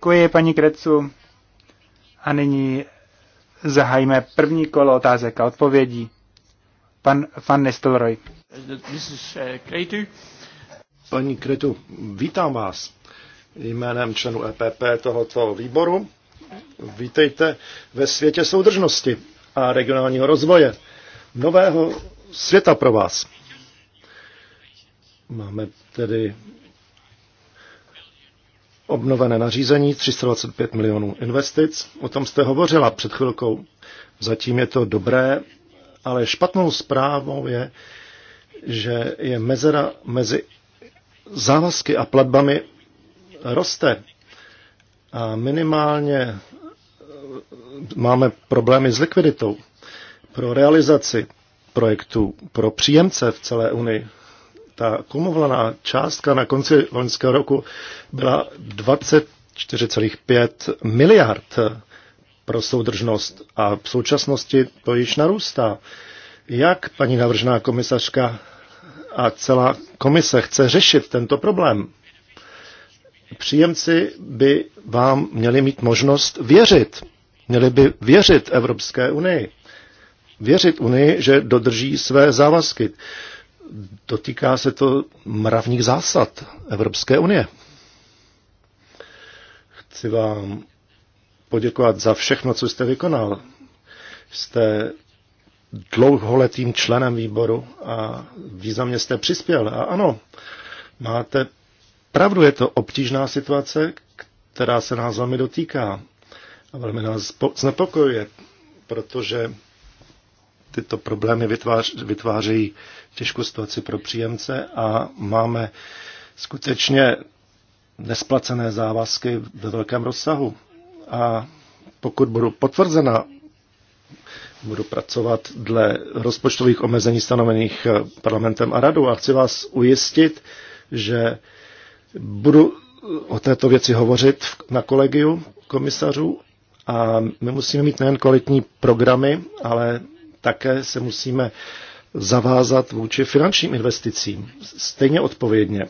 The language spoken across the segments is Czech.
Děkuji, paní Krecu. A nyní zahajíme první kolo otázek a odpovědí. Pan, Van Nestelroy. Paní Kretu, vítám vás jménem členů EPP tohoto výboru. Vítejte ve světě soudržnosti a regionálního rozvoje. Nového světa pro vás. Máme tedy obnovené nařízení 325 milionů investic. O tom jste hovořila před chvilkou. Zatím je to dobré, ale špatnou zprávou je, že je mezera mezi závazky a platbami roste. A minimálně eh, máme problémy s likviditou pro realizaci projektů pro příjemce v celé Unii ta kumulovaná částka na konci loňského roku byla 24,5 miliard pro soudržnost a v současnosti to již narůstá. Jak paní navržená komisařka a celá komise chce řešit tento problém? Příjemci by vám měli mít možnost věřit. Měli by věřit Evropské unii. Věřit unii, že dodrží své závazky dotýká se to mravních zásad Evropské unie. Chci vám poděkovat za všechno, co jste vykonal. Jste dlouholetým členem výboru a významně jste přispěl. A ano, máte pravdu, je to obtížná situace, která se nás velmi dotýká a velmi nás znepokojuje, protože tyto problémy vytvář, vytvářejí těžkou situaci pro příjemce a máme skutečně nesplacené závazky ve velkém rozsahu. A pokud budu potvrzena, budu pracovat dle rozpočtových omezení stanovených parlamentem a radou a chci vás ujistit, že budu o této věci hovořit na kolegiu komisařů a my musíme mít nejen kvalitní programy, ale také se musíme zavázat vůči finančním investicím. Stejně odpovědně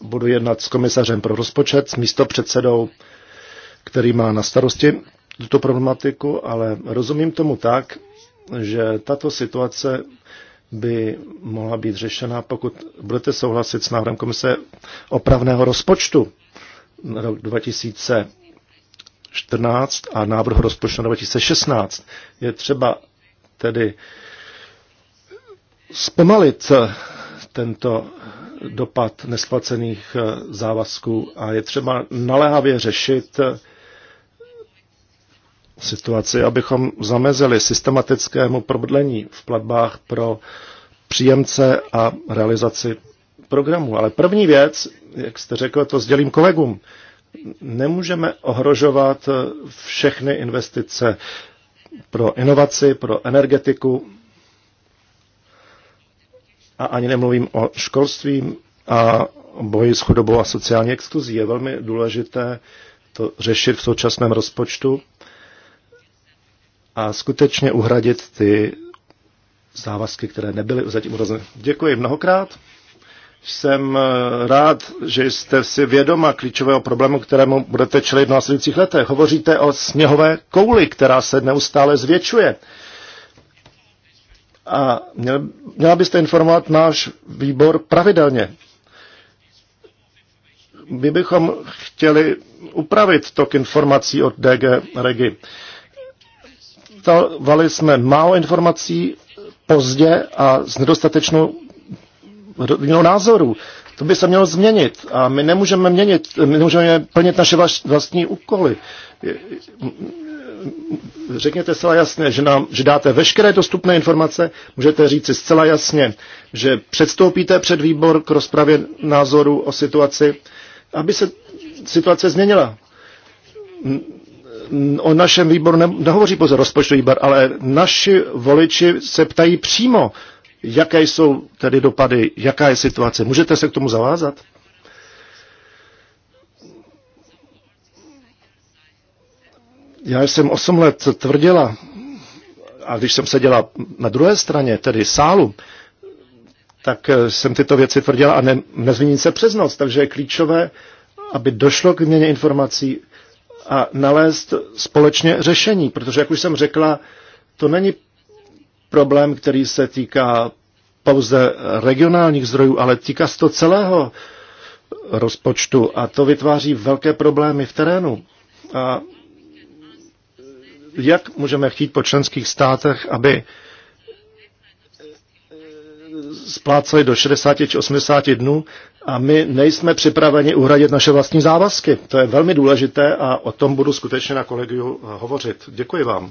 budu jednat s komisařem pro rozpočet, s místopředsedou, který má na starosti tuto problematiku, ale rozumím tomu tak, že tato situace by mohla být řešena, pokud budete souhlasit s návrhem komise opravného rozpočtu na rok 2014 a návrhu rozpočtu na 2016. Je třeba tedy zpomalit eh, tento dopad nesplacených eh, závazků a je třeba naléhavě řešit eh, situaci, abychom zamezili systematickému prodlení v platbách pro příjemce a realizaci programu. Ale první věc, jak jste řekl, to sdělím kolegům. Nemůžeme ohrožovat všechny investice pro inovaci, pro energetiku a ani nemluvím o školství a boji s chudobou a sociální exkluzí. Je velmi důležité to řešit v současném rozpočtu a skutečně uhradit ty závazky, které nebyly zatím urozeny. Děkuji mnohokrát. Jsem eh, rád, že jste si vědoma klíčového problému, kterému budete čelit v následujících letech. Hovoříte o sněhové kouli, která se neustále zvětšuje. A měla byste informovat náš výbor pravidelně. My bychom chtěli upravit tok informací od DG Regi. Dávali jsme málo informací pozdě a s nedostatečnou jinou názoru. To by se mělo změnit a my nemůžeme měnit, my nemůžeme plnit naše vlastní úkoly. Řekněte zcela jasně, že, nám, že dáte veškeré dostupné informace, můžete říci zcela jasně, že předstoupíte před výbor k rozpravě názoru o situaci, aby se situace změnila. O našem výboru nehovoří pouze rozpočtový výbor, ale naši voliči se ptají přímo Jaké jsou tedy dopady, jaká je situace? Můžete se k tomu zavázat? Já jsem 8 let tvrdila, a když jsem seděla na druhé straně, tedy sálu, tak jsem tyto věci tvrdila a ne, nezmění se přes noc. Takže je klíčové, aby došlo k měně informací a nalézt společně řešení. Protože, jak už jsem řekla, to není problém, který se týká pouze regionálních zdrojů, ale týká se to celého rozpočtu a to vytváří velké problémy v terénu. A jak můžeme chtít po členských státech, aby spláceli do 60 či 80 dnů a my nejsme připraveni uhradit naše vlastní závazky. To je velmi důležité a o tom budu skutečně na kolegiu hovořit. Děkuji vám.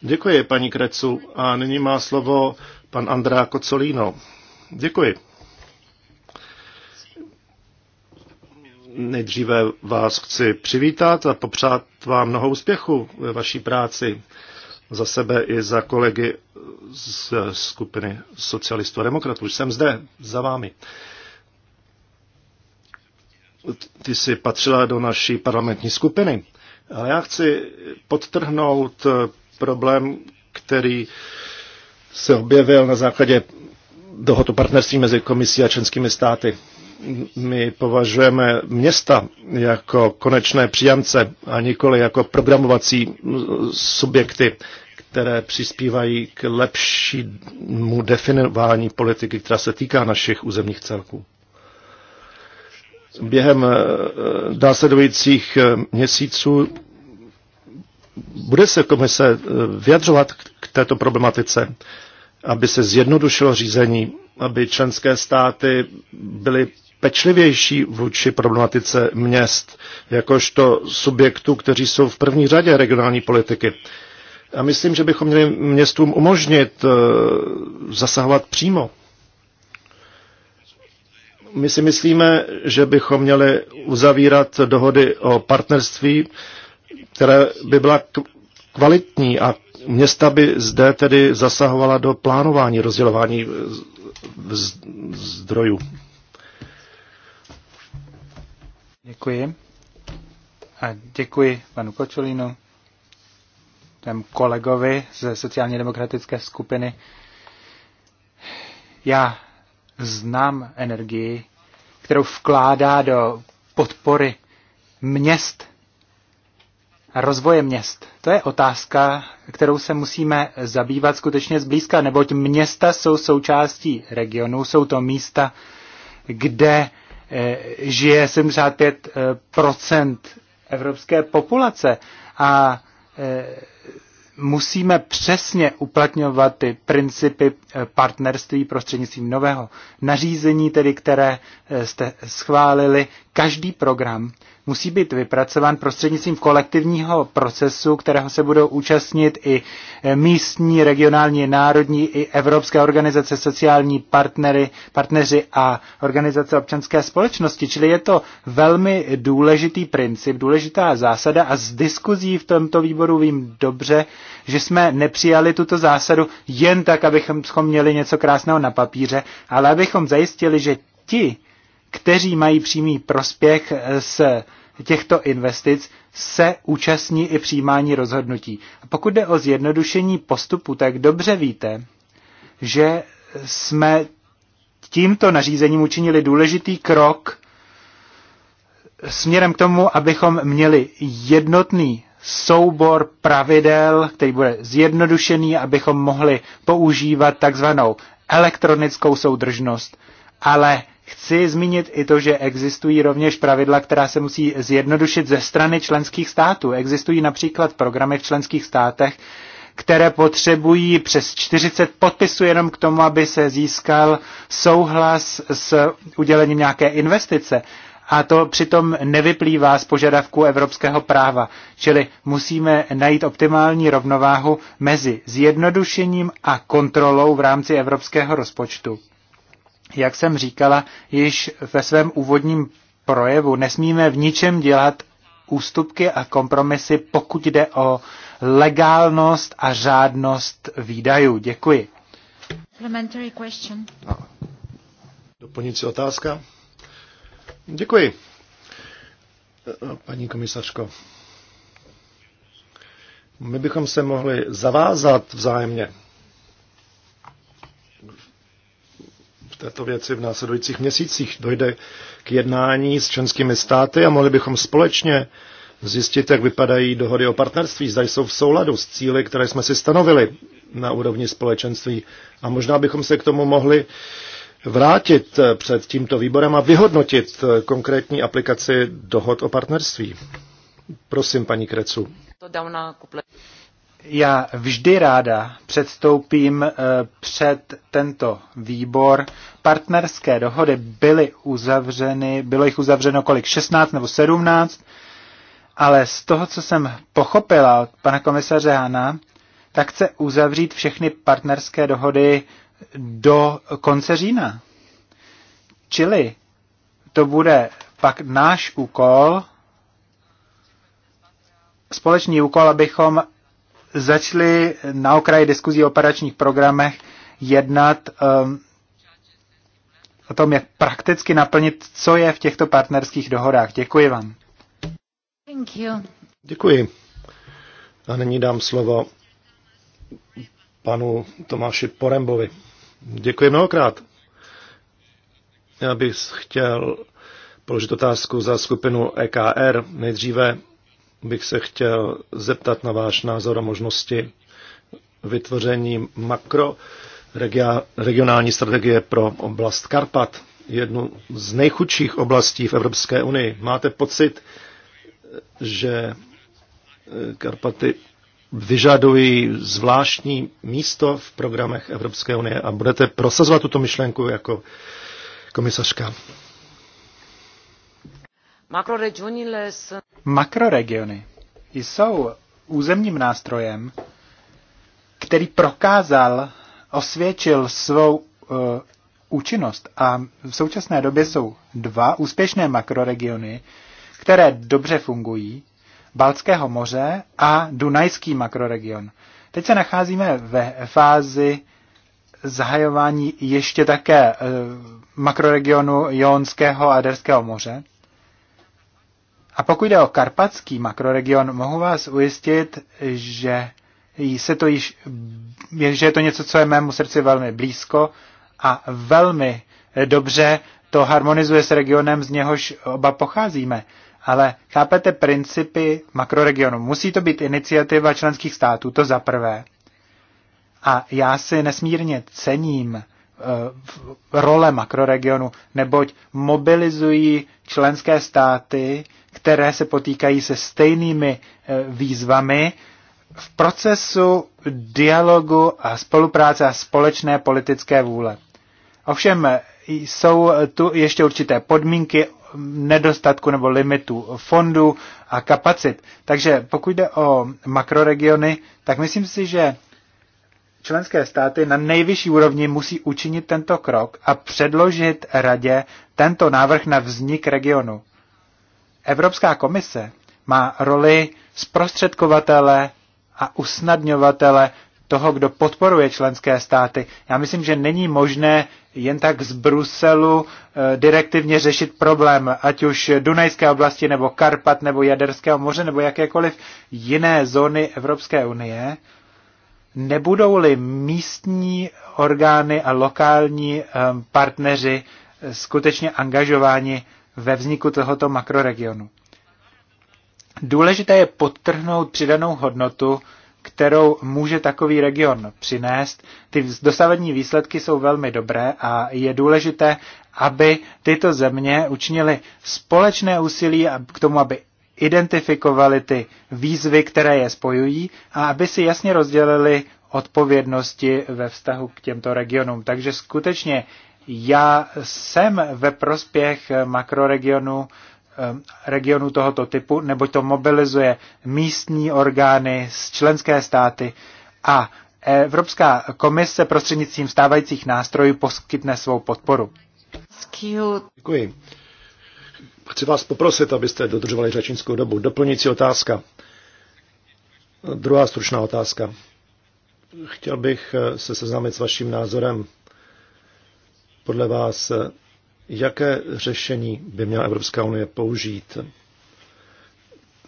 Děkuji, paní Krecu. A nyní má slovo pan Andrá Kocolíno. Děkuji. Nejdříve vás chci přivítat a popřát vám mnoho úspěchu ve vaší práci za sebe i za kolegy z skupiny socialistů a demokratů. Jsem zde, za vámi. Ty jsi patřila do naší parlamentní skupiny. ale já chci podtrhnout problém, který se objevil na základě dohodu partnerství mezi komisí a členskými státy. My považujeme města jako konečné příjemce a nikoli jako programovací subjekty, které přispívají k lepšímu definování politiky, která se týká našich územních celků. Během eh, následujících eh, měsíců bude se komise eh, vyjadřovat k této problematice, aby se zjednodušilo řízení, aby členské státy byly pečlivější vůči problematice měst, jakožto subjektů, kteří jsou v první řadě regionální politiky. A myslím, že bychom měli městům umožnit eh, zasahovat přímo. My si myslíme, že bychom měli uzavírat dohody o partnerství které by byla kvalitní a města by zde tedy zasahovala do plánování rozdělování eh, zdrojů. Děkuji. A děkuji panu Kočolínu, tém kolegovi ze sociálně demokratické skupiny. Já znám energii, kterou vkládá do podpory měst rozvoje měst. To je otázka, kterou se musíme zabývat skutečně zblízka, neboť města jsou součástí regionu, jsou to místa, kde eh, žije 75 eh, evropské populace a eh, musíme přesně uplatňovat ty principy partnerství prostřednictvím nového nařízení, tedy které jste schválili. Každý program musí být vypracován prostřednictvím kolektivního procesu, kterého se budou účastnit i eh, místní, regionální, národní i evropské organizace, sociální partnery, partneři a organizace občanské společnosti. Čili je to velmi důležitý princip, důležitá zásada a z diskuzí v tomto výboru vím dobře, že jsme nepřijali tuto zásadu jen tak, abychom měli něco krásného na papíře, ale abychom zajistili, že ti, kteří mají přímý prospěch z eh, těchto investic, se účastní i přijímání rozhodnutí. A pokud jde o zjednodušení postupu, tak dobře víte, že jsme tímto nařízením učinili důležitý krok směrem k tomu, abychom měli jednotný soubor pravidel, který bude zjednodušený, abychom mohli používat takzvanou elektronickou soudržnost, ale Chci zmínit i to, že existují rovněž pravidla, která se musí zjednodušit ze strany členských států. Existují například programy v členských státech, které potřebují přes 40 podpisů jenom k tomu, aby se získal souhlas s udělením nějaké investice. A to přitom nevyplývá z požadavků evropského práva. Čili musíme najít optimální rovnováhu mezi zjednodušením a kontrolou v rámci evropského rozpočtu. Jak jsem říkala již ve svém úvodním projevu, nesmíme v ničem dělat ústupky a kompromisy, pokud jde o legálnost a řádnost výdajů. Děkuji. Doplňující otázka? Děkuji. Paní komisařko, my bychom se mohli zavázat vzájemně této věci v následujících měsících. Dojde k jednání s členskými státy a mohli bychom společně zjistit, jak vypadají dohody o partnerství, zda jsou v souladu s cíly, které jsme si stanovili na úrovni společenství. A možná bychom se k tomu mohli vrátit před tímto výborem a vyhodnotit konkrétní aplikaci dohod o partnerství. Prosím, paní Krecu já vždy ráda předstoupím eh, před tento výbor. Partnerské dohody byly uzavřeny, bylo jich uzavřeno kolik, 16 nebo 17, ale z toho, co jsem pochopila od pana komisaře Hana, tak chce uzavřít všechny partnerské dohody do konce října. Čili to bude pak náš úkol, společný úkol, abychom začali na okraji diskuzí o operačních programech jednat um, o tom, jak prakticky naplnit, co je v těchto partnerských dohodách. Děkuji vám. Thank you. Děkuji. A nyní dám slovo panu Tomáši Porembovi. Děkuji mnohokrát. Já bych chtěl položit otázku za skupinu EKR. Nejdříve bych se chtěl zeptat na váš názor o možnosti vytvoření makro regionální strategie pro oblast Karpat, jednu z nejchudších oblastí v Evropské unii. Máte pocit, že Karpaty vyžadují zvláštní místo v programech Evropské unie a budete prosazovat tuto myšlenku jako komisařka. Makroregiony jsou... územním nástrojem, který prokázal, osvědčil svou uh, účinnost. A v současné době jsou dva úspěšné makroregiony, které dobře fungují, Balckého moře a Dunajský makroregion. Teď se nacházíme ve fázi zahajování ještě také eh, makroregionu Jonského a Derského moře. A pokud jde o karpatský makroregion, mohu vás ujistit, že se to již, že je to něco, co je mému srdci velmi blízko a velmi dobře to harmonizuje s regionem, z něhož oba pocházíme. Ale chápete principy makroregionu. Musí to být iniciativa členských států, to za prvé. A já si nesmírně cením Eh, role makroregionu, neboť mobilizují členské státy, které se potýkají se stejnými eh, výzvami v procesu dialogu a spolupráce a společné politické vůle. Ovšem eh, jsou tu ještě určité podmínky nedostatku nebo limitu fondů a kapacit. Takže pokud jde o makroregiony, tak myslím si, že Členské státy na nejvyšší úrovni musí učinit tento krok a předložit radě tento návrh na vznik regionu. Evropská komise má roli zprostředkovatele a usnadňovatele toho, kdo podporuje členské státy. Já myslím, že není možné jen tak z Bruselu eh, direktivně řešit problém, ať už Dunajské oblasti, nebo Karpat, nebo Jaderského moře, nebo jakékoliv jiné zóny Evropské unie nebudou-li místní orgány a lokální eh, partneři skutečně angažováni ve vzniku tohoto makroregionu. Důležité je podtrhnout přidanou hodnotu, kterou může takový region přinést. Ty dosavadní výsledky jsou velmi dobré a je důležité, aby tyto země učinily společné úsilí k tomu, aby identifikovali ty výzvy, které je spojují a aby si jasně rozdělili odpovědnosti ve vztahu k těmto regionům. Takže skutečně já jsem ve prospěch makroregionu regionu tohoto typu, nebo to mobilizuje místní orgány z členské státy a Evropská komise prostřednictvím stávajících nástrojů poskytne svou podporu. Děkuji. Chci vás poprosit, abyste dodržovali řečnickou dobu. Doplňující otázka. Druhá stručná otázka. Chtěl bych eh, se seznámit s vaším názorem. Podle vás, eh, jaké řešení by měla Evropská unie použít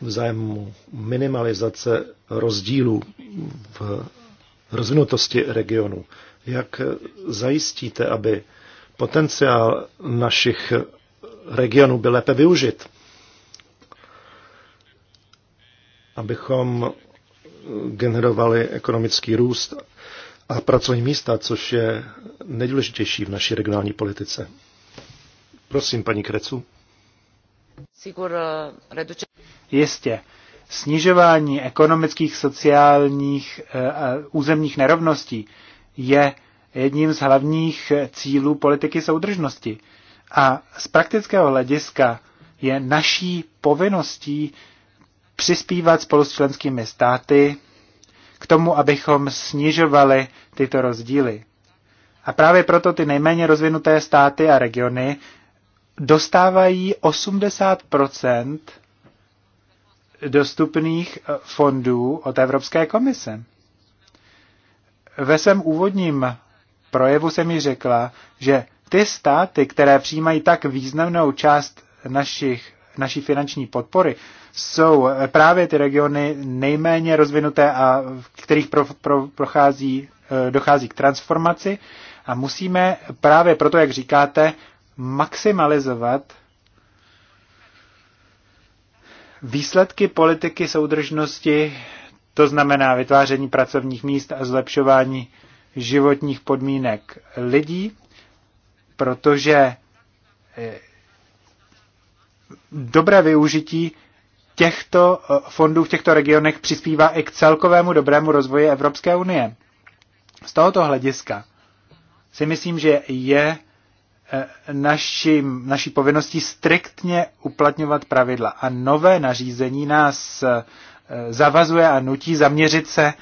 v zájmu minimalizace rozdílů v rozvinutosti regionu? Jak eh, zajistíte, aby potenciál našich regionu by lépe využit. Abychom generovali ekonomický růst a pracovní místa, což je nejdůležitější v naší regionální politice. Prosím, paní Krecu. Eh, Jistě. Snižování ekonomických, sociálních eh, a územních nerovností je jedním z hlavních cílů politiky soudržnosti. A z praktického hlediska je naší povinností přispívat spolu s členskými státy k tomu, abychom snižovali tyto rozdíly. A právě proto ty nejméně rozvinuté státy a regiony dostávají 80 dostupných eh, fondů od Evropské komise. Ve svém úvodním projevu jsem mi řekla, že ty státy, které přijímají tak významnou část našich, naší finanční podpory, jsou právě ty regiony nejméně rozvinuté a v kterých pro, pro, prochází, eh, dochází k transformaci a musíme právě proto, jak říkáte, maximalizovat výsledky politiky soudržnosti, to znamená vytváření pracovních míst a zlepšování životních podmínek lidí protože eh, dobré využití těchto eh, fondů v těchto regionech přispívá i k celkovému dobrému rozvoji Evropské unie. Z tohoto hlediska si myslím, že je eh, naši, naší povinností striktně uplatňovat pravidla. A nové nařízení nás zavazuje a nutí zaměřit se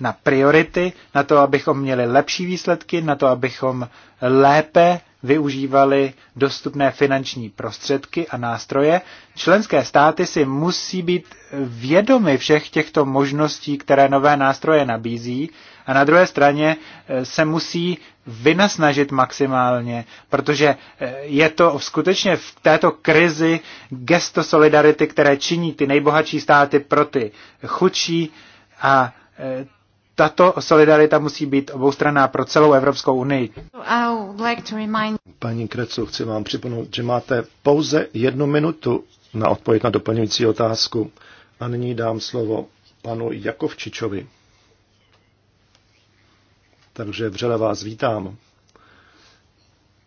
na priority, na to, abychom měli lepší výsledky, na to, abychom lépe využívali dostupné finanční prostředky a nástroje. Členské státy si musí být vědomy všech těchto možností, které nové nástroje nabízí a na druhé straně eh, se musí vynasnažit maximálně, protože eh, je to skutečně v této krizi gesto solidarity, které činí ty nejbohatší státy pro ty chudší a eh, tato solidarita musí být oboustranná pro celou Evropskou unii. Paní Krecu, chci vám připomenout, že máte pouze jednu minutu na odpověď na doplňující otázku. A nyní dám slovo panu Jakovčičovi. Takže vřele vás vítám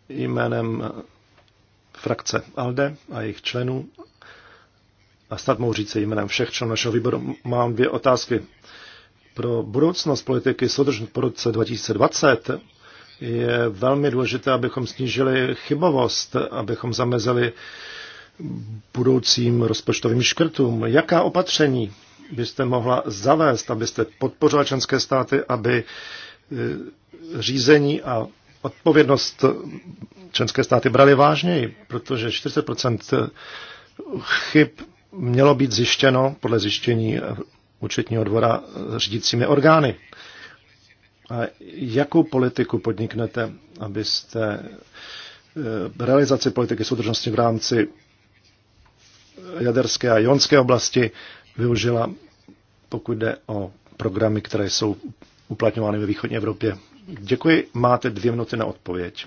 jménem frakce ALDE a jejich členů a snad mohu říct jménem všech členů našeho výboru. Mám dvě otázky. Pro budoucnost politiky soudržnosti po roce 2020 je velmi důležité, abychom snížili chybovost, abychom zamezili budoucím rozpočtovým škrtům. Jaká opatření byste mohla zavést, abyste podpořila členské státy, aby e, řízení a odpovědnost členské státy brali vážněji, protože 40 chyb mělo být zjištěno podle zjištění účetního dvora řídícími orgány. A jakou politiku podniknete, abyste eh, realizaci politiky soudržnosti v rámci jaderské a jonské oblasti využila, pokud jde o programy, které jsou uplatňovány ve východní Evropě. Děkuji, máte dvě minuty na odpověď.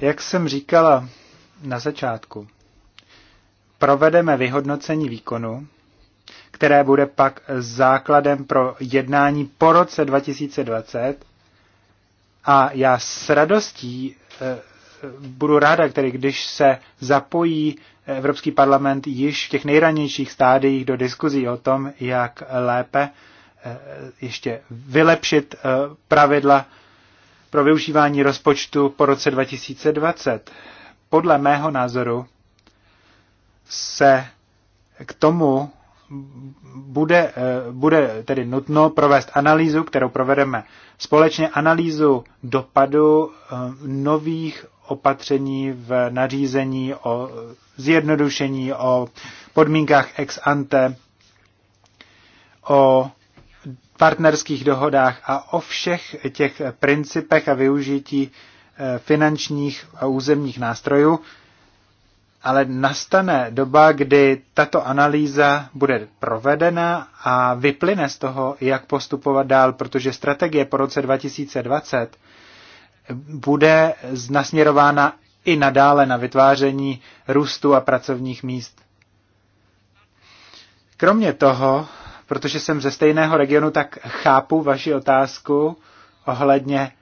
Jak jsem říkala na začátku, provedeme vyhodnocení výkonu které bude pak základem pro jednání po roce 2020. A já s radostí eh, budu ráda, který když se zapojí Evropský parlament již v těch nejranějších stádiích do diskuzí o tom, jak lépe eh, ještě vylepšit eh, pravidla pro využívání rozpočtu po roce 2020. Podle mého názoru se k tomu bude, eh, bude tedy nutno provést analýzu, kterou provedeme společně, analýzu dopadu eh, nových opatření v nařízení o zjednodušení, o podmínkách ex ante, o partnerských dohodách a o všech těch principech a využití eh, finančních a územních nástrojů, ale nastane doba, kdy tato analýza bude provedena a vyplyne z toho, jak postupovat dál, protože strategie po roce 2020 bude nasměrována i nadále na vytváření růstu a pracovních míst. Kromě toho, protože jsem ze stejného regionu, tak chápu vaši otázku ohledně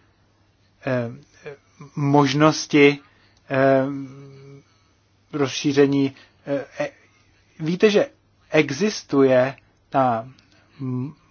eh, možnosti eh, rozšíření. Eh, e, víte, že existuje ta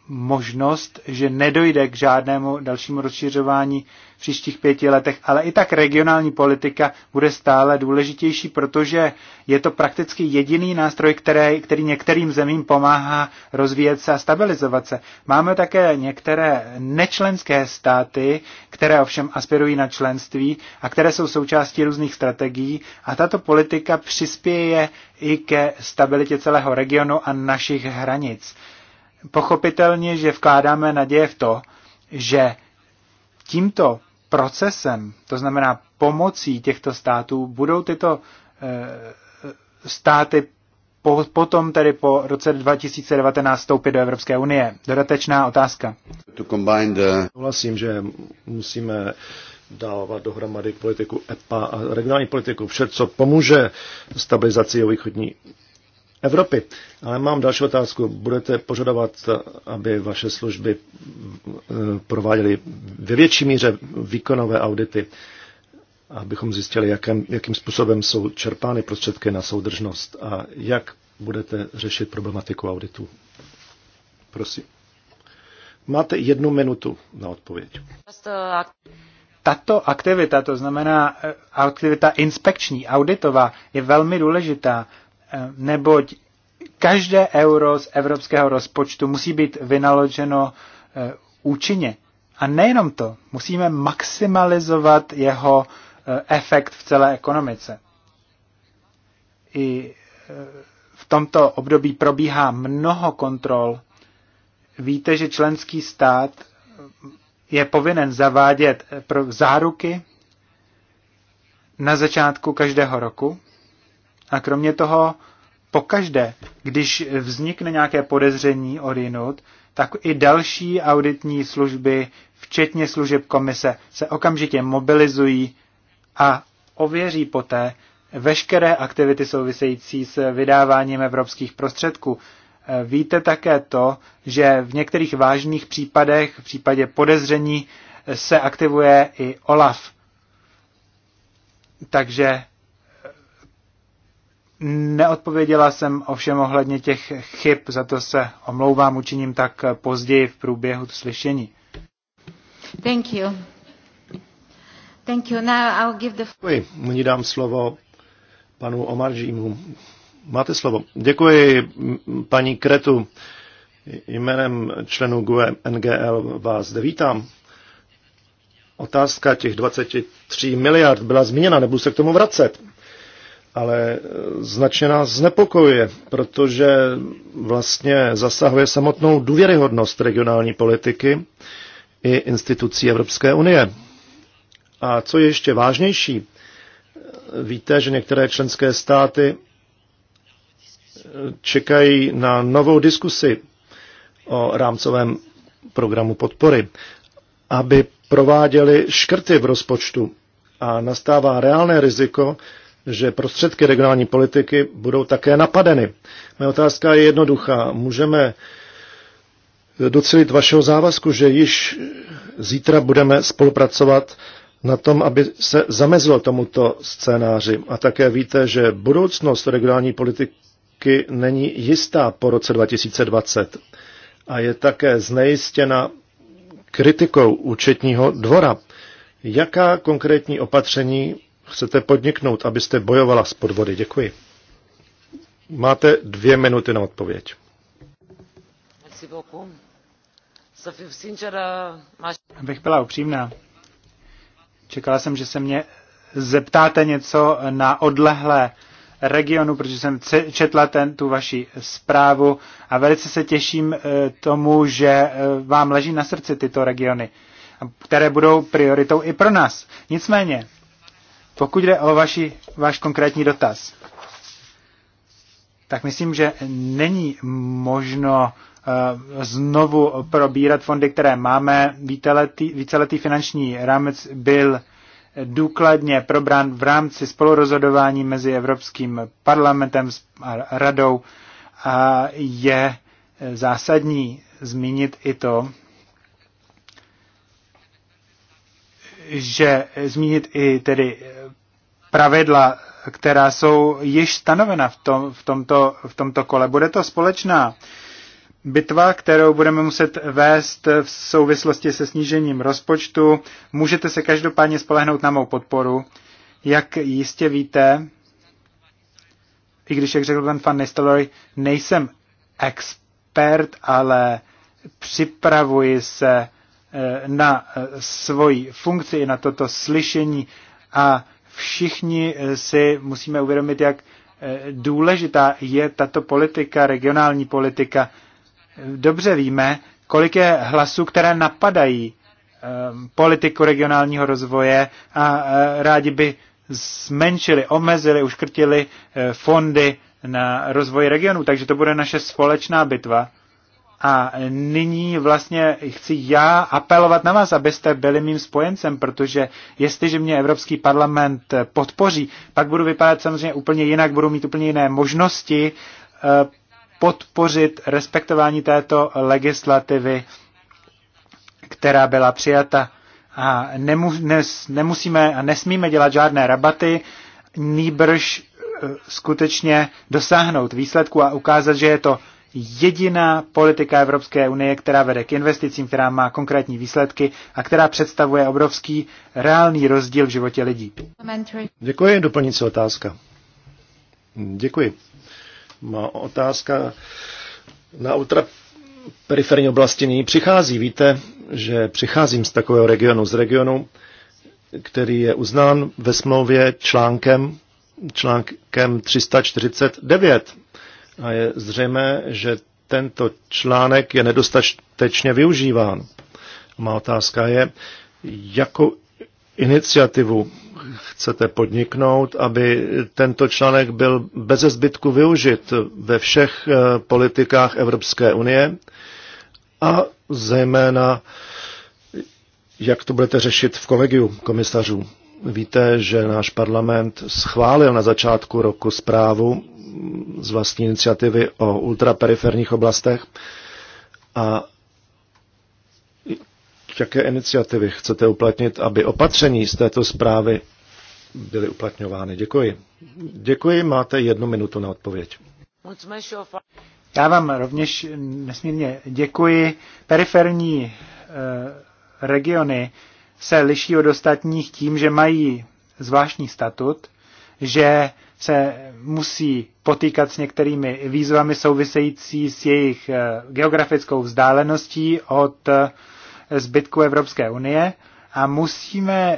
možnost, že nedojde k žádnému dalšímu rozšiřování v příštích pěti letech, ale i tak regionální politika bude stále důležitější, protože je to prakticky jediný nástroj, který, který některým zemím pomáhá rozvíjet se a stabilizovat se. Máme také některé nečlenské státy, které ovšem aspirují na členství a které jsou součástí různých strategií a tato politika přispěje i ke stabilitě celého regionu a našich hranic pochopitelně, že vkládáme naděje v to, že tímto procesem, to znamená pomocí těchto států, budou tyto eh, státy po, potom tedy po roce 2019 vstoupit do Evropské unie. Dodatečná otázka. Souhlasím, že musíme dávat dohromady politiku EPA a regionální politiku. Vše, co pomůže stabilizaci východní Evropy. Ale mám další otázku. Budete požadovat, aby vaše služby eh, prováděly ve větší míře výkonové audity, abychom zjistili, jakým, jakým způsobem jsou čerpány prostředky na soudržnost a jak budete řešit problematiku auditu. Prosím. Máte jednu minutu na odpověď. Tato aktivita, to znamená eh, aktivita inspekční, auditová, je velmi důležitá Eh, neboť každé euro z evropského rozpočtu musí být vynaloženo eh, účinně. A nejenom to, musíme maximalizovat jeho eh, efekt v celé ekonomice. I v tomto období probíhá mnoho kontrol. Víte, že členský stát je povinen zavádět záruky na začátku každého roku a kromě toho, pokaždé, když vznikne nějaké podezření odinut, tak i další auditní služby, včetně služeb komise, se okamžitě mobilizují a ověří poté veškeré aktivity související s vydáváním evropských prostředků. Víte také to, že v některých vážných případech, v případě podezření, se aktivuje i OLAF. Takže Neodpověděla jsem ovšem ohledně těch chyb, za to se omlouvám, učiním tak později v průběhu slyšení. Thank you. Thank you. Now I'll give the... Děkuji. Nyní dám slovo panu Omaržímu. Máte slovo. Děkuji paní Kretu. Jménem členů GUE NGL vás zde vítám. Otázka těch 23 miliard byla zmíněna, nebudu se k tomu vracet ale eh, značně nás znepokojuje, protože vlastně zasahuje samotnou důvěryhodnost regionální politiky i institucí Evropské unie. A co je ještě vážnější, eh, víte, že některé členské státy eh, čekají na novou diskusi o rámcovém programu podpory, aby prováděli škrty v rozpočtu a nastává reálné riziko, že prostředky regionální politiky budou také napadeny. Moje otázka je jednoduchá. Můžeme docelit vašeho závazku, že již zítra budeme spolupracovat na tom, aby se zamezilo tomuto scénáři. A také víte, že budoucnost regionální politiky není jistá po roce 2020 a je také znejistěna kritikou účetního dvora. Jaká konkrétní opatření chcete podniknout, abyste bojovala s podvody? Děkuji. Máte dvě minuty na odpověď. Abych byla upřímná, čekala jsem, že se mě zeptáte něco na odlehlé regionu, protože jsem četla ten, tu vaši zprávu a velice se těším eh, tomu, že eh, vám leží na srdci tyto regiony, které budou prioritou i pro nás. Nicméně, pokud jde o vaši, váš konkrétní dotaz, tak myslím, že není možno eh, znovu probírat fondy, které máme. Víteletý, víceletý finanční rámec byl důkladně probrán v rámci spolurozhodování mezi Evropským parlamentem a radou a je eh, zásadní zmínit i to, že zmínit i tedy pravidla, která jsou již stanovena v, tom, v, tomto, v tomto kole. Bude to společná bitva, kterou budeme muset vést v souvislosti se snížením rozpočtu. Můžete se každopádně spolehnout na mou podporu. Jak jistě víte, i když, jak řekl pan Van Nistelrooy, nejsem expert, ale připravuji se Eh, na eh, svoji funkci, na toto slyšení a všichni eh, si musíme uvědomit, jak důležitá je tato politika, regionální politika. Dobře víme, kolik je hlasů, které napadají politiku regionálního rozvoje a rádi by zmenšili, omezili, uškrtili fondy na rozvoj regionu. Takže to bude naše společná bitva a nyní vlastně chci já apelovat na vás, abyste byli mým spojencem, protože jestliže mě Evropský parlament podpoří, pak budu vypadat samozřejmě úplně jinak, budu mít úplně jiné možnosti eh, podpořit respektování této legislativy, která byla přijata. A nemu, nes, nemusíme a nesmíme dělat žádné rabaty, nýbrž eh, skutečně dosáhnout výsledku a ukázat, že je to jediná politika Evropské unie, která vede k investicím, která má konkrétní výsledky a která představuje obrovský reálný rozdíl v životě lidí. Děkuji, doplňující otázka. Děkuji. Má otázka na periferní oblasti nyní přichází. Víte, že přicházím z takového regionu, z regionu, který je uznán ve smlouvě článkem, článkem 349 a je zřejmé, že tento článek je nedostatečně využíván. Má otázka je, jakou iniciativu chcete podniknout, aby tento článek byl bez zbytku využit ve všech eh, politikách Evropské unie a zejména jak to budete řešit v kolegiu komisařů. Víte, že náš parlament schválil na začátku roku zprávu z vlastní iniciativy o ultraperiferních oblastech. A jaké iniciativy chcete uplatnit, aby opatření z této zprávy byly uplatňovány? Děkuji. Děkuji, máte jednu minutu na odpověď. Já vám rovněž nesmírně děkuji. Periferní eh, regiony se liší od ostatních tím, že mají zvláštní statut, že se musí potýkat s některými výzvami související s jejich eh, geografickou vzdáleností od eh, zbytku Evropské unie a musíme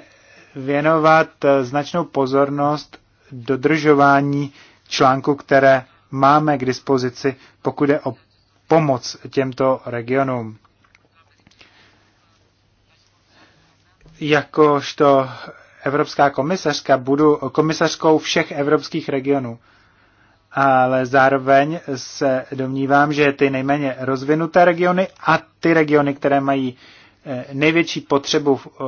věnovat eh, značnou pozornost dodržování článku, které máme k dispozici, pokud je o pomoc těmto regionům. Jakožto evropská komisařka, budu komisařkou všech evropských regionů. Ale zároveň se domnívám, že ty nejméně rozvinuté regiony a ty regiony, které mají eh, největší potřebu eh,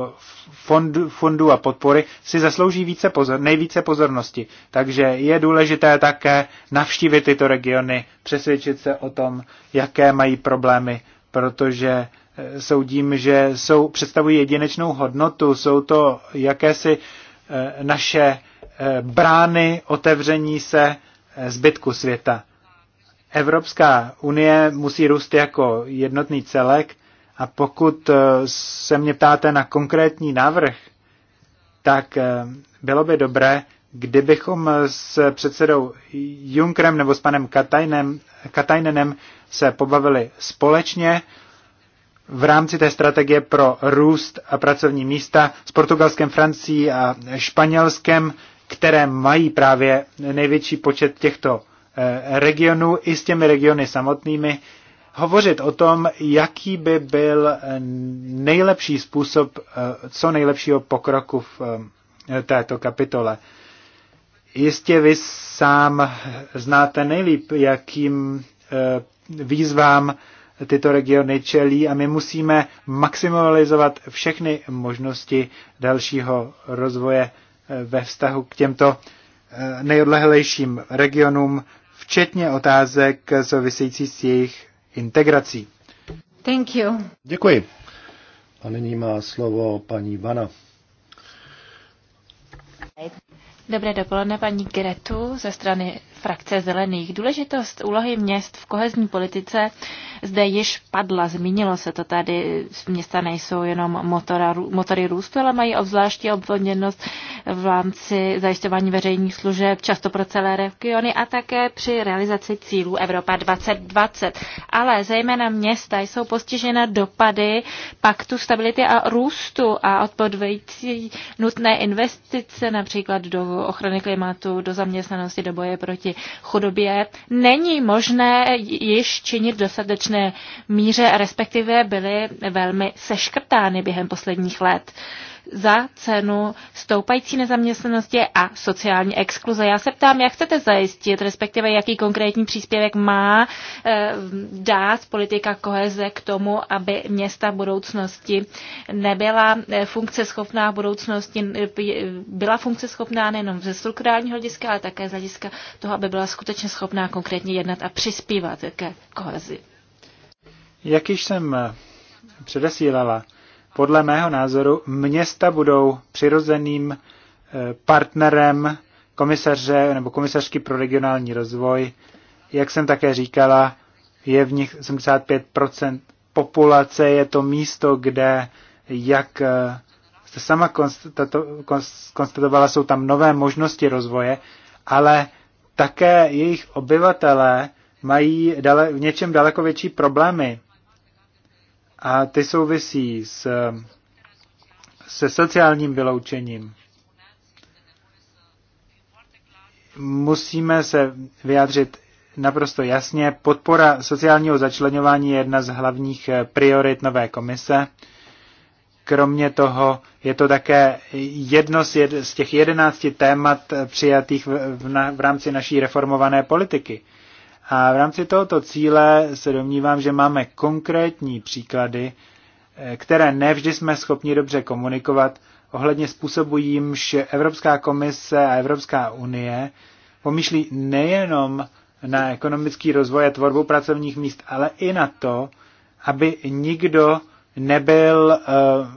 fondu, fondu a podpory, si zaslouží více pozor, nejvíce pozornosti. Takže je důležité také navštívit tyto regiony, přesvědčit se o tom, jaké mají problémy, protože soudím, že jsou, představují jedinečnou hodnotu. Jsou to jakési eh, naše eh, brány otevření se eh, zbytku světa. Evropská unie musí růst jako jednotný celek a pokud se mě ptáte na konkrétní návrh, tak bylo by dobré, kdybychom s předsedou Junkrem nebo s panem Katajnenem se pobavili společně v rámci té strategie pro růst a pracovní místa s Portugalskem, Francií a Španělskem, které mají právě největší počet těchto eh, regionů i s těmi regiony samotnými, hovořit o tom, jaký by byl eh, nejlepší způsob eh, co nejlepšího pokroku v této kapitole. Jistě vy sám znáte nejlíp, jakým výzvám tyto regiony čelí a my musíme maximalizovat všechny možnosti dalšího rozvoje eh, ve vztahu k těmto eh, nejodlehlejším regionům, včetně otázek související s jejich integrací. Thank you. Děkuji. A nyní má slovo paní Vana. Dobré dopoledne paní Gretu ze strany frakce zelených. Důležitost úlohy měst v kohezní politice zde již padla, zmínilo se to tady. Města nejsou jenom motora, motory růstu, ale mají obzvláště obvodněnost v rámci zajišťování veřejných služeb, často pro celé regiony a také při realizaci cílů Evropa 2020. Ale zejména města jsou postižena dopady paktu stability a růstu a odpovědící nutné investice například do ochrany klimatu, do zaměstnanosti, do boje proti proti chudobě, není možné již činit dostatečné míře, respektive byly velmi seškrtány během posledních let za cenu stoupající nezaměstnanosti a sociální exkluze. Já se ptám, jak chcete zajistit, respektive jaký konkrétní příspěvek má eh, dát politika koheze k tomu, aby města budoucnosti nebyla eh, funkce schopná v budoucnosti, eh, byla funkce schopná nejenom ze strukturálního hlediska, ale také z hlediska toho, aby byla skutečně schopná konkrétně jednat a přispívat ke kohezi. Jak již jsem předesílala, podle mého názoru města budou přirozeným eh, partnerem komisaře nebo komisařky pro regionální rozvoj. Jak jsem také říkala, je v nich 75 populace, je to místo, kde, jak eh, jste sama konstatovala, jsou tam nové možnosti rozvoje, ale také jejich obyvatelé mají dale, v něčem daleko větší problémy a ty souvisí s, se sociálním vyloučením. Musíme se vyjádřit naprosto jasně. Podpora sociálního začlenování je jedna z hlavních priorit nové komise. Kromě toho je to také jedno z, těch jedenácti témat přijatých v, na, v rámci naší reformované politiky. A v rámci tohoto cíle se domnívám, že máme konkrétní příklady, eh, které nevždy jsme schopni dobře komunikovat ohledně způsobu, jímž Evropská komise a Evropská unie pomýšlí nejenom na ekonomický rozvoj a tvorbu pracovních míst, ale i na to, aby nikdo nebyl, eh,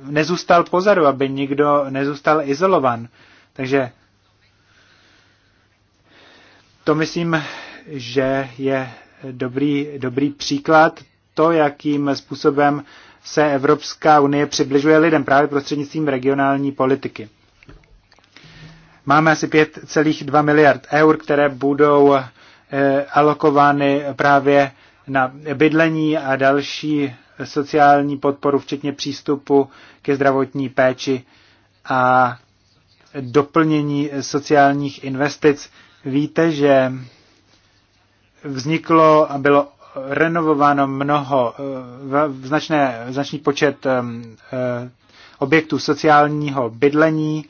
nezůstal pozadu, aby nikdo nezůstal izolovan. Takže to myslím že je dobrý, dobrý příklad to, jakým způsobem se Evropská unie přibližuje lidem právě prostřednictvím regionální politiky. Máme asi 5,2 miliard eur, které budou eh, alokovány právě na bydlení a další sociální podporu, včetně přístupu ke zdravotní péči a doplnění sociálních investic. Víte, že vzniklo a bylo renovováno mnoho, eh, značné, značný počet eh, eh, objektů sociálního bydlení,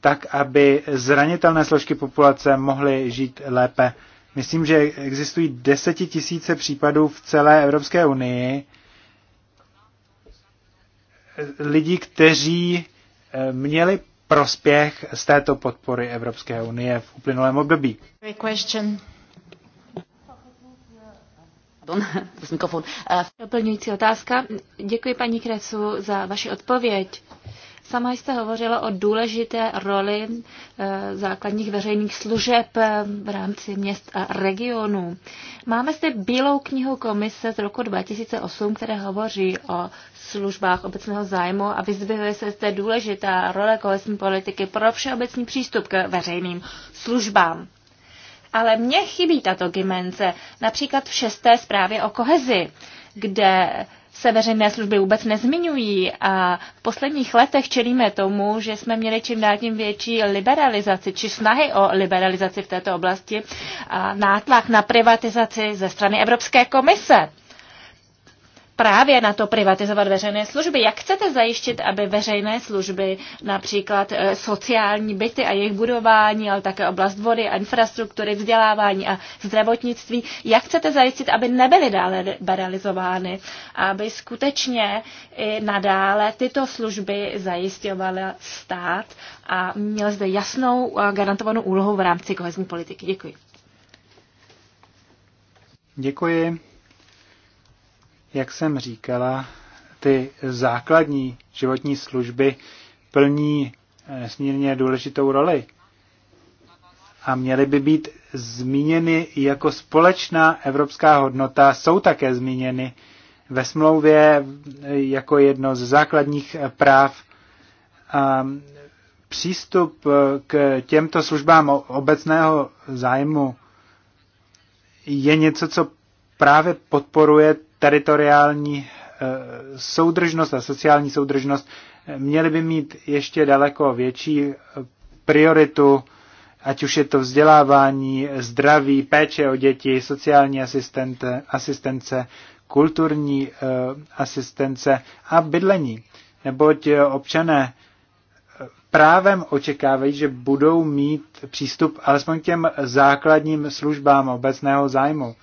tak aby zranitelné složky populace mohly žít lépe. Myslím, že existují desetitisíce případů v celé Evropské unii lidí, kteří měli prospěch z této podpory Evropské unie v uplynulém období. Question. Pardon, z mikrofon. Eh, Doplňující otázka. Děkuji paní Krecu za vaši odpověď. Sama jste hovořila o důležité roli eh, základních veřejných služeb eh, v rámci měst a regionů. Máme zde Bílou knihu komise z roku 2008, která hovoří o službách obecného zájmu a vyzvihuje se zde důležitá role kohesní politiky pro všeobecný přístup k veřejným službám ale mně chybí tato dimenze, například v šesté zprávě o kohezi, kde se veřejné služby vůbec nezmiňují a v posledních letech čelíme tomu, že jsme měli čím dál tím větší liberalizaci či snahy o liberalizaci v této oblasti a nátlak na privatizaci ze strany Evropské komise právě na to privatizovat veřejné služby. Jak chcete zajištit, aby veřejné služby, například eh, sociální byty a jejich budování, ale také oblast vody a infrastruktury, vzdělávání a zdravotnictví, jak chcete zajistit, aby nebyly dále liberalizovány, aby skutečně i nadále tyto služby zajistěval stát a měl zde jasnou eh, garantovanou úlohu v rámci kohezní politiky. Děkuji. Děkuji. Jak jsem říkala, ty základní životní služby plní eh, nesmírně důležitou roli a měly by být zmíněny jako společná evropská hodnota, jsou také zmíněny ve smlouvě eh, jako jedno z základních eh, práv. A mm, přístup k těmto službám obecného zájmu je něco, co právě podporuje teritoriální eh, soudržnost a sociální soudržnost eh, měly by mít ještě daleko větší eh, prioritu, ať už je to vzdělávání, zdraví, péče o děti, sociální asistente, asistence, kulturní asistence a bydlení. Neboť občané právem očekávají, že budou mít přístup alespoň k těm základním službám obecného zájmu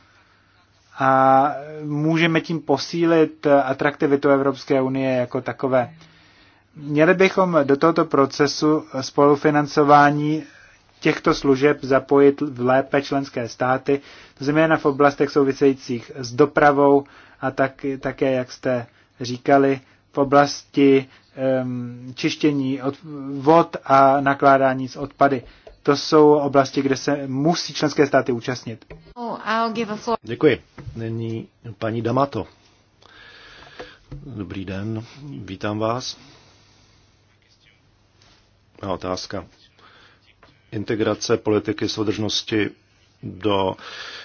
a můžeme tím posílit atraktivitu Evropské unie jako takové. Měli bychom do tohoto procesu spolufinancování těchto služeb zapojit v lépe členské státy, zejména v oblastech souvisejících s dopravou a tak, také, jak jste říkali, v oblasti um, čištění od, vod a nakládání s odpady to jsou oblasti, kde se musí členské státy účastnit. Děkuji. Není paní Damato. Dobrý den, vítám vás. A otázka. Integrace politiky soudržnosti do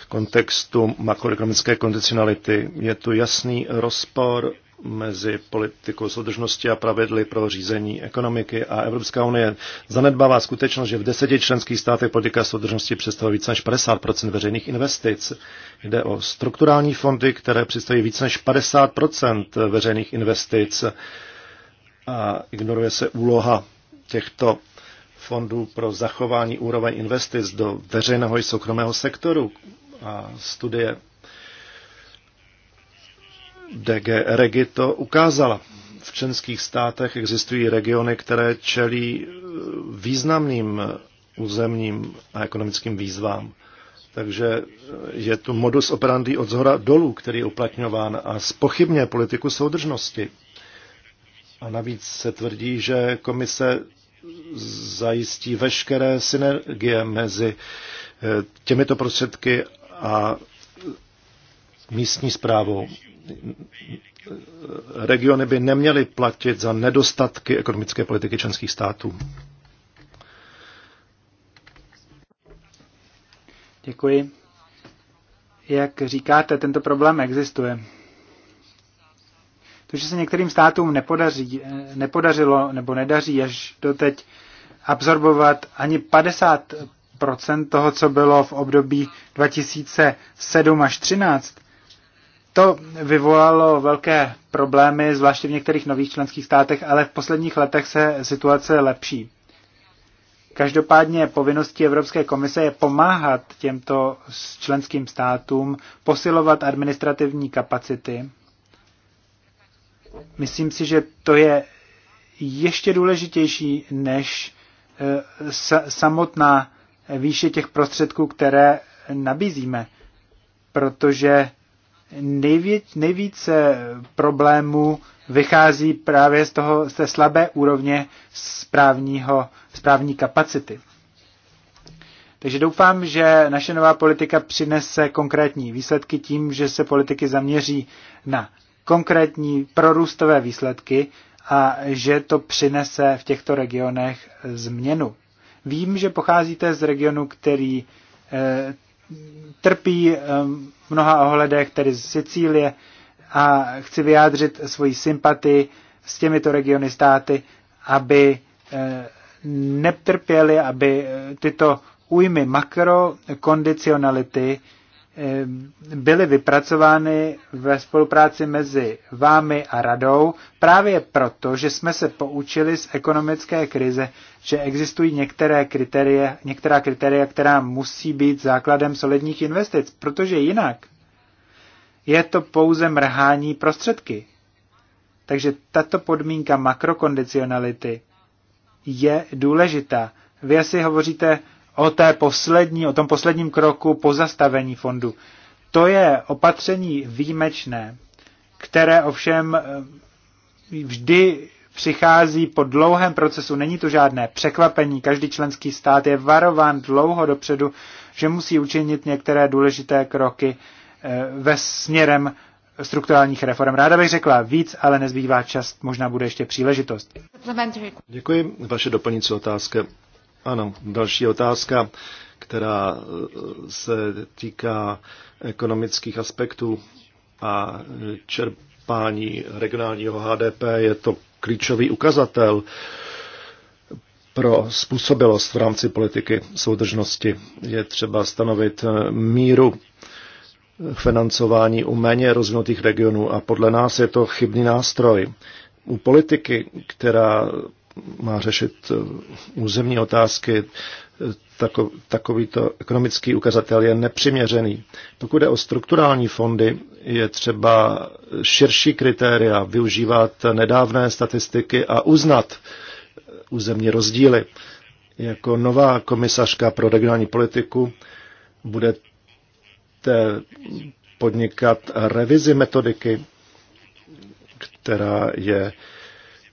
kontextu makroekonomické kondicionality. Je tu jasný rozpor mezi politikou soudržnosti a pravidly pro řízení ekonomiky a Evropská unie zanedbává skutečnost, že v deseti členských státech politika soudržnosti představuje více než 50 veřejných investic. Jde o strukturální fondy, které představují více než 50 veřejných investic a ignoruje se úloha těchto fondů pro zachování úroveň investic do veřejného i soukromého sektoru. A studie DG Regi to ukázala. V členských státech existují regiony, které čelí eh, významným eh, územním a ekonomickým výzvám. Takže eh, je tu modus operandi od zhora dolů, který je uplatňován a spochybně politiku soudržnosti. A navíc se tvrdí, že komise zajistí veškeré synergie mezi těmito prostředky a místní zprávou regiony by neměly platit za nedostatky ekonomické politiky členských států. Děkuji. Jak říkáte, tento problém existuje. To, že se některým státům nepodaří, nepodařilo nebo nedaří až doteď absorbovat ani 50 toho, co bylo v období 2007 až 13, to vyvolalo velké problémy, zvláště v některých nových členských státech, ale v posledních letech se situace lepší. Každopádně povinností Evropské komise je pomáhat těmto členským státům posilovat administrativní kapacity. Myslím si, že to je ještě důležitější než eh, samotná výše těch prostředků, které nabízíme, protože nejvíc, nejvíce problémů vychází právě z, toho, z té slabé úrovně správního, správní kapacity. Takže doufám, že naše nová politika přinese konkrétní výsledky tím, že se politiky zaměří na konkrétní prorůstové výsledky a že to přinese v těchto regionech změnu. Vím, že pocházíte z regionu, který eh, trpí mnoha ohledech, tedy z Sicílie, a chci vyjádřit svoji sympatii s těmito regiony státy, aby eh, netrpěli, aby eh, tyto újmy makrokondicionality Eh, byly vypracovány ve spolupráci mezi vámi a radou právě proto, že jsme se poučili z ekonomické krize, že existují některé kritéria, některá kritéria, která musí být základem solidních investic, protože jinak je to pouze mrhání prostředky. Takže tato podmínka makrokondicionality je důležitá. Vy asi hovoříte o, té poslední, o tom posledním kroku pozastavení fondu. To je opatření výjimečné, které ovšem eh, vždy přichází po dlouhém procesu. Není to žádné překvapení. Každý členský stát je varován dlouho dopředu, že musí učinit některé důležité kroky eh, ve směrem strukturálních reform. Ráda bych řekla víc, ale nezbývá čas, možná bude ještě příležitost. Děkuji. Vaše doplnící otázka ano, další otázka, která eh, se týká ekonomických aspektů a čerpání regionálního HDP. Je to klíčový ukazatel pro způsobilost v rámci politiky soudržnosti. Je třeba stanovit eh, míru financování u méně rozvinutých regionů a podle nás je to chybný nástroj. U politiky, která má řešit eh, územní otázky, eh, tako, takovýto ekonomický ukazatel je nepřiměřený. Pokud je o strukturální fondy, je třeba širší kritéria využívat nedávné statistiky a uznat eh, územní rozdíly. Jako nová komisařka pro regionální politiku budete podnikat revizi metodiky, která je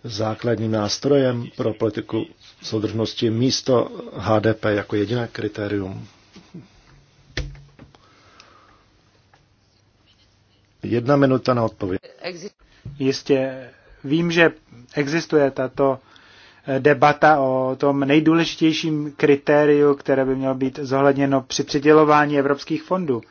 základním nástrojem pro politiku soudržnosti místo HDP jako jediné kritérium. Jedna minuta na odpověď. Jistě vím, že existuje tato eh, debata o tom nejdůležitějším kritériu, které by mělo být zohledněno při přidělování evropských fondů.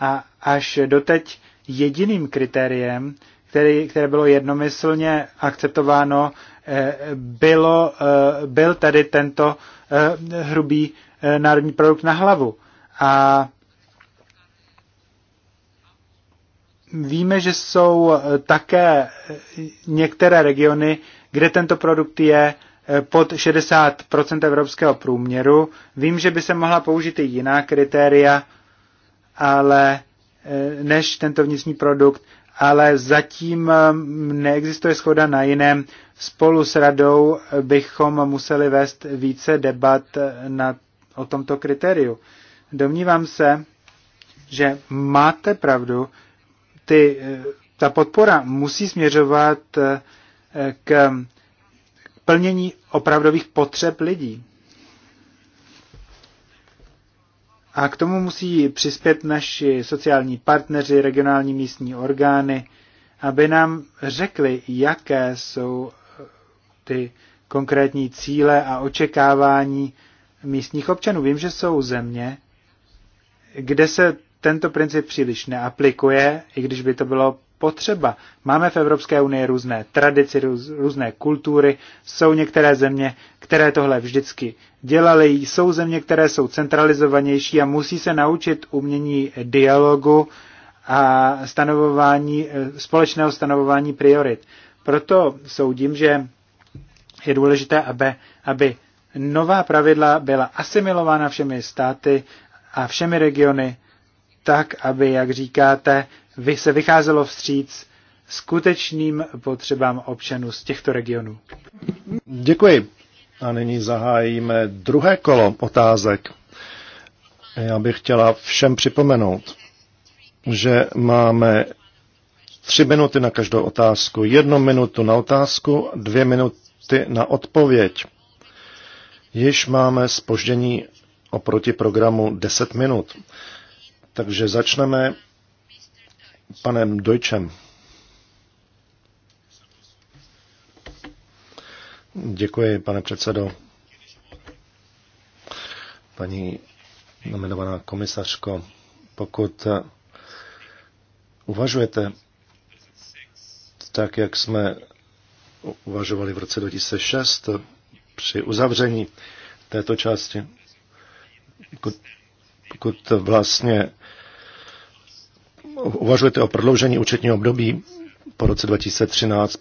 A až doteď jediným kritériem který, které bylo jednomyslně akceptováno, eh, bylo, eh, byl tady tento eh, hrubý národní produkt na hlavu. A víme, že jsou také některé regiony, kde tento produkt je pod 60% evropského průměru. Vím, že by se mohla použít i jiná kritéria, ale než tento vnitřní produkt, ale zatím um, neexistuje schoda na jiném. Spolu s radou bychom museli vést více debat uh, na, o tomto kritériu. Domnívám se, že máte pravdu, ty, uh, ta podpora musí směřovat uh, k um, plnění opravdových potřeb lidí. A k tomu musí přispět naši sociální partneři, regionální místní orgány, aby nám řekli, jaké jsou eh, ty konkrétní cíle a očekávání místních občanů. Vím, že jsou země, kde se tento princip příliš neaplikuje, i když by to bylo potřeba. Máme v Evropské unii různé tradici, růz, různé kultury, jsou některé země, které tohle vždycky dělaly, jsou země, které jsou centralizovanější a musí se naučit umění dialogu a stanovování, eh, společného stanovování priorit. Proto soudím, že je důležité, aby, aby nová pravidla byla asimilována všemi státy a všemi regiony tak, aby, jak říkáte, se vycházelo vstříc skutečným potřebám občanů z těchto regionů. Děkuji. A nyní zahájíme druhé kolo otázek. Já bych chtěla všem připomenout, že máme tři minuty na každou otázku, jednu minutu na otázku, dvě minuty na odpověď. Již máme spoždění oproti programu 10 minut. Takže začneme panem Dojčem. Děkuji, pane předsedo. Paní nominovaná komisařko, pokud eh, uvažujete tak, jak jsme uvažovali v roce 2006 při uzavření této části, pokud, pokud vlastně uvažujete o prodloužení účetního období po roce 2013.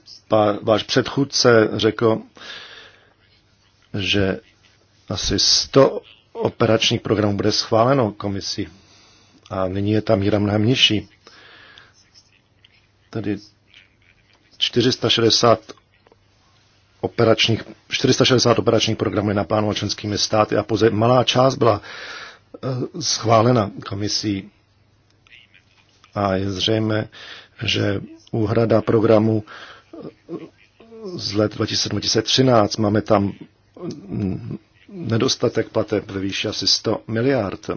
Váš předchůdce řekl, že asi 100 operačních programů bude schváleno komisí a nyní je ta míra mnohem nižší. Tedy 460 operačních, 460 operačních programů je naplánováno členskými státy a pouze malá část byla eh, schválena komisí a je zřejmé, že úhrada programu z let 2013 máme tam nedostatek plateb ve výši asi 100 miliard.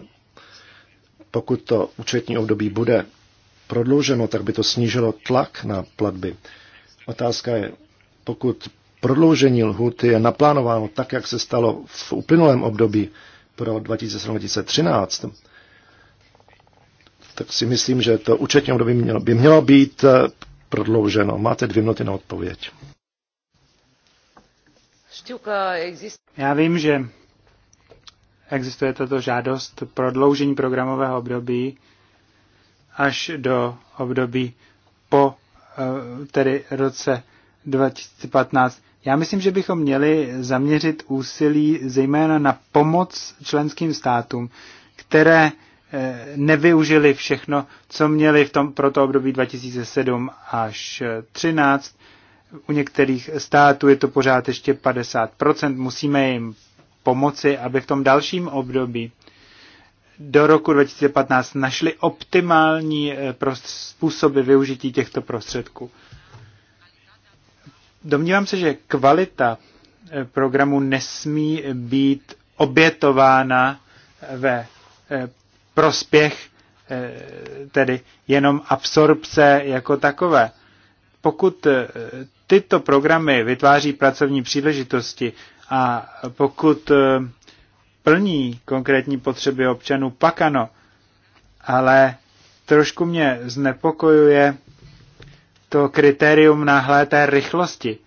Pokud to účetní období bude prodlouženo, tak by to snížilo tlak na platby. Otázka je, pokud prodloužení lhuty je naplánováno tak, jak se stalo v uplynulém období pro 2013 tak si myslím, že to účetní období by mělo, by mělo být eh, prodlouženo. Máte dvě minuty na odpověď. Já vím, že existuje tato žádost prodloužení programového období až do období po eh, tedy roce 2015. Já myslím, že bychom měli zaměřit úsilí zejména na pomoc členským státům, které Eh, nevyužili všechno, co měli v tom, pro to období 2007 až 2013. U některých států je to pořád ještě 50%. Musíme jim pomoci, aby v tom dalším období do roku 2015 našli optimální eh, způsoby využití těchto prostředků. Domnívám se, že kvalita eh, programu nesmí být obětována ve prospěch eh, tedy jenom absorpce jako takové. Pokud eh, tyto programy vytváří pracovní příležitosti a pokud eh, plní konkrétní potřeby občanů, pak ano. Ale trošku mě znepokojuje to kritérium náhlé té rychlosti,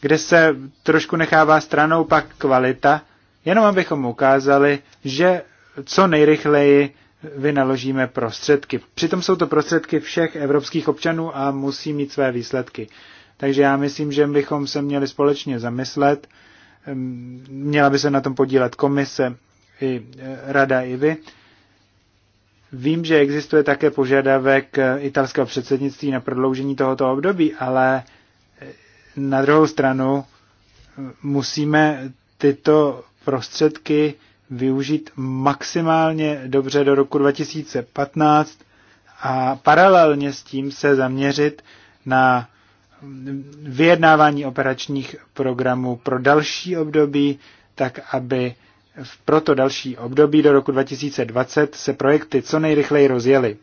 kde se trošku nechává stranou pak kvalita, jenom abychom ukázali, že co nejrychleji vynaložíme prostředky. Přitom jsou to prostředky všech evropských občanů a musí mít své výsledky. Takže já myslím, že bychom se měli společně zamyslet. Ehm, měla by se na tom podílet komise, i e, rada, i vy. Vím, že existuje také požadavek e, italského předsednictví na prodloužení tohoto období, ale e, na druhou stranu musíme tyto prostředky využít maximálně dobře do roku 2015 a paralelně s tím se zaměřit na vyjednávání operačních programů pro další období, tak aby pro to další období do roku 2020 se projekty co nejrychleji rozjeli.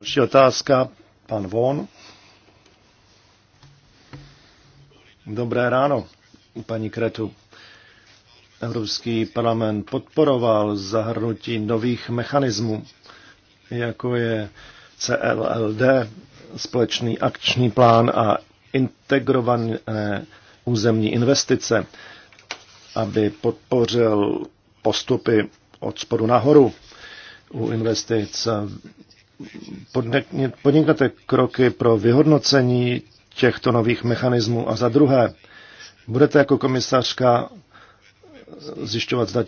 Další otázka, pan Von. Dobré ráno, paní Kretu. Evropský parlament podporoval zahrnutí nových mechanismů, jako je CLLD, společný akční plán a integrované územní investice, aby podpořil postupy od spodu nahoru u investic. Podniknete kroky pro vyhodnocení těchto nových mechanismů a za druhé, budete jako komisařka zjišťovat, zda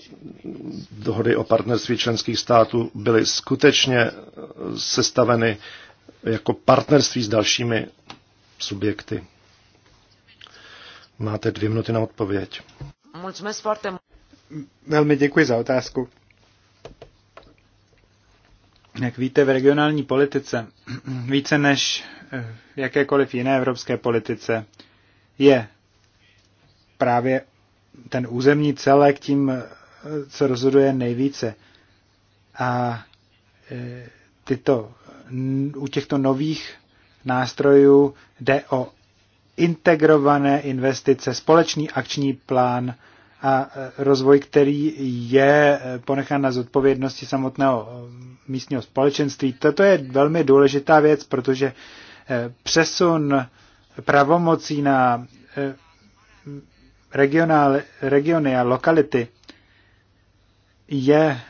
dohody o partnerství členských států byly skutečně sestaveny jako partnerství s dalšími subjekty. Máte dvě minuty na odpověď. Velmi děkuji za otázku. Jak víte, v regionální politice více než eh, jakékoliv jiné evropské politice je právě ten územní celek tím eh, co rozhoduje nejvíce. A eh, tyto, u těchto nových nástrojů jde o integrované investice, společný akční plán a eh, rozvoj, který je ponechán na zodpovědnosti samotného místního společenství. Toto je velmi důležitá věc, protože přesun pravomocí na regionál, regiony a lokality je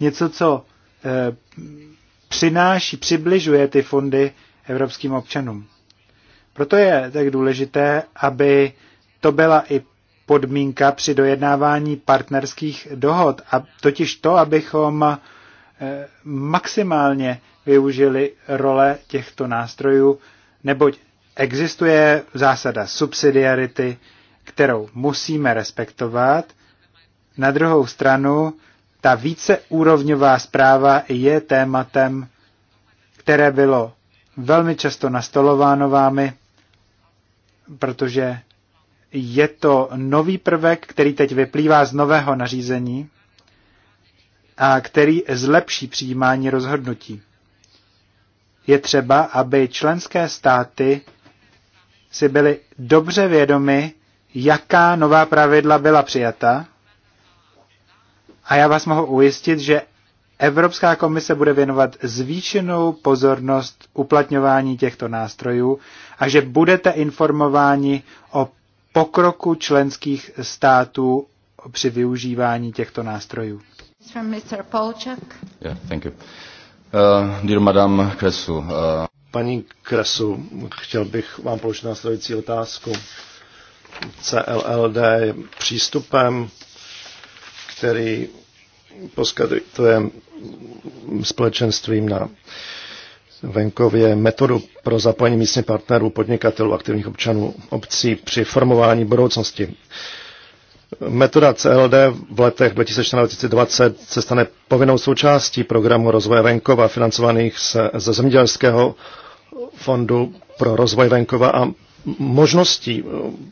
něco, co eh, přináší, přibližuje ty fondy evropským občanům. Proto je tak důležité, aby to byla i podmínka při dojednávání partnerských dohod, a totiž to, abychom eh, maximálně využili role těchto nástrojů, neboť Existuje zásada subsidiarity, kterou musíme respektovat. Na druhou stranu, ta víceúrovňová zpráva je tématem, které bylo velmi často nastolováno vámi, protože je to nový prvek, který teď vyplývá z nového nařízení a který zlepší přijímání rozhodnutí. Je třeba, aby členské státy si byli dobře vědomi, jaká nová pravidla byla přijata. A já vás mohu ujistit, že Evropská komise bude věnovat zvýšenou pozornost uplatňování těchto nástrojů a že budete informováni o pokroku členských států při využívání těchto nástrojů. Mr. Yeah, thank you. Uh, dear Madam Kresu, uh... Paní Kresu, chtěl bych vám položit následující otázku. CLLD je přístupem, který poskytuje společenstvím na venkově metodu pro zapojení místních partnerů, podnikatelů, aktivních občanů obcí při formování budoucnosti. Metoda CLD v letech 2014-2020 se stane povinnou součástí programu rozvoje venkova financovaných ze zemědělského fondu pro rozvoj venkova a možností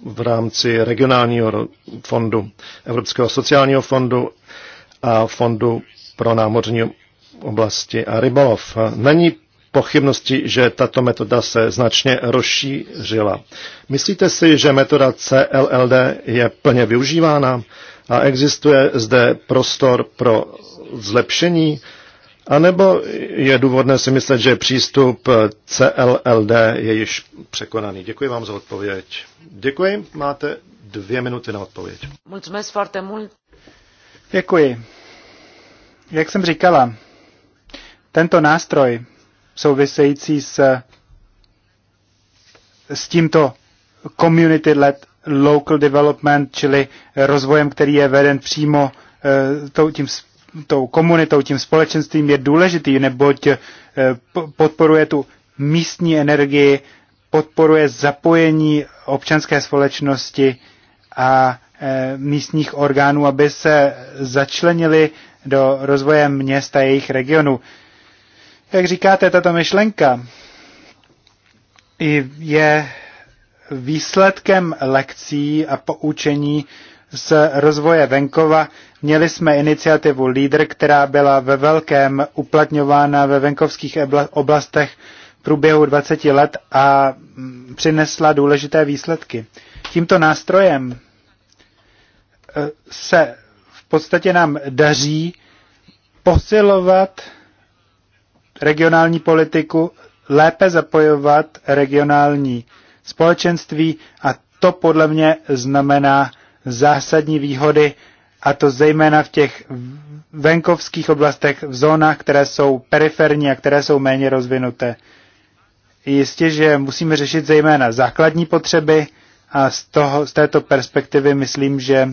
v rámci regionálního fondu, Evropského sociálního fondu a fondu pro námořní oblasti a rybolov. Není pochybnosti, že tato metoda se značně rozšířila. Myslíte si, že metoda CLLD je plně využívána a existuje zde prostor pro zlepšení a nebo je důvodné si myslet, že přístup CLLD je již překonaný? Děkuji vám za odpověď. Děkuji, máte dvě minuty na odpověď. Děkuji. Jak jsem říkala, tento nástroj související s, s tímto community-led local development, čili rozvojem, který je veden přímo eh, tím tou komunitou, tím společenstvím je důležitý, neboť eh, podporuje tu místní energii, podporuje zapojení občanské společnosti a eh, místních orgánů, aby se začlenili do rozvoje měst a jejich regionu. Jak říkáte, tato myšlenka je výsledkem lekcí a poučení z rozvoje venkova. Měli jsme iniciativu LEADER, která byla ve velkém uplatňována ve venkovských oblastech v průběhu 20 let a mm, přinesla důležité výsledky. Tímto nástrojem e, se v podstatě nám daří posilovat regionální politiku, lépe zapojovat regionální společenství a to podle mě znamená zásadní výhody, a to zejména v těch venkovských oblastech, v zónách, které jsou periferní a které jsou méně rozvinuté. Jistě, že musíme řešit zejména základní potřeby a z, toho, z této perspektivy myslím, že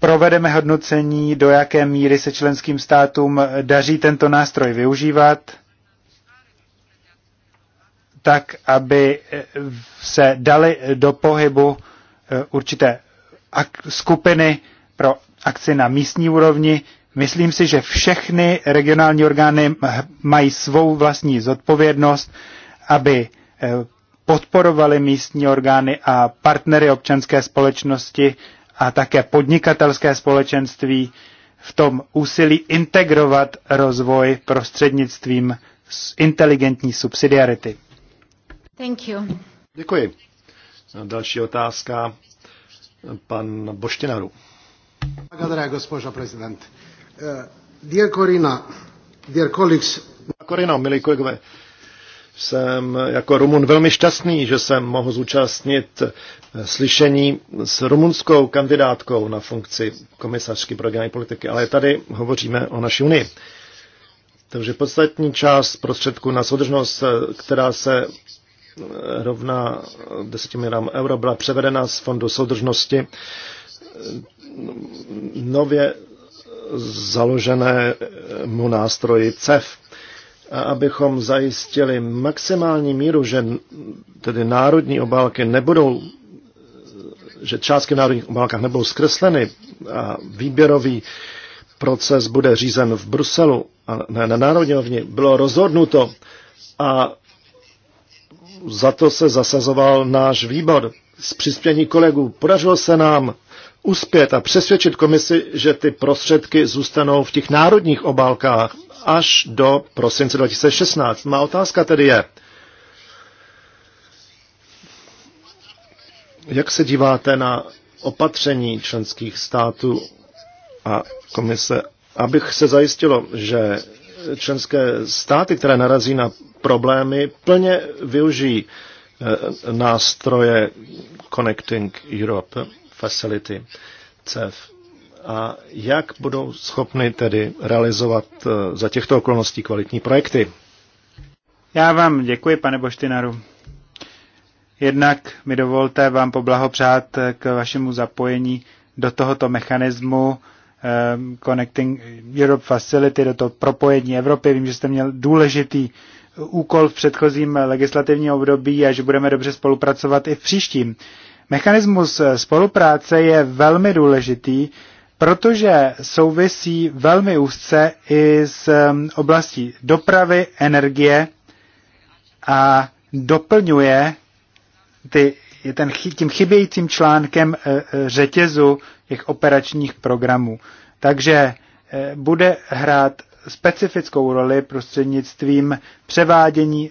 provedeme hodnocení, do jaké míry se členským státům daří tento nástroj využívat, tak, aby se dali do pohybu Eh, určité skupiny pro akci na místní úrovni. Myslím si, že všechny regionální orgány mají svou vlastní zodpovědnost, aby eh, podporovali místní orgány a partnery občanské společnosti a také podnikatelské společenství v tom úsilí integrovat rozvoj prostřednictvím inteligentní subsidiarity. Thank you. Děkuji. Další otázka, pan Boštinaru. Благодаря, госпожо milí kolegové, jsem jako Rumun velmi šťastný, že jsem mohl zúčastnit slyšení s rumunskou kandidátkou na funkci komisařky pro regionální politiky, ale tady hovoříme o naší unii. Takže podstatní část prostředků na soudržnost, která se rovná 10 milionů euro byla převedena z fondu soudržnosti nově založenému nástroji CEF. A abychom zajistili maximální míru, že tedy národní obálky nebudou, že částky v národních obálkách nebudou zkresleny a výběrový proces bude řízen v Bruselu a ne na národní rovni, bylo rozhodnuto a za to se zasazoval náš výbor. Z přispění kolegů podařilo se nám uspět a přesvědčit komisi, že ty prostředky zůstanou v těch národních obálkách až do prosince 2016. Má otázka tedy je, jak se díváte na opatření členských států a komise, abych se zajistilo, že členské státy, které narazí na problémy, plně využijí eh, nástroje Connecting Europe Facility CEF a jak budou schopny tedy realizovat eh, za těchto okolností kvalitní projekty. Já vám děkuji, pane Boštinaru. Jednak mi dovolte vám poblahopřát eh, k vašemu zapojení do tohoto mechanismu Um, connecting Europe Facility, do toho propojení Evropy. Vím, že jste měl důležitý úkol v předchozím legislativním období a že budeme dobře spolupracovat i v příštím. Mechanismus spolupráce je velmi důležitý, protože souvisí velmi úzce i s um, oblastí dopravy, energie a doplňuje ty, ten, tím chybějícím článkem eh, eh, řetězu těch operačních programů. Takže eh, bude hrát specifickou roli prostřednictvím převádění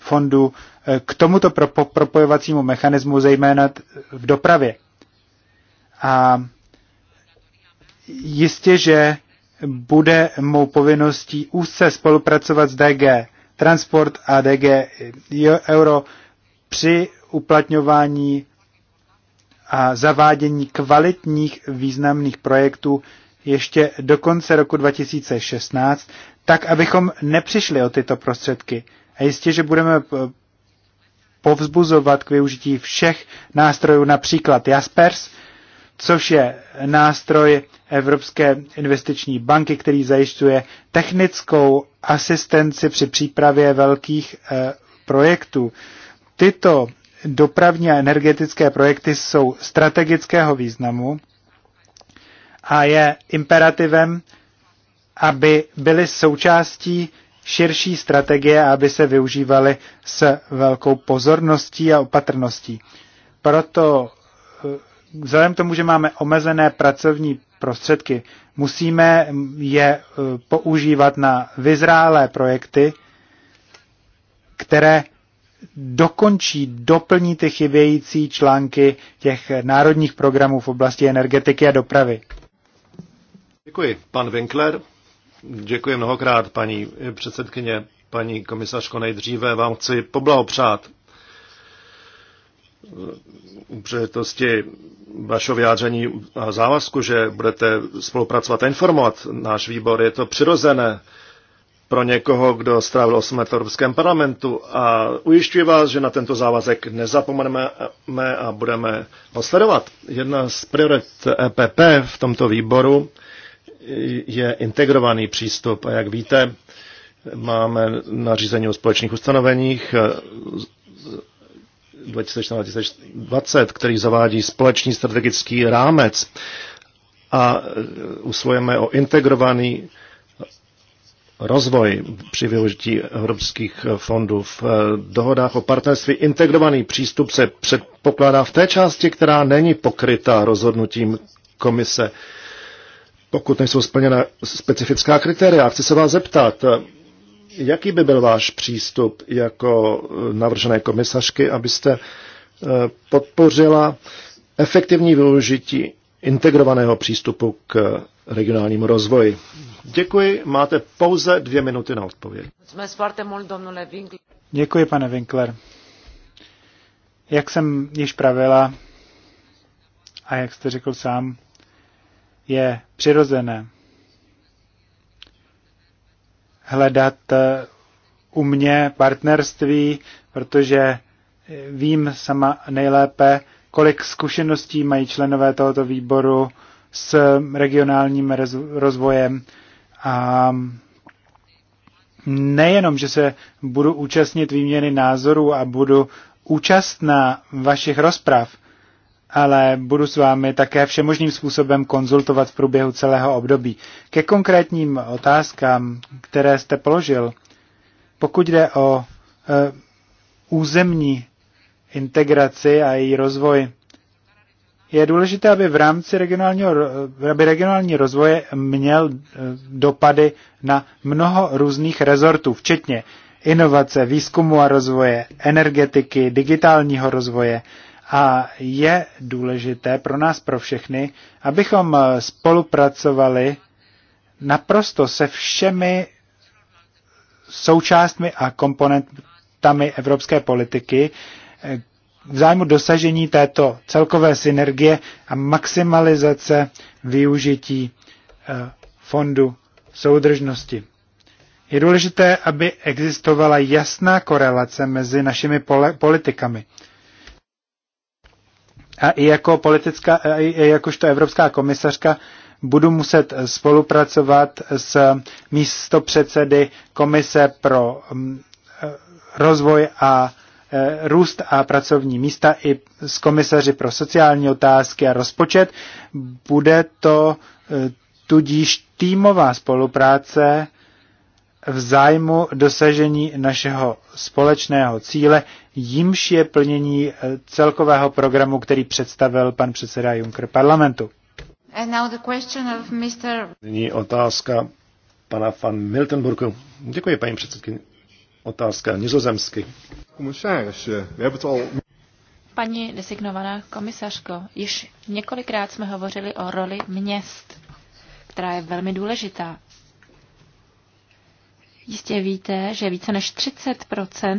fondu eh, k tomuto propojovacímu mechanismu, zejména v dopravě. A jistě, že bude mou povinností úzce spolupracovat s DG Transport a DG Euro při uplatňování a zavádění kvalitních významných projektů ještě do konce roku 2016, tak abychom nepřišli o tyto prostředky. A jistě, že budeme povzbuzovat k využití všech nástrojů, například Jaspers, což je nástroj Evropské investiční banky, který zajišťuje technickou asistenci při přípravě velkých e, projektů. Tyto dopravní a energetické projekty jsou strategického významu a je imperativem, aby byly součástí širší strategie a aby se využívaly s velkou pozorností a opatrností. Proto eh, vzhledem k tomu, že máme omezené pracovní prostředky, musíme je eh, používat na vyzrálé projekty, které dokončí, doplní ty chybějící články těch národních programů v oblasti energetiky a dopravy. Děkuji. Pan Winkler, děkuji mnohokrát, paní předsedkyně, paní komisařko, nejdříve vám chci poblahopřát u vašeho vyjádření a závazku, že budete spolupracovat a informovat náš výbor. Je to přirozené pro někoho, kdo strávil 8 let v Evropském parlamentu a ujišťuji vás, že na tento závazek nezapomeneme a budeme ho sledovat. Jedna z priorit EPP v tomto výboru je integrovaný přístup a jak víte, máme nařízení o společných ustanoveních 2020 který zavádí společný strategický rámec a usilujeme o integrovaný rozvoj při využití evropských fondů. V eh, dohodách o partnerství integrovaný přístup se předpokládá v té části, která není pokryta rozhodnutím komise, pokud nejsou splněna specifická kritéria. Chci se vás zeptat, eh, jaký by byl váš přístup jako eh, navržené komisařky, abyste podpořila efektivní využití integrovaného přístupu k regionálnímu rozvoji. Děkuji, máte pouze dvě minuty na odpověď. Děkuji, pane Winkler. Jak jsem již pravila a jak jste řekl sám, je přirozené hledat eh, u mě partnerství, protože eh, vím sama nejlépe, kolik zkušeností mají členové tohoto výboru s regionálním rozvojem a nejenom, že se budu účastnit výměny názorů a budu účastná vašich rozprav, ale budu s vámi také všemožným způsobem konzultovat v průběhu celého období. Ke konkrétním otázkám, které jste položil, pokud jde o e, územní integraci a její rozvoj. Je důležité, aby v rámci regionálního, aby regionální rozvoje měl eh, dopady na mnoho různých rezortů, včetně inovace, výzkumu a rozvoje, energetiky, digitálního rozvoje. A je důležité pro nás, pro všechny, abychom eh, spolupracovali naprosto se všemi součástmi a komponentami evropské politiky, v zájmu dosažení této celkové synergie a maximalizace využití eh, fondu soudržnosti. Je důležité, aby existovala jasná korelace mezi našimi politikami. A i jako politická, i jakožto Evropská komisařka budu muset spolupracovat s místopředsedy Komise pro mm, eh, rozvoj a Eh, růst a pracovní místa i s komisaři pro sociální otázky a rozpočet. Bude to eh, tudíž týmová spolupráce v zájmu dosažení našeho společného cíle, jimž je plnění eh, celkového programu, který představil pan předseda Juncker parlamentu. And now the question of Mr. Nyní otázka pana van Miltenburgu. Děkuji, paní předsedkyně otázka nizozemsky. Paní designovaná komisařko, již několikrát jsme hovořili o roli měst, která je velmi důležitá. Jistě víte, že více než 30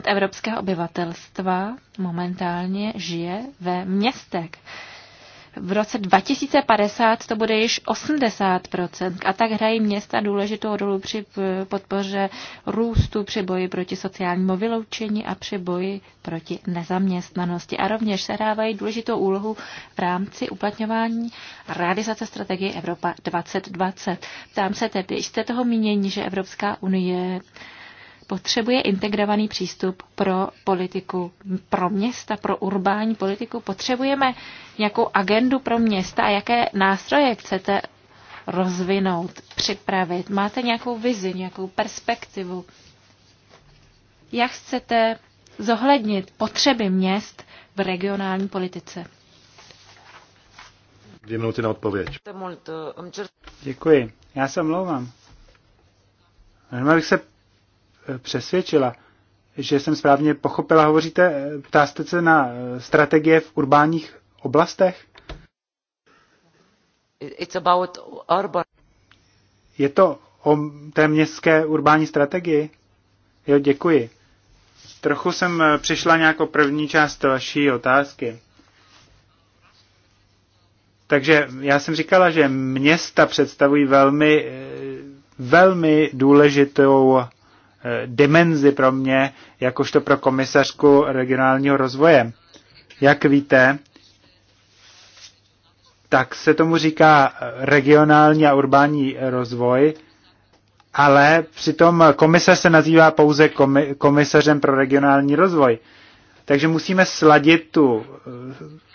evropského obyvatelstva momentálně žije ve městech v roce 2050 to bude již 80%. A tak hrají města důležitou rolu při eh, podpoře růstu, při boji proti sociálnímu vyloučení a při boji proti nezaměstnanosti. A rovněž se hrávají důležitou úlohu v rámci uplatňování realizace strategie Evropa 2020. Ptám se tedy, jste toho mínění, že Evropská unie potřebuje integrovaný přístup pro politiku, pro města, pro urbání politiku. Potřebujeme nějakou agendu pro města a jaké nástroje chcete rozvinout, připravit. Máte nějakou vizi, nějakou perspektivu. Jak chcete zohlednit potřeby měst v regionální politice? Dvě minuty na odpověď. Děkuji. Já se omlouvám. Já bych se přesvědčila, že jsem správně pochopila. Hovoříte, ptáste se na strategie v urbánních oblastech? It's about urban. Je to o té městské urbání strategii? Jo, děkuji. Trochu jsem přišla nějak o první část vaší otázky. Takže já jsem říkala, že města představují velmi, eh, velmi důležitou Eh, dimenzi pro mě, jakožto pro komisařku regionálního rozvoje. Jak víte, tak se tomu říká regionální a urbání rozvoj, ale přitom komisař se nazývá pouze komisařem pro regionální rozvoj. Takže musíme sladit tu,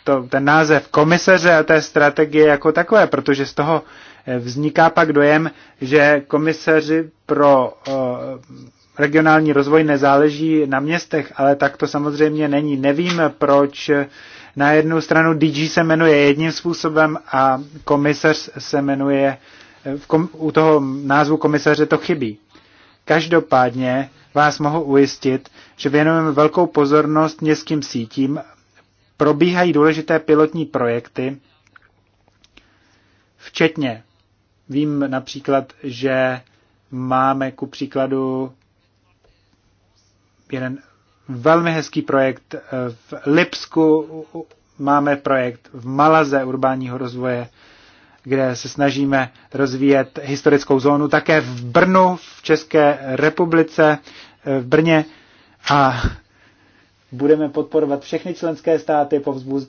to, ten název komisaře a té strategie jako takové, protože z toho eh, vzniká pak dojem, že komisaři pro eh, regionální rozvoj nezáleží na městech, ale tak to samozřejmě není. Nevím, proč na jednu stranu DG se jmenuje jedním způsobem a komisař se jmenuje, kom, u toho názvu komisaře to chybí. Každopádně vás mohu ujistit, že věnujeme velkou pozornost městským sítím, probíhají důležité pilotní projekty, včetně, vím například, že máme ku příkladu jeden velmi hezký projekt eh, v Lipsku, máme projekt v Malaze urbáního rozvoje, kde se snažíme rozvíjet historickou zónu také v Brnu, v České republice, eh, v Brně a budeme podporovat všechny členské státy,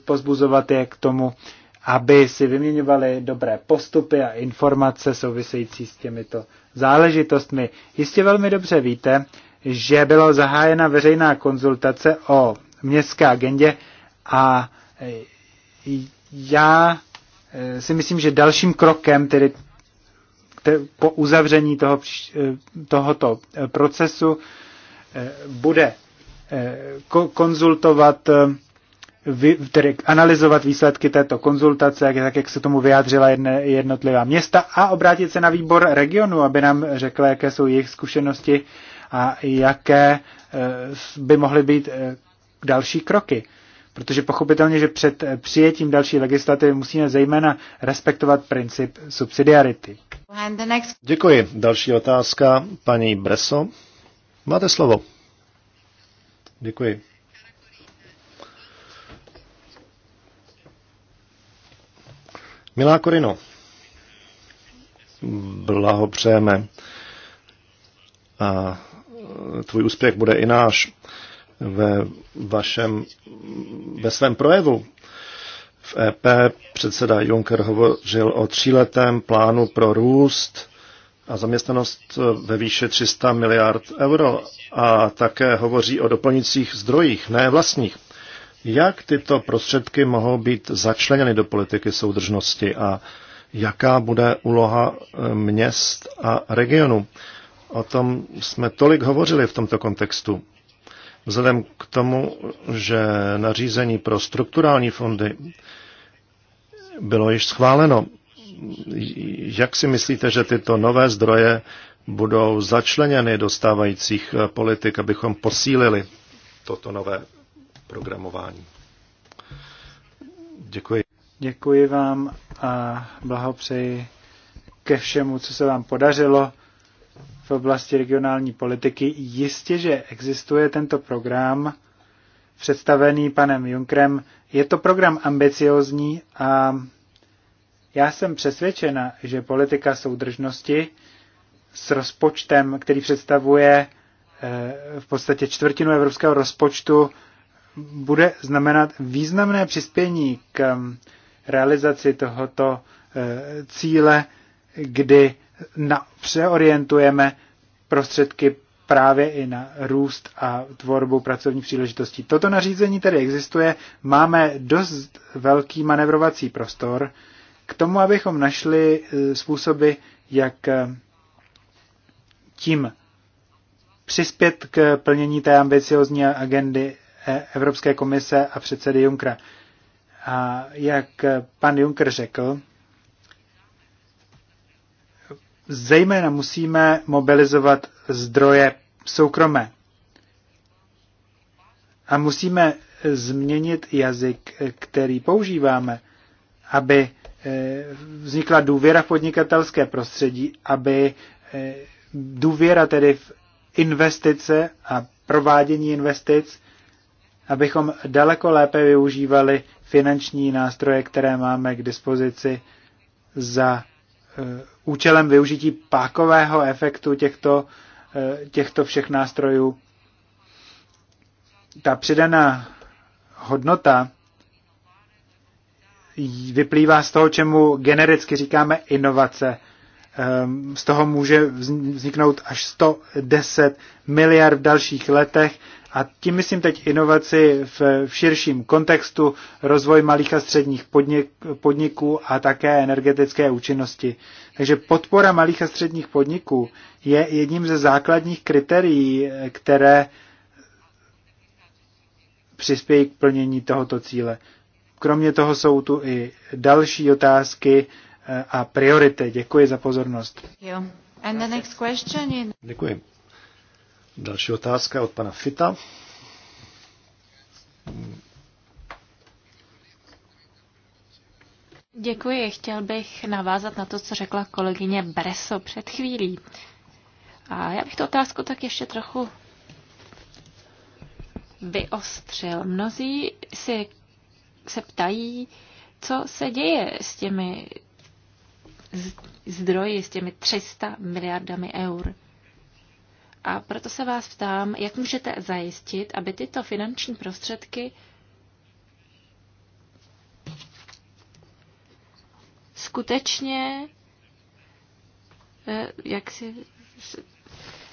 pozbuzovat je k tomu, aby si vyměňovali dobré postupy a informace související s těmito záležitostmi. Jistě velmi dobře víte, že byla zahájena veřejná konzultace o městské agendě a e, já e, si myslím, že dalším krokem, tedy po uzavření toho, e, tohoto procesu, bude konzultovat, tedy analyzovat výsledky této konzultace, tak jak se tomu vyjádřila jednotlivá města, a obrátit se na výbor regionu, aby nám řekla, jaké jsou jejich zkušenosti a jaké eh, by mohly být eh, další kroky. Protože pochopitelně, že před eh, přijetím další legislativy musíme zejména respektovat princip subsidiarity. Děkuji. Další otázka, paní Breso. Máte slovo. Děkuji. Milá Korino, blahopřejeme a tvůj úspěch bude i náš ve, vašem, ve svém projevu. V EP předseda Juncker hovořil o tříletém plánu pro růst a zaměstnanost ve výše 300 miliard euro a také hovoří o doplňujících zdrojích, ne vlastních. Jak tyto prostředky mohou být začleněny do politiky soudržnosti a jaká bude úloha měst a regionu? O tom jsme tolik hovořili v tomto kontextu. Vzhledem k tomu, že nařízení pro strukturální fondy bylo již schváleno, jak si myslíte, že tyto nové zdroje budou začleněny do stávajících politik, abychom posílili toto nové programování? Děkuji. Děkuji vám a blahopřeji ke všemu, co se vám podařilo v oblasti regionální politiky. Jistě, že existuje tento program představený panem Junkrem. Je to program ambiciozní a já jsem přesvědčena, že politika soudržnosti s rozpočtem, který představuje eh, v podstatě čtvrtinu evropského rozpočtu, bude znamenat významné přispění k mm, realizaci tohoto eh, cíle, kdy na, přeorientujeme prostředky právě i na růst a tvorbu pracovních příležitostí. Toto nařízení tedy existuje, máme dost velký manevrovací prostor k tomu, abychom našli e, způsoby, jak e, tím přispět k plnění té ambiciozní agendy e, Evropské komise a předsedy Junkra. A jak pan Juncker řekl, zejména musíme mobilizovat zdroje soukromé. A musíme změnit jazyk, který používáme, aby eh, vznikla důvěra v podnikatelské prostředí, aby eh, důvěra tedy v investice a provádění investic, abychom daleko lépe využívali finanční nástroje, které máme k dispozici za Eh, účelem využití pákového efektu těchto, eh, těchto všech nástrojů. Ta přidaná hodnota vyplývá z toho, čemu genericky říkáme inovace. Ehm, z toho může vzniknout až 110 miliard v dalších letech a tím myslím teď inovaci v, v širším kontextu rozvoj malých a středních podnik, podniků a také energetické účinnosti. Takže podpora malých a středních podniků je jedním ze základních kritérií, které přispějí k plnění tohoto cíle. Kromě toho jsou tu i další otázky eh, a priority. Děkuji za pozornost. Děkuji. Děkuji. Další otázka od pana Fita. Děkuji. Chtěl bych navázat na to, co řekla kolegyně Breso před chvílí. A já bych tu otázku tak ještě trochu vyostřil. Mnozí si se ptají, co se děje s těmi zdroji, s těmi 300 miliardami eur. A proto se vás ptám, jak můžete zajistit, aby tyto finanční prostředky skutečně eh, jak si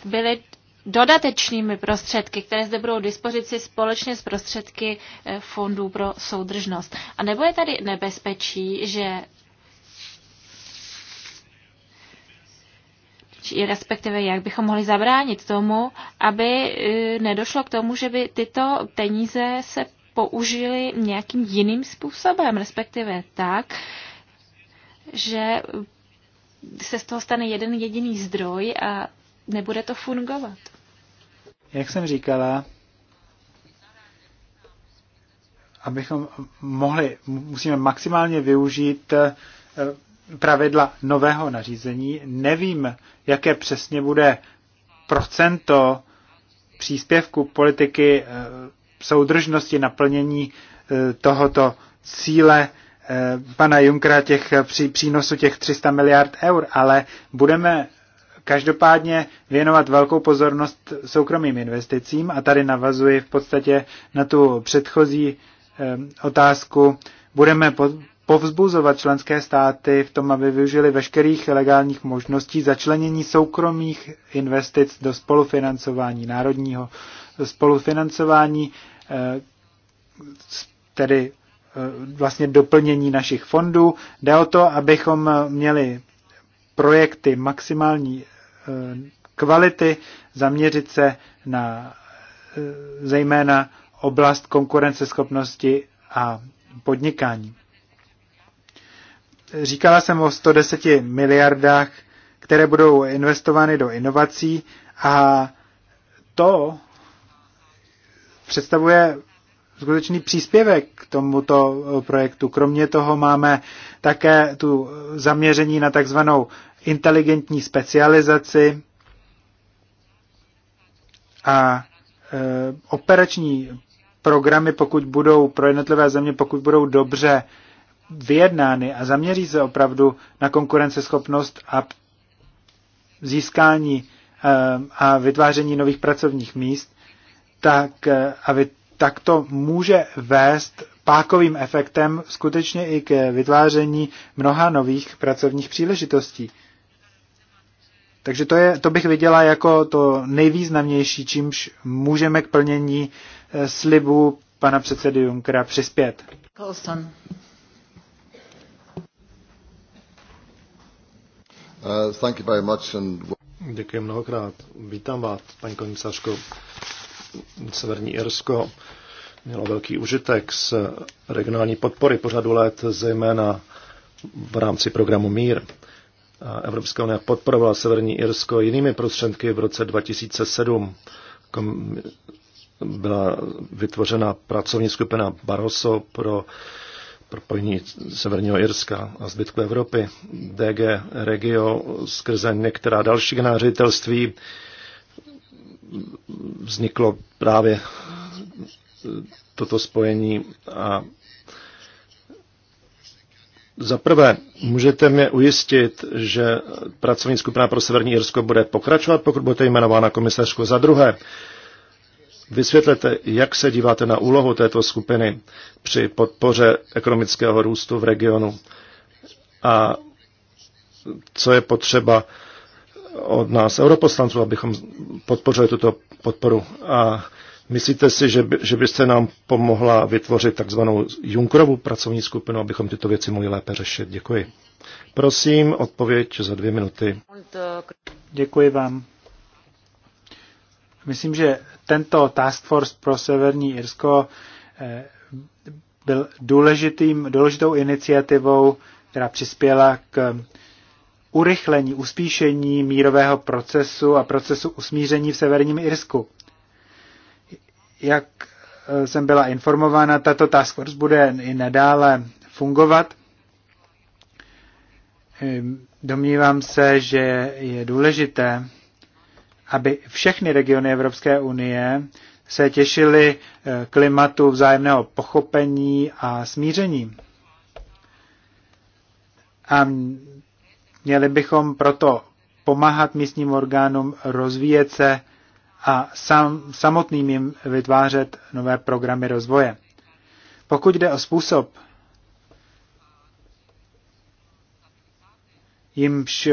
byly dodatečnými prostředky, které zde budou dispozici společně s prostředky eh, fondů pro soudržnost. A nebo je tady nebezpečí, že či respektive jak bychom mohli zabránit tomu, aby e, nedošlo k tomu, že by tyto peníze se použili nějakým jiným způsobem, respektive tak, že se z toho stane jeden jediný zdroj a nebude to fungovat. Jak jsem říkala, abychom mohli, musíme maximálně využít e, pravidla nového nařízení. Nevím, jaké přesně bude procento příspěvku politiky eh, soudržnosti naplnění eh, tohoto cíle eh, pana Junkra těch při přínosu těch 300 miliard eur, ale budeme každopádně věnovat velkou pozornost soukromým investicím a tady navazuji v podstatě na tu předchozí otázku. Budeme povzbuzovat členské státy v tom, aby využili veškerých legálních možností začlenění soukromých investic do spolufinancování, národního spolufinancování, eh, tedy eh, vlastně doplnění našich fondů. Jde o to, abychom měli projekty maximální eh, kvality, zaměřit se na zejména oblast konkurenceschopnosti a podnikání. Říkala jsem o 110 miliardách, které budou investovány do inovací a to představuje skutečný příspěvek k tomuto projektu. Kromě toho máme také tu zaměření na takzvanou inteligentní specializaci a e, operační programy, pokud budou pro jednotlivé země, pokud budou dobře vyjednány a zaměří se opravdu na konkurenceschopnost a získání eh, a vytváření nových pracovních míst, tak, eh, aby, tak to může vést pákovým efektem skutečně i k vytváření mnoha nových pracovních příležitostí. Takže to, je, to bych viděla jako to nejvýznamnější, čímž můžeme k plnění eh, slibu pana předsedy Junkera přispět. Colson. Uh, thank you very much and... Děkuji mnohokrát. Vítám vás, paní komisařko. Severní Irsko mělo velký užitek z regionální podpory pořadu let, zejména v rámci programu Mír. Evropská unie podporovala Severní Irsko jinými prostředky v roce 2007. Byla vytvořena pracovní skupina Barroso pro propojení Severního Irska a zbytku Evropy. DG Regio skrze některá další ředitelství vzniklo právě toto spojení a za prvé, můžete mě ujistit, že pracovní skupina pro Severní Irsko bude pokračovat, pokud budete jmenována komisařko. Za druhé, vysvětlete, jak se díváte na úlohu této skupiny při podpoře ekonomického růstu v regionu a co je potřeba od nás, europoslanců, abychom podpořili tuto podporu. A myslíte si, že, by, že byste nám pomohla vytvořit takzvanou Junkrovu pracovní skupinu, abychom tyto věci mohli lépe řešit? Děkuji. Prosím, odpověď za dvě minuty. Děkuji vám. Myslím, že tento Task Force pro Severní Irsko eh, byl důležitým, důležitou iniciativou, která přispěla k urychlení, uspíšení mírového procesu a procesu usmíření v Severním Irsku. Jak eh, jsem byla informována, tato task force bude i nadále fungovat. Ehm, domnívám se, že je důležité, aby všechny regiony Evropské unie se těšily eh, klimatu vzájemného pochopení a smíření. A měli bychom proto pomáhat místním orgánům rozvíjet se a sam, samotným jim vytvářet nové programy rozvoje. Pokud jde o způsob, jimž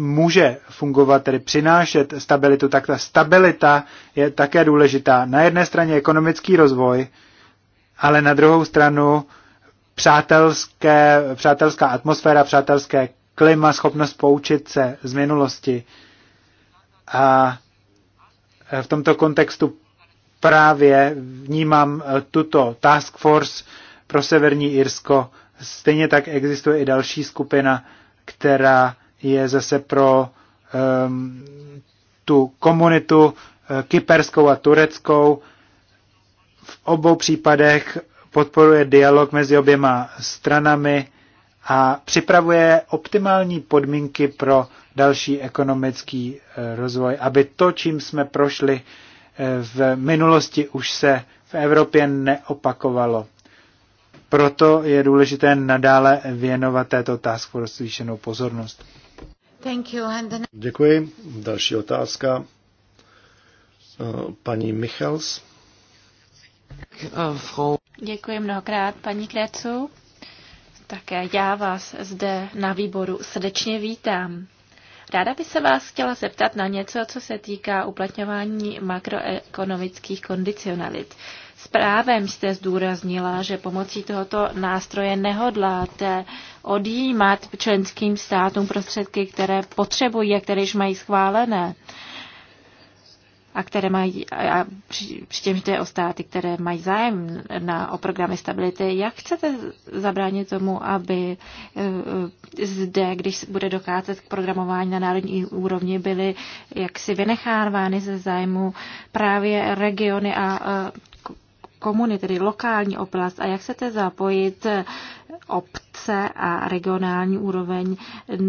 může fungovat, tedy přinášet stabilitu, tak ta stabilita je také důležitá. Na jedné straně ekonomický rozvoj, ale na druhou stranu přátelské, přátelská atmosféra, přátelské klima, schopnost poučit se z minulosti. A v tomto kontextu právě vnímám eh, tuto task force pro Severní Irsko. Stejně tak existuje i další skupina, která je zase pro um, tu komunitu eh, kyperskou a tureckou. V obou případech podporuje dialog mezi oběma stranami a připravuje optimální podmínky pro další ekonomický eh, rozvoj, aby to, čím jsme prošli eh, v minulosti, už se v Evropě neopakovalo. Proto je důležité nadále věnovat této otázku rozvýšenou pozornost. Děkuji. Další otázka. Eh, paní Michels. Eh, Děkuji mnohokrát, paní Krecu. Také já vás zde na výboru srdečně vítám. Ráda by se vás chtěla zeptat na něco, co se týká uplatňování makroekonomických kondicionalit. Správem jste zdůraznila, že pomocí tohoto nástroje nehodláte odjímat členským státům prostředky, které potřebují a které již mají schválené a které mají, a při, přičemž jde o státy, které mají zájem na, o programy stability, jak chcete zabránit tomu, aby e, e, zde, když bude docházet k programování na národní úrovni, byly jaksi vynechávány ze zájmu právě regiony a e, komuny, tedy lokální oblast a jak chcete zapojit obce a regionální úroveň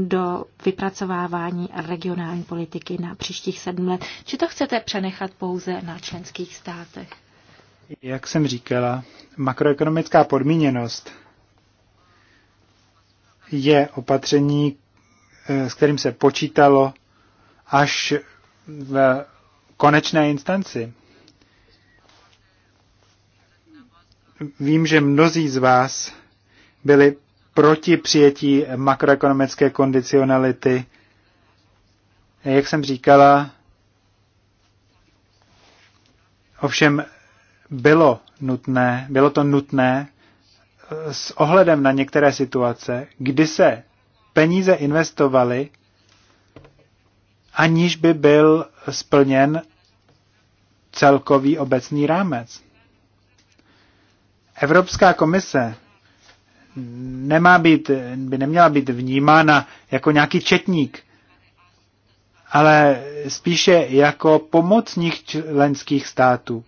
do vypracovávání regionální politiky na příštích sedm let. Či to chcete přenechat pouze na členských státech? Jak jsem říkala, makroekonomická podmíněnost je opatření, eh, s kterým se počítalo až v konečné instanci. vím, že mnozí z vás byli proti přijetí makroekonomické kondicionality. Jak jsem říkala, ovšem bylo nutné, bylo to nutné eh, s ohledem na některé situace, kdy se peníze investovaly, aniž by byl splněn celkový obecný rámec. Evropská komise nemá být, by neměla být vnímána jako nějaký četník, ale spíše jako pomocník členských států.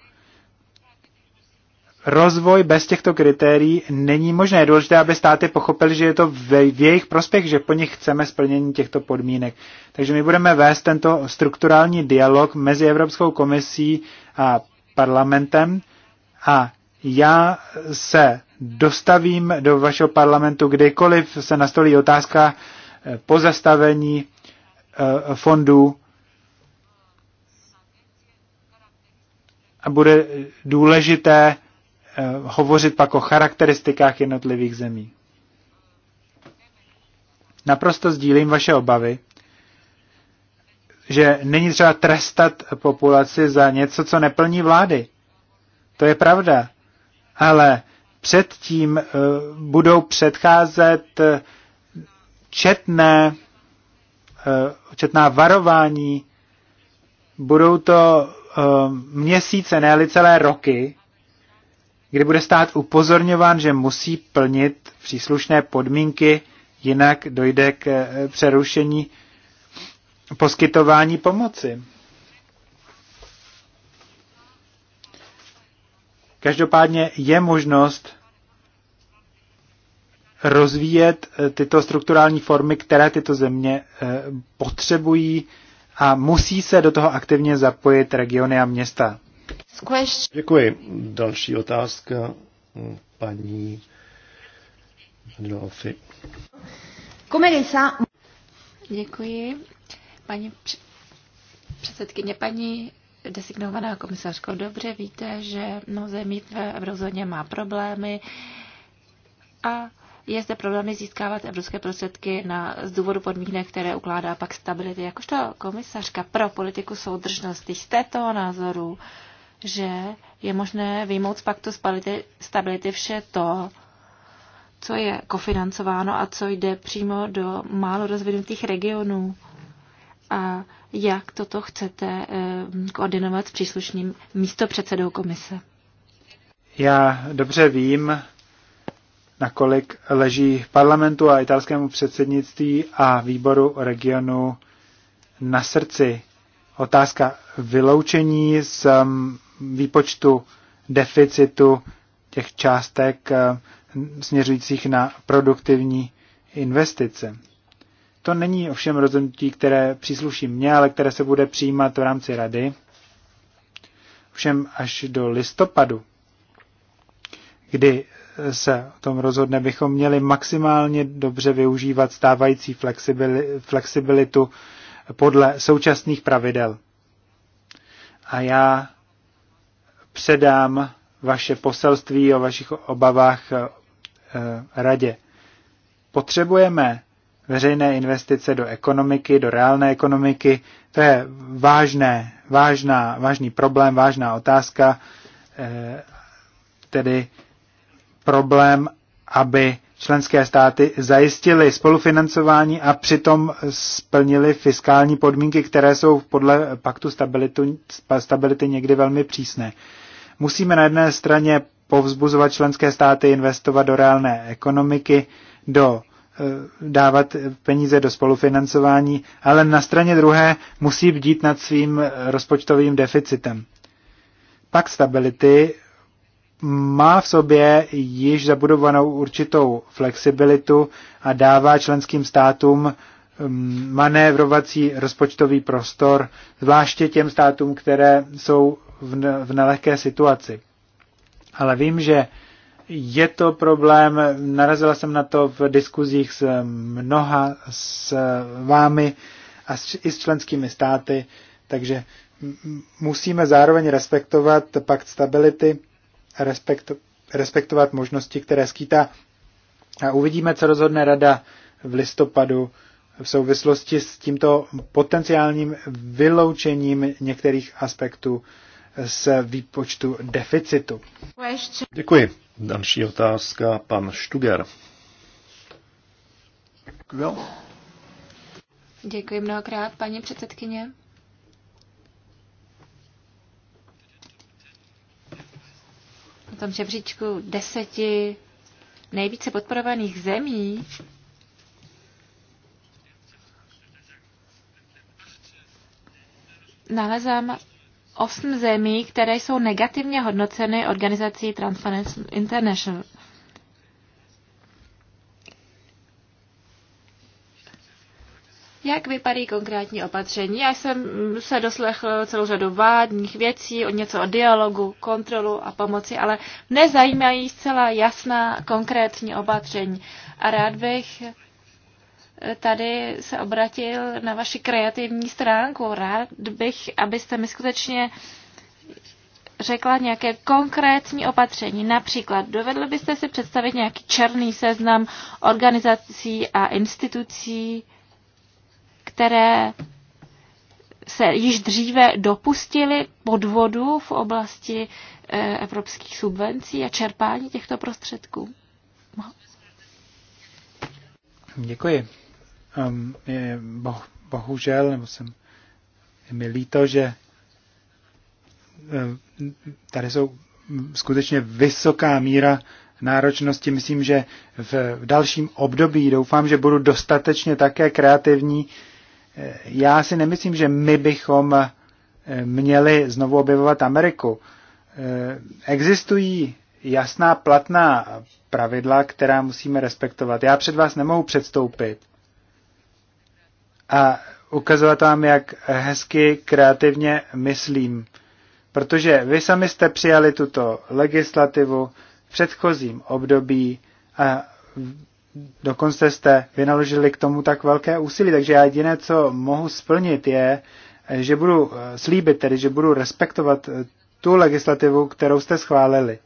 Rozvoj bez těchto kritérií není možné. Je důležité, aby státy pochopili, že je to v jejich prospěch, že po nich chceme splnění těchto podmínek. Takže my budeme vést tento strukturální dialog mezi Evropskou komisí a parlamentem a já se dostavím do vašeho parlamentu, kdykoliv se nastolí otázka eh, pozastavení eh, fondů a bude důležité eh, hovořit pak o charakteristikách jednotlivých zemí. Naprosto sdílím vaše obavy, že není třeba trestat populaci za něco, co neplní vlády. To je pravda ale předtím eh, budou předcházet eh, četné, eh, četná varování, budou to měsíce, ne celé roky, kdy bude stát upozorňován, že musí plnit příslušné podmínky, jinak dojde k přerušení poskytování pomoci. Každopádně je možnost rozvíjet eh, tyto strukturální formy, které tyto země eh, potřebují a musí se do toho aktivně zapojit regiony a města. Děkuji. Další otázka mm, paní Lofi. Děkuji. Paní předsedkyně, paní designovaná komisařko, dobře víte, že mnoho zemí v eurozóně má problémy a je zde problémy získávat evropské prostředky na, z důvodu podmínek, které ukládá pak stability. Jakožto komisařka pro politiku soudržnosti jste toho názoru, že je možné vyjmout z paktu stability vše to, co je kofinancováno a co jde přímo do málo rozvinutých regionů a jak toto chcete eh, koordinovat s příslušným místopředsedou komise. Já dobře vím, nakolik leží parlamentu a italskému předsednictví a výboru regionu na srdci otázka vyloučení z mm, výpočtu deficitu těch částek eh, směřujících na produktivní investice. To není ovšem rozhodnutí, které přísluší mně, ale které se bude přijímat v rámci rady. Všem až do listopadu, kdy se o tom rozhodne, bychom měli maximálně dobře využívat stávající flexibilitu podle současných pravidel. A já předám vaše poselství o vašich obavách eh, radě. Potřebujeme veřejné investice do ekonomiky, do reálné ekonomiky. To je vážné, vážná, vážný problém, vážná otázka, eh, tedy problém, aby členské státy zajistily spolufinancování a přitom splnili fiskální podmínky, které jsou podle paktu stabilitu, stability někdy velmi přísné. Musíme na jedné straně povzbuzovat členské státy investovat do reálné ekonomiky, do Eh, dávat peníze do spolufinancování, ale na straně druhé musí bdít nad svým rozpočtovým deficitem. Pak stability má v sobě již zabudovanou určitou flexibilitu a dává členským státům mm, manévrovací rozpočtový prostor, zvláště těm státům, které jsou v nelehké situaci. Ale vím, že je to problém, narazila jsem na to v diskuzích s mnoha, s vámi a s, i s členskými státy, takže musíme zároveň respektovat pakt stability, respekt, respektovat možnosti, které skýtá. A uvidíme, co rozhodne rada v listopadu v souvislosti s tímto potenciálním vyloučením některých aspektů z výpočtu deficitu. Děkuji. Další otázka, pan Štuger. Děkuji mnohokrát, paní předsedkyně. Na tom žebříčku deseti nejvíce podporovaných zemí nalezám osm zemí, které jsou negativně hodnoceny organizací Transparency International. Jak vypadají konkrétní opatření? Já jsem se doslechl celou řadu vádních věcí, o něco o dialogu, kontrolu a pomoci, ale mne zajímají zcela jasná konkrétní opatření. A rád bych tady se obratil na vaši kreativní stránku. Rád bych, abyste mi skutečně řekla nějaké konkrétní opatření. Například, dovedli byste si představit nějaký černý seznam organizací a institucí, které se již dříve dopustili podvodu v oblasti eh, evropských subvencí a čerpání těchto prostředků. Děkuji um, je, bo, bohužel, nebo jsem, je mi líto, že ehm, tady jsou skutečně vysoká míra náročnosti. Myslím, že v dalším období doufám, že budu dostatečně také kreativní. Eh, já si nemyslím, že my bychom eh, měli znovu objevovat Ameriku. Eh, existují jasná platná pravidla, která musíme respektovat. Já před vás nemohu předstoupit a ukazovat vám, jak hezky, kreativně myslím. Protože vy sami jste přijali tuto legislativu v předchozím období a dokonce jste vynaložili k tomu tak velké úsilí, takže já jediné, co mohu splnit, je, že budu eh, slíbit, tedy že budu respektovat eh, tu legislativu, kterou jste schválili.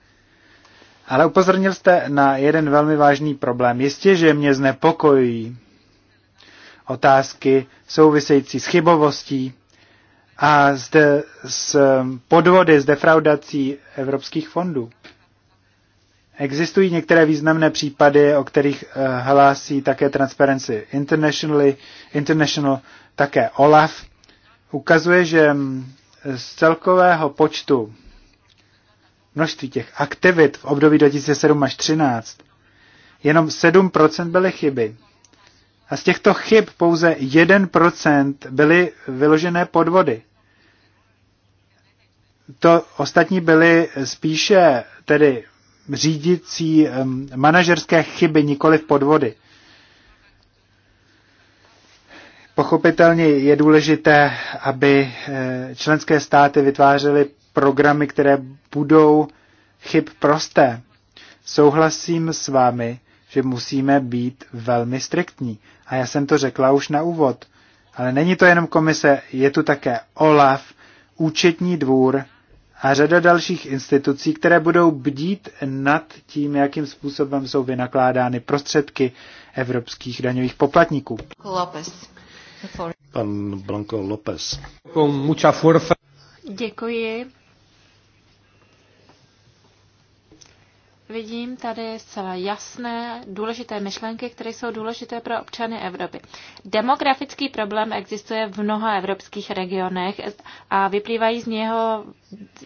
Ale upozornil jste na jeden velmi vážný problém. Jistě, že mě znepokojí otázky související s chybovostí a zde s um, podvody, s defraudací evropských fondů. Existují některé významné případy, o kterých eh, hlásí také Transparency International, také OLAF. Ukazuje, že mm, z celkového počtu množství těch aktivit v období 2007 až 2013 jenom 7% byly chyby. A z těchto chyb pouze 1% byly vyložené podvody. To ostatní byly spíše tedy řídící manažerské chyby, nikoli podvody. Pochopitelně je důležité, aby eh, členské státy vytvářely programy, které budou chyb prosté. Souhlasím s vámi, že musíme být velmi striktní. A já jsem to řekla už na úvod. Ale není to jenom komise, je tu také OLAF, účetní dvůr a řada dalších institucí, které budou bdít nad tím, jakým způsobem jsou vynakládány prostředky evropských daňových poplatníků. López. Pan Blanco López. Děkuji. vidím tady zcela jasné, důležité myšlenky, které jsou důležité pro občany Evropy. Demografický problém existuje v mnoha evropských regionech a vyplývají z něho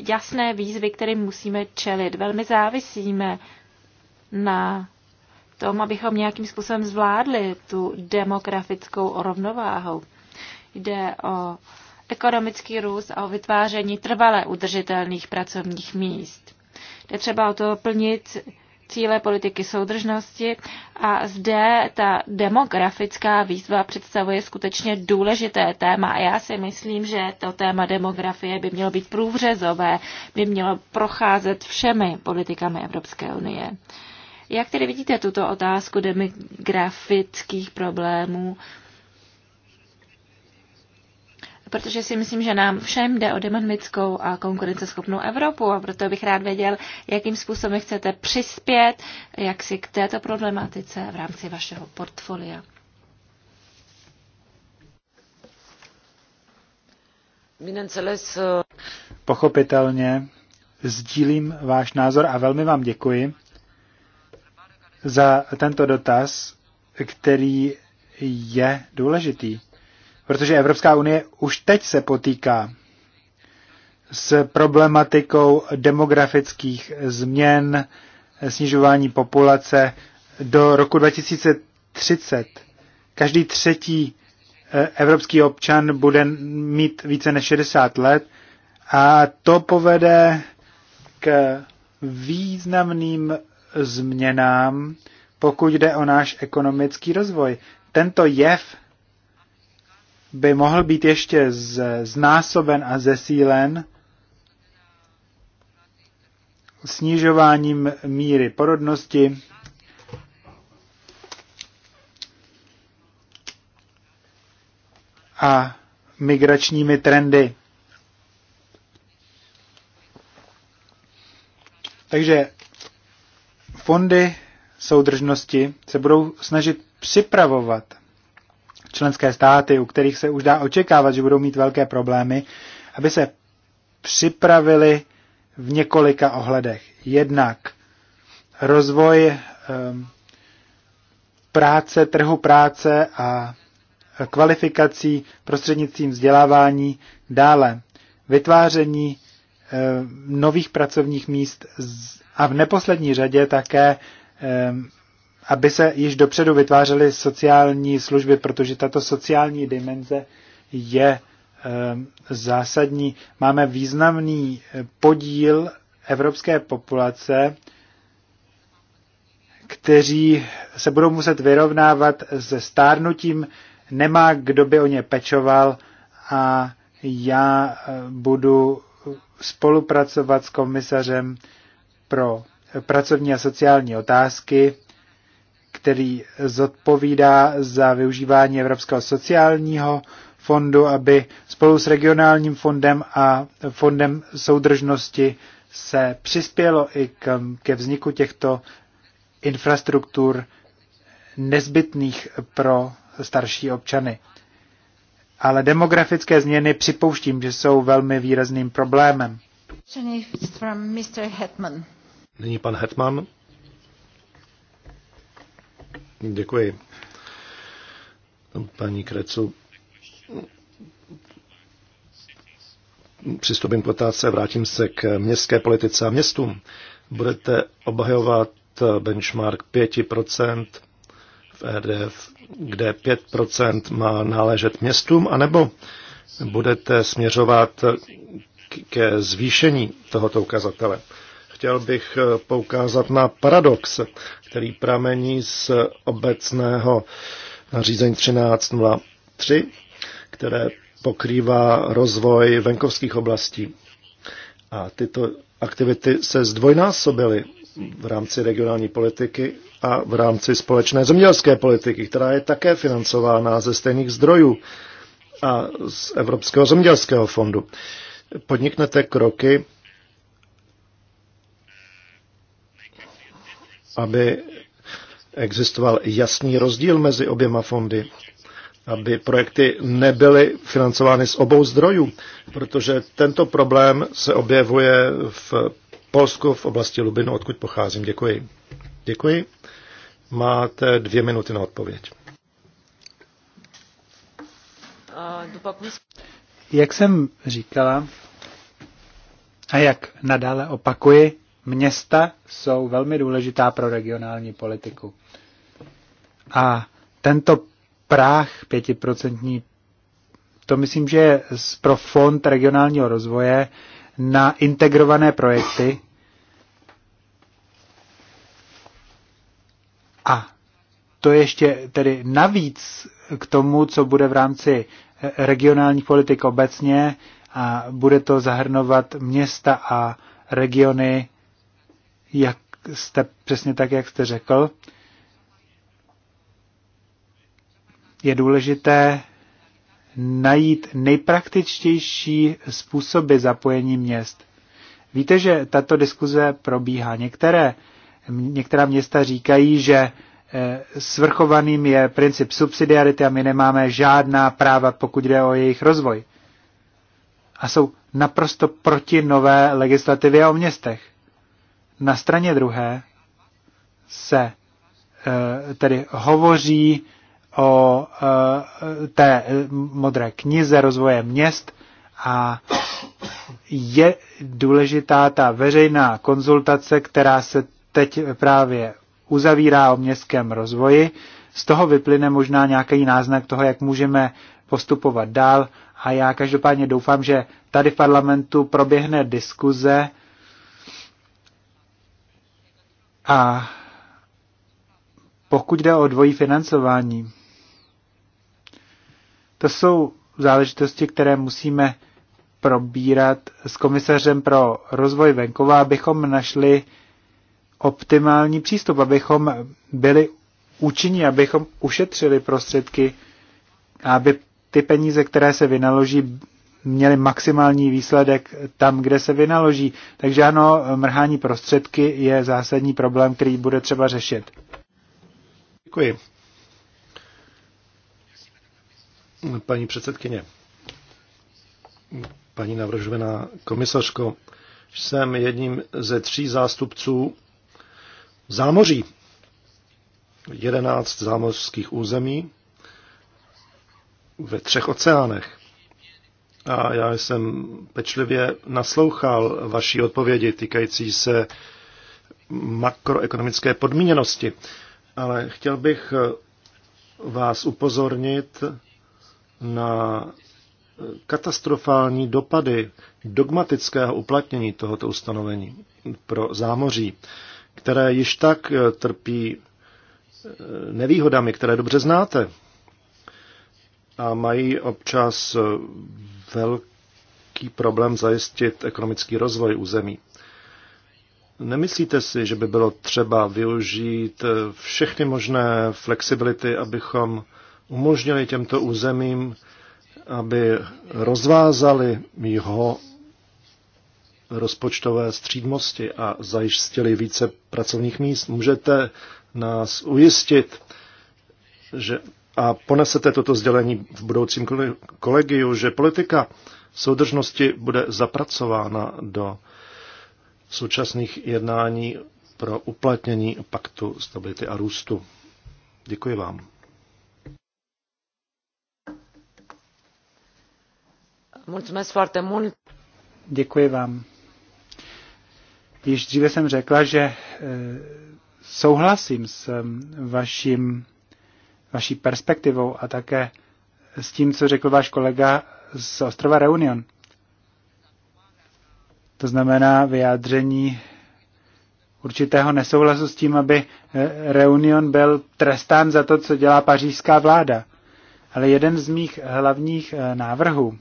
jasné výzvy, kterým musíme čelit. Velmi závisíme na tom, abychom nějakým způsobem zvládli tu demografickou rovnováhu. Jde o ekonomický růst a o vytváření trvale udržitelných pracovních míst. Je třeba o to plnit cíle politiky soudržnosti a zde ta demografická výzva představuje skutečně důležité téma a já si myslím, že to téma demografie by mělo být průvřezové, by mělo procházet všemi politikami Evropské unie. Jak tedy vidíte tuto otázku demografických problémů protože si myslím, že nám všem jde o dynamickou a konkurenceschopnou Evropu a proto bych rád věděl, jakým způsobem chcete přispět jak si k této problematice v rámci vašeho portfolia. Eh, Pochopitelně sdílím váš názor a velmi vám děkuji za tento dotaz, který je důležitý protože Evropská unie už teď se potýká s problematikou demografických změn, snižování populace. Do roku 2030 každý třetí eh, evropský občan bude mít více než 60 let a to povede k významným změnám, pokud jde o náš ekonomický rozvoj. Tento jev by mohl být ještě z, znásoben a zesílen snižováním míry porodnosti, a migračními trendy. Takže fondy soudržnosti se budou snažit připravovat členské státy, u kterých se už dá očekávat, že budou mít velké problémy, aby se připravili v několika ohledech. Jednak rozvoj ehm, práce, trhu práce a kvalifikací prostřednictvím vzdělávání, dále vytváření ehm, nových pracovních míst a v neposlední řadě také ehm, aby se již dopředu vytvářely sociální služby, protože tato sociální dimenze je eh, zásadní. Máme významný eh, podíl evropské populace, kteří se budou muset vyrovnávat se stárnutím, nemá kdo by o ně pečoval a já eh, budu spolupracovat s komisařem pro pracovní a sociální otázky, který zodpovídá za využívání Evropského sociálního fondu, aby spolu s regionálním fondem a fondem soudržnosti se přispělo i k, ke vzniku těchto infrastruktur nezbytných pro starší občany. Ale demografické změny připouštím, že jsou velmi výrazným problémem. Nyní pan Hetman. Děkuji. Paní Krecu, přistupím k otázce, vrátím se k městské politice a městům. Budete obhajovat benchmark 5% v RDF, e kde 5% má náležet městům, anebo budete směřovat ke zvýšení tohoto ukazatele chtěl bych eh, poukázat na paradox, který pramení z obecného nařízení 13.03, které pokrývá rozvoj venkovských oblastí. A tyto aktivity se zdvojnásobily v rámci regionální politiky a v rámci společné zemědělské politiky, která je také financována ze stejných zdrojů a z Evropského zemědělského fondu. Podniknete kroky aby existoval jasný rozdíl mezi oběma fondy, aby projekty nebyly financovány z obou zdrojů, protože tento problém se objevuje v Polsku v oblasti Lubinu, odkud pocházím. Děkuji. Děkuji. Máte dvě minuty na odpověď. Jak jsem říkala a jak nadále opakuji, Města jsou velmi důležitá pro regionální politiku. A tento práh pětiprocentní, to myslím, že je pro fond regionálního rozvoje na integrované projekty. A to ještě tedy navíc k tomu, co bude v rámci eh, regionálních politik obecně a bude to zahrnovat města a regiony jak jste, přesně tak, jak jste řekl, je důležité najít nejpraktičtější způsoby zapojení měst. Víte, že tato diskuze probíhá. Některé, některá města říkají, že eh, svrchovaným je princip subsidiarity a my nemáme žádná práva, pokud jde o jejich rozvoj. A jsou naprosto proti nové legislativě o městech. Na straně druhé se eh, tedy hovoří o eh, té eh, modré knize rozvoje měst a je důležitá ta veřejná konzultace, která se teď právě uzavírá o městském rozvoji. Z toho vyplyne možná nějaký náznak toho, jak můžeme postupovat dál. A já každopádně doufám, že tady v parlamentu proběhne diskuze A pokud jde o dvojí financování, to jsou záležitosti, které musíme probírat s komisařem pro rozvoj venkova, abychom našli optimální přístup, abychom byli účinní, abychom ušetřili prostředky, aby ty peníze, které se vynaloží, měli maximální výsledek tam, kde se vynaloží. Takže ano, mrhání prostředky je zásadní problém, který bude třeba řešit. Děkuji. Paní předsedkyně, paní navržovená komisařko, jsem jedním ze tří zástupců zámoří. 11 zámořských území ve třech oceánech a já jsem pečlivě naslouchal vaší odpovědi týkající se makroekonomické podmíněnosti, ale chtěl bych vás upozornit na katastrofální dopady dogmatického uplatnění tohoto ustanovení pro zámoří, které již tak trpí nevýhodami, které dobře znáte a mají občas velký problém zajistit ekonomický rozvoj území. Nemyslíte si, že by bylo třeba využít všechny možné flexibility, abychom umožnili těmto územím, aby rozvázali jeho rozpočtové střídmosti a zajistili více pracovních míst? Můžete nás ujistit, že a ponesete toto sdělení v budoucím kolegiu, že politika soudržnosti bude zapracována do současných jednání pro uplatnění paktu stability a růstu. Děkuji vám. Děkuji vám. Již dříve jsem řekla, že eh, souhlasím s vaším vaší perspektivou a také s tím, co řekl váš kolega z ostrova Reunion. To znamená vyjádření určitého nesouhlasu s tím, aby eh, Reunion byl trestán za to, co dělá pařížská vláda. Ale jeden z mých hlavních eh, návrhů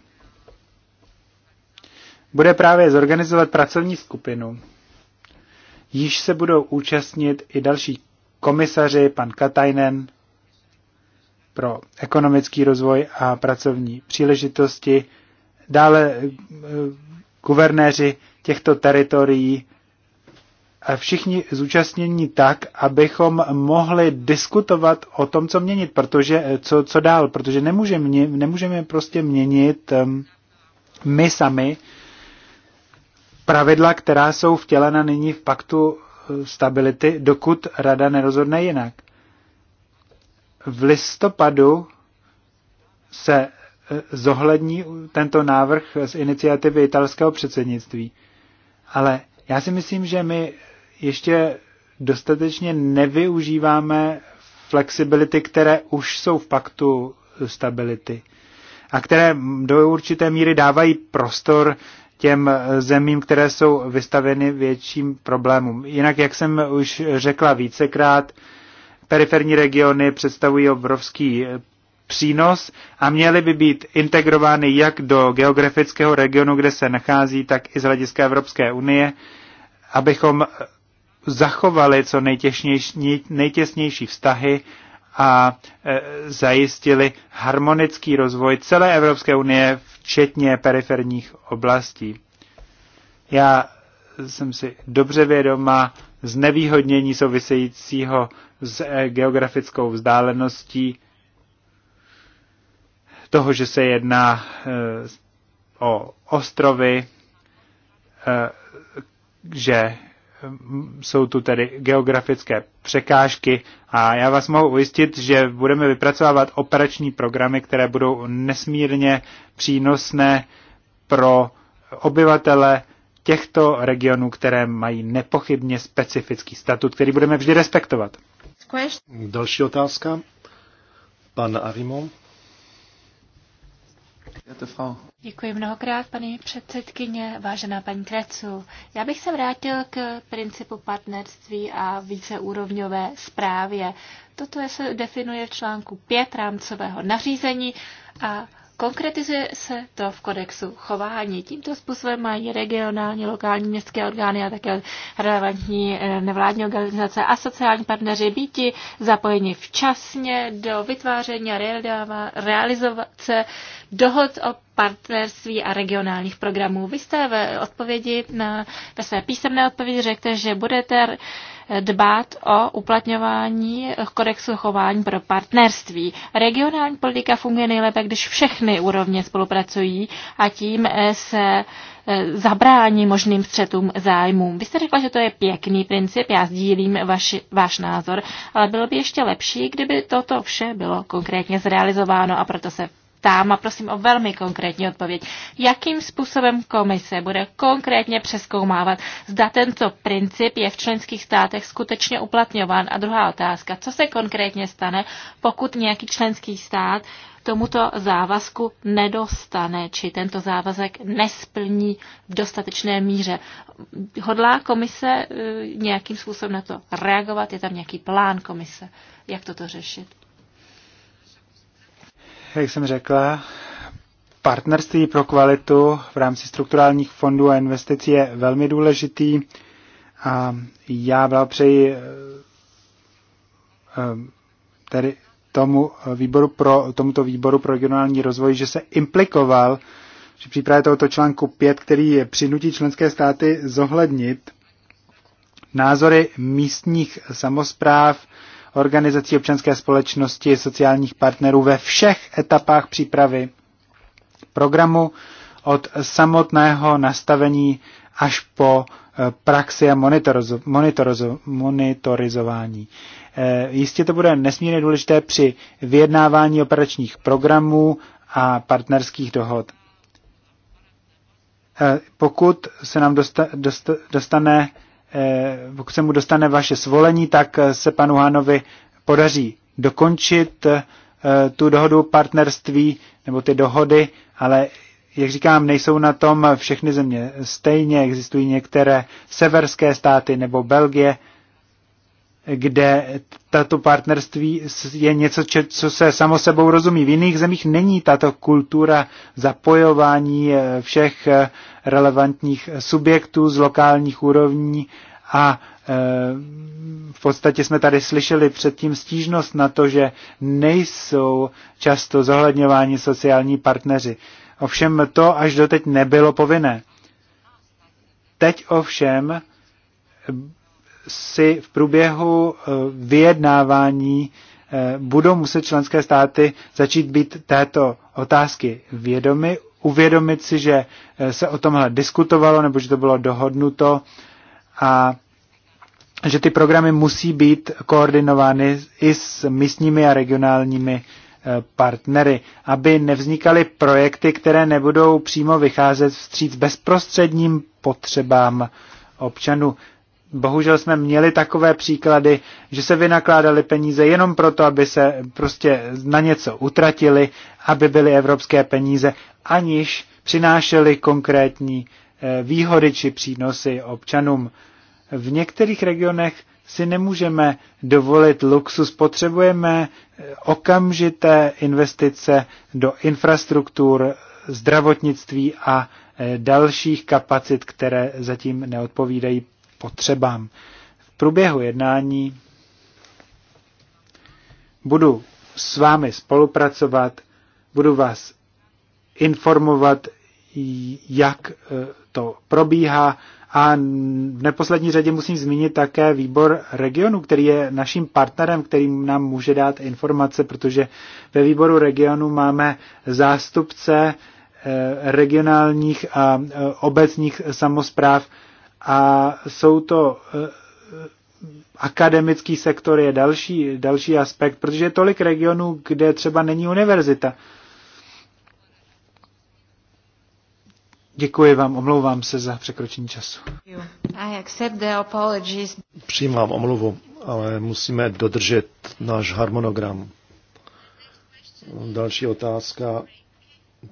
bude právě zorganizovat pracovní skupinu, již se budou účastnit i další komisaři, pan Katajnen, pro ekonomický rozvoj a pracovní příležitosti. Dále eh, guvernéři těchto teritorií a eh, všichni zúčastnění tak, abychom mohli diskutovat o tom, co měnit, protože eh, co, co dál, protože nemůžeme, nemůžeme prostě měnit ehm, my sami pravidla, která jsou vtělena nyní v paktu stability, dokud rada nerozhodne jinak v listopadu se eh, zohlední tento návrh z iniciativy italského předsednictví. Ale já si myslím, že my ještě dostatečně nevyužíváme flexibility, které už jsou v paktu stability a které do určité míry dávají prostor těm eh, zemím, které jsou vystaveny větším problémům. Jinak, jak jsem už řekla vícekrát, periferní regiony představují obrovský eh, přínos a měly by být integrovány jak do geografického regionu, kde se nachází, tak i z hlediska Evropské unie, abychom eh, zachovali co nejtěsnější vztahy a eh, zajistili harmonický rozvoj celé Evropské unie, včetně periferních oblastí. Já jsem si dobře vědoma znevýhodnění souvisejícího s eh, geografickou vzdáleností toho, že se jedná eh, o ostrovy, eh, že hm, jsou tu tedy geografické překážky a já vás mohu ujistit, že budeme vypracovávat operační programy, které budou nesmírně přínosné pro obyvatele těchto regionů, které mají nepochybně specifický statut, který budeme vždy respektovat. Další otázka. Pan Arimo. Děkuji mnohokrát, paní předsedkyně, vážená paní Krecu. Já bych se vrátil k principu partnerství a víceúrovňové zprávě. Toto se definuje v článku 5 rámcového nařízení a Konkretizuje se to v kodexu chování. Tímto způsobem mají regionální, lokální, městské orgány a také relevantní eh, nevládní organizace a sociální partneři býti zapojeni včasně do vytváření a realizace dohod o partnerství a regionálních programů. Vy jste ve, odpovědi na, ve své písemné odpovědi řekl, že budete dbát o uplatňování kodexu chování pro partnerství. Regionální politika funguje nejlépe, když všechny úrovně spolupracují a tím se e, zabrání možným střetům zájmů. Vy jste řekla, že to je pěkný princip, já sdílím vaši, váš názor, ale bylo by ještě lepší, kdyby toto vše bylo konkrétně zrealizováno a proto se ptám a prosím o velmi konkrétní odpověď. Jakým způsobem komise bude konkrétně přeskoumávat, zda tento princip je v členských státech skutečně uplatňován? A druhá otázka, co se konkrétně stane, pokud nějaký členský stát tomuto závazku nedostane, či tento závazek nesplní v dostatečné míře. Hodlá komise eh, nějakým způsobem na to reagovat? Je tam nějaký plán komise, jak toto řešit? jak jsem řekla, partnerství pro kvalitu v rámci strukturálních fondů a investic je velmi důležitý a já blahopřeji eh, eh, tedy tomu výboru pro, tomuto výboru pro regionální rozvoj, že se implikoval při přípravě tohoto článku 5, který je přinutí členské státy zohlednit názory místních samozpráv, organizací občanské společnosti, a sociálních partnerů ve všech etapách přípravy programu od samotného nastavení až po eh, praxi a monitorizování. Eh, jistě to bude nesmírně důležité při vyjednávání operačních programů a partnerských dohod. Eh, pokud se nám dostane Eh, pokud se mu dostane vaše svolení, tak eh, se panu Hanovi podaří dokončit eh, tu dohodu partnerství nebo ty dohody, ale jak říkám, nejsou na tom všechny země stejně. Existují některé severské státy nebo Belgie, kde tato partnerství je něco, co se samo sebou rozumí. V jiných zemích není tato kultura zapojování eh, všech eh, relevantních subjektů z lokálních úrovní a eh, v podstatě jsme tady slyšeli předtím stížnost na to, že nejsou často zohledňováni sociální partneři. Ovšem to až doteď nebylo povinné. Teď ovšem si v průběhu eh, vyjednávání eh, budou muset členské státy začít být této otázky vědomy, uvědomit si, že eh, se o tomhle diskutovalo nebo že to bylo dohodnuto a že ty programy musí být koordinovány i s místními a regionálními partnery, aby nevznikaly projekty, které nebudou přímo vycházet vstříc bezprostředním potřebám občanů bohužel jsme měli takové příklady, že se vynakládaly peníze jenom proto, aby se prostě na něco utratili, aby byly evropské peníze, aniž přinášely konkrétní eh, výhody či přínosy občanům. V některých regionech si nemůžeme dovolit luxus, potřebujeme eh, okamžité investice do infrastruktur, zdravotnictví a eh, dalších kapacit, které zatím neodpovídají potřebám. V průběhu jednání budu s vámi spolupracovat, budu vás informovat, jak e, to probíhá. A v neposlední řadě musím zmínit také výbor regionu, který je naším partnerem, který nám může dát informace, protože ve výboru regionu máme zástupce e, regionálních a e, obecních samozpráv, a jsou to eh, akademický sektor je další, další aspekt, protože je tolik regionů, kde třeba není univerzita. Děkuji vám, omlouvám se za překročení času. Přijímám omluvu, ale musíme dodržet náš harmonogram. Další otázka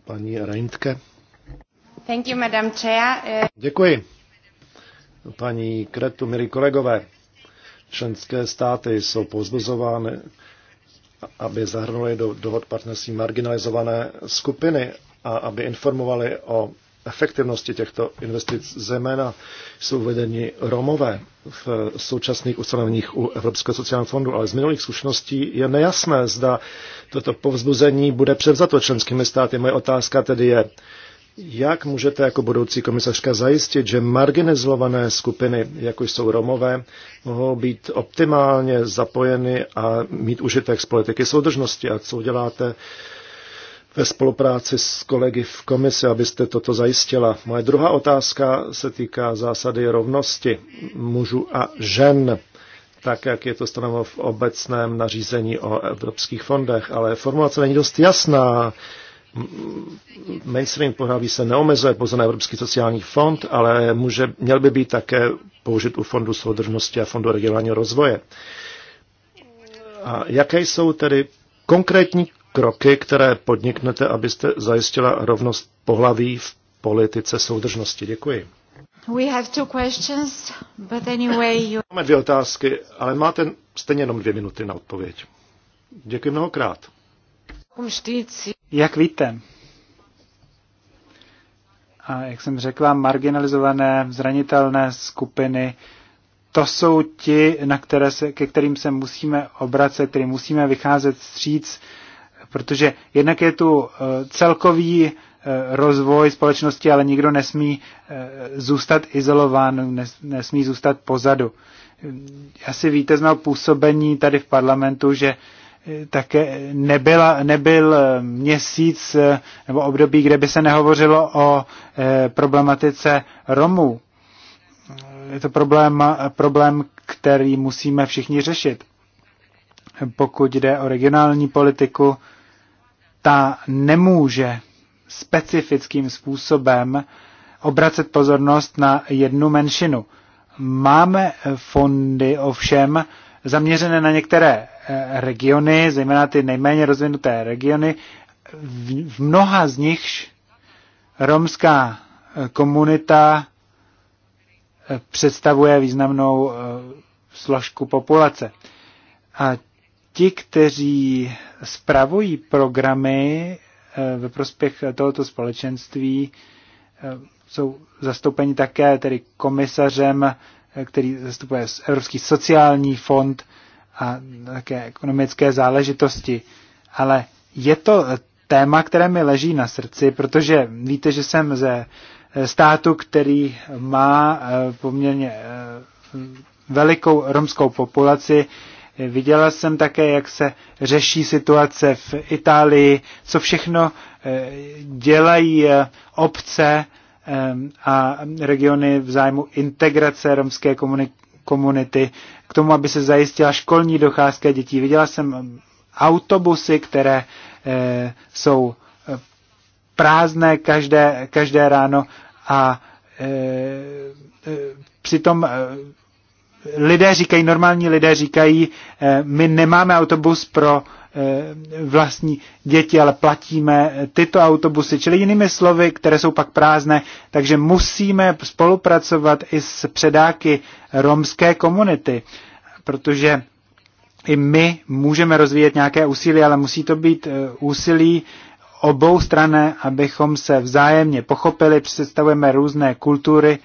paní Reintke. Thank you, Madam Chair. Eh, Děkuji paní Kretu, milí kolegové. Členské státy jsou pozbuzovány, aby zahrnuli do dohod partnerství marginalizované skupiny a aby informovali o efektivnosti těchto investic, zejména jsou uvedeni Romové v současných ustanoveních u Evropského sociálního fondu, ale z minulých zkušeností je nejasné, zda toto povzbuzení bude převzato členskými státy. Moje otázka tedy je, jak můžete jako budoucí komisařka zajistit, že marginalizované skupiny, jako jsou Romové, mohou být optimálně zapojeny a mít užitek z politiky soudržnosti? A co uděláte ve spolupráci s kolegy v komisi, abyste toto zajistila? Moje druhá otázka se týká zásady rovnosti mužů a žen tak, jak je to stanovo v obecném nařízení o evropských fondech, ale formulace není dost jasná mainstream pohlaví se neomezuje pouze na Evropský sociální fond, ale může, měl by být také použit u Fondu soudržnosti a Fondu regionálního rozvoje. A jaké jsou tedy konkrétní kroky, které podniknete, abyste zajistila rovnost pohlaví v politice soudržnosti? Děkuji. We have two questions, but anyway you... Máme dvě otázky, ale máte stejně jenom dvě minuty na odpověď. Děkuji mnohokrát. Jak víte, a jak jsem řekla, marginalizované, zranitelné skupiny, to jsou ti, na které se, ke kterým se musíme obracet, který musíme vycházet stříc, protože jednak je tu eh, celkový eh, rozvoj společnosti, ale nikdo nesmí eh, zůstat izolován, nesmí zůstat pozadu. Asi víte z mého působení tady v parlamentu, že také nebyla, nebyl měsíc eh, nebo období, kde by se nehovořilo o eh, problematice Romů. Je to problém, problém, který musíme všichni řešit. Pokud jde o regionální politiku, ta nemůže specifickým způsobem obracet pozornost na jednu menšinu. Máme fondy ovšem, zaměřené na některé eh, regiony, zejména ty nejméně rozvinuté regiony. V mnoha z nich romská eh, komunita eh, představuje významnou složku populace. A ti, kteří spravují programy ve prospěch tohoto společenství, jsou zastoupeni také tedy komisařem Eh, který zastupuje Evropský sociální fond a také ekonomické záležitosti. Ale je to eh, téma, které mi leží na srdci, protože víte, že jsem ze eh, státu, který má poměrně velikou romskou populaci. Viděla jsem také, jak se řeší situace v Itálii, co všechno dělají obce a regiony v zájmu integrace romské komunity k tomu, aby se zajistila školní docházka dětí. Viděla jsem autobusy, které eh, jsou eh, prázdné každé, každé ráno a eh, přitom lidé říkají, normální lidé říkají, my nemáme autobus pro Eh, vlastní děti, ale platíme tyto autobusy, čili jinými slovy, které jsou pak prázdné, takže musíme spolupracovat i s předáky romské komunity, protože i my můžeme rozvíjet nějaké úsilí, ale musí to být eh, úsilí obou strané, abychom se vzájemně pochopili, představujeme různé kultury,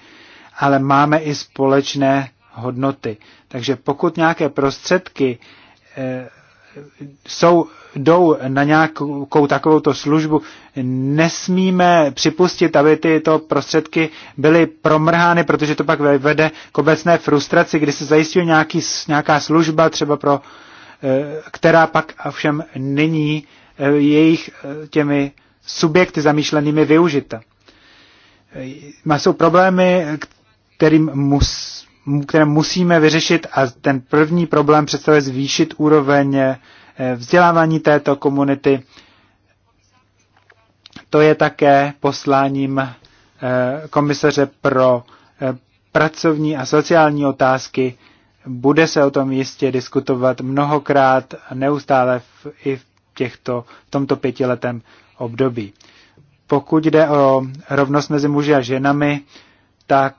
ale máme i společné hodnoty. Takže pokud nějaké prostředky eh, jsou, jdou na nějakou takovou službu, nesmíme připustit, aby tyto prostředky byly promrhány, protože to pak vede k obecné frustraci, kdy se zajistí nějaký, nějaká služba, třeba pro, eh, která pak ovšem není eh, jejich eh, těmi subjekty zamýšlenými využita. Jsou problémy, kterým mus, které musíme vyřešit a ten první problém představuje zvýšit úroveň eh, vzdělávání této komunity. To je také posláním eh, komisaře pro eh, pracovní a sociální otázky. Bude se o tom jistě diskutovat mnohokrát a neustále v, i v, těchto, v tomto pětiletém období. Pokud jde o rovnost mezi muži a ženami, tak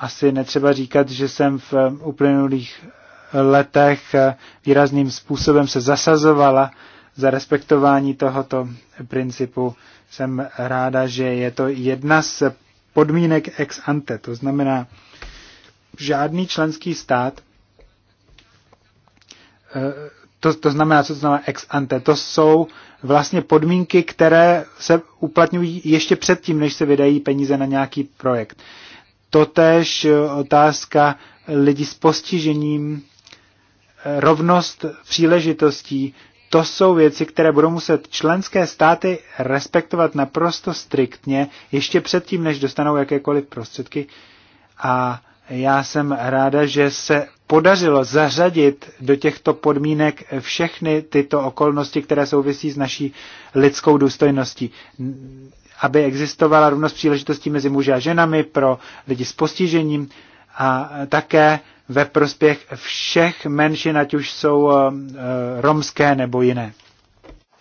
asi netřeba říkat, že jsem v uplynulých letech výrazným způsobem se zasazovala za respektování tohoto principu. Jsem ráda, že je to jedna z podmínek ex ante. To znamená, žádný členský stát, eh, to, to znamená, co to znamená ex ante, to jsou vlastně podmínky, které se uplatňují ještě předtím, než se vydají peníze na nějaký projekt. Totéž eh, otázka lidí s postižením, eh, rovnost příležitostí, to jsou věci, které budou muset členské státy respektovat naprosto striktně ještě předtím, než dostanou jakékoliv prostředky. A já jsem ráda, že se podařilo zařadit do těchto podmínek všechny tyto okolnosti, které souvisí s naší lidskou důstojností aby existovala rovnost příležitostí mezi muži a ženami pro lidi s postižením a také ve prospěch všech menšin, ať už jsou eh, eh, romské nebo jiné.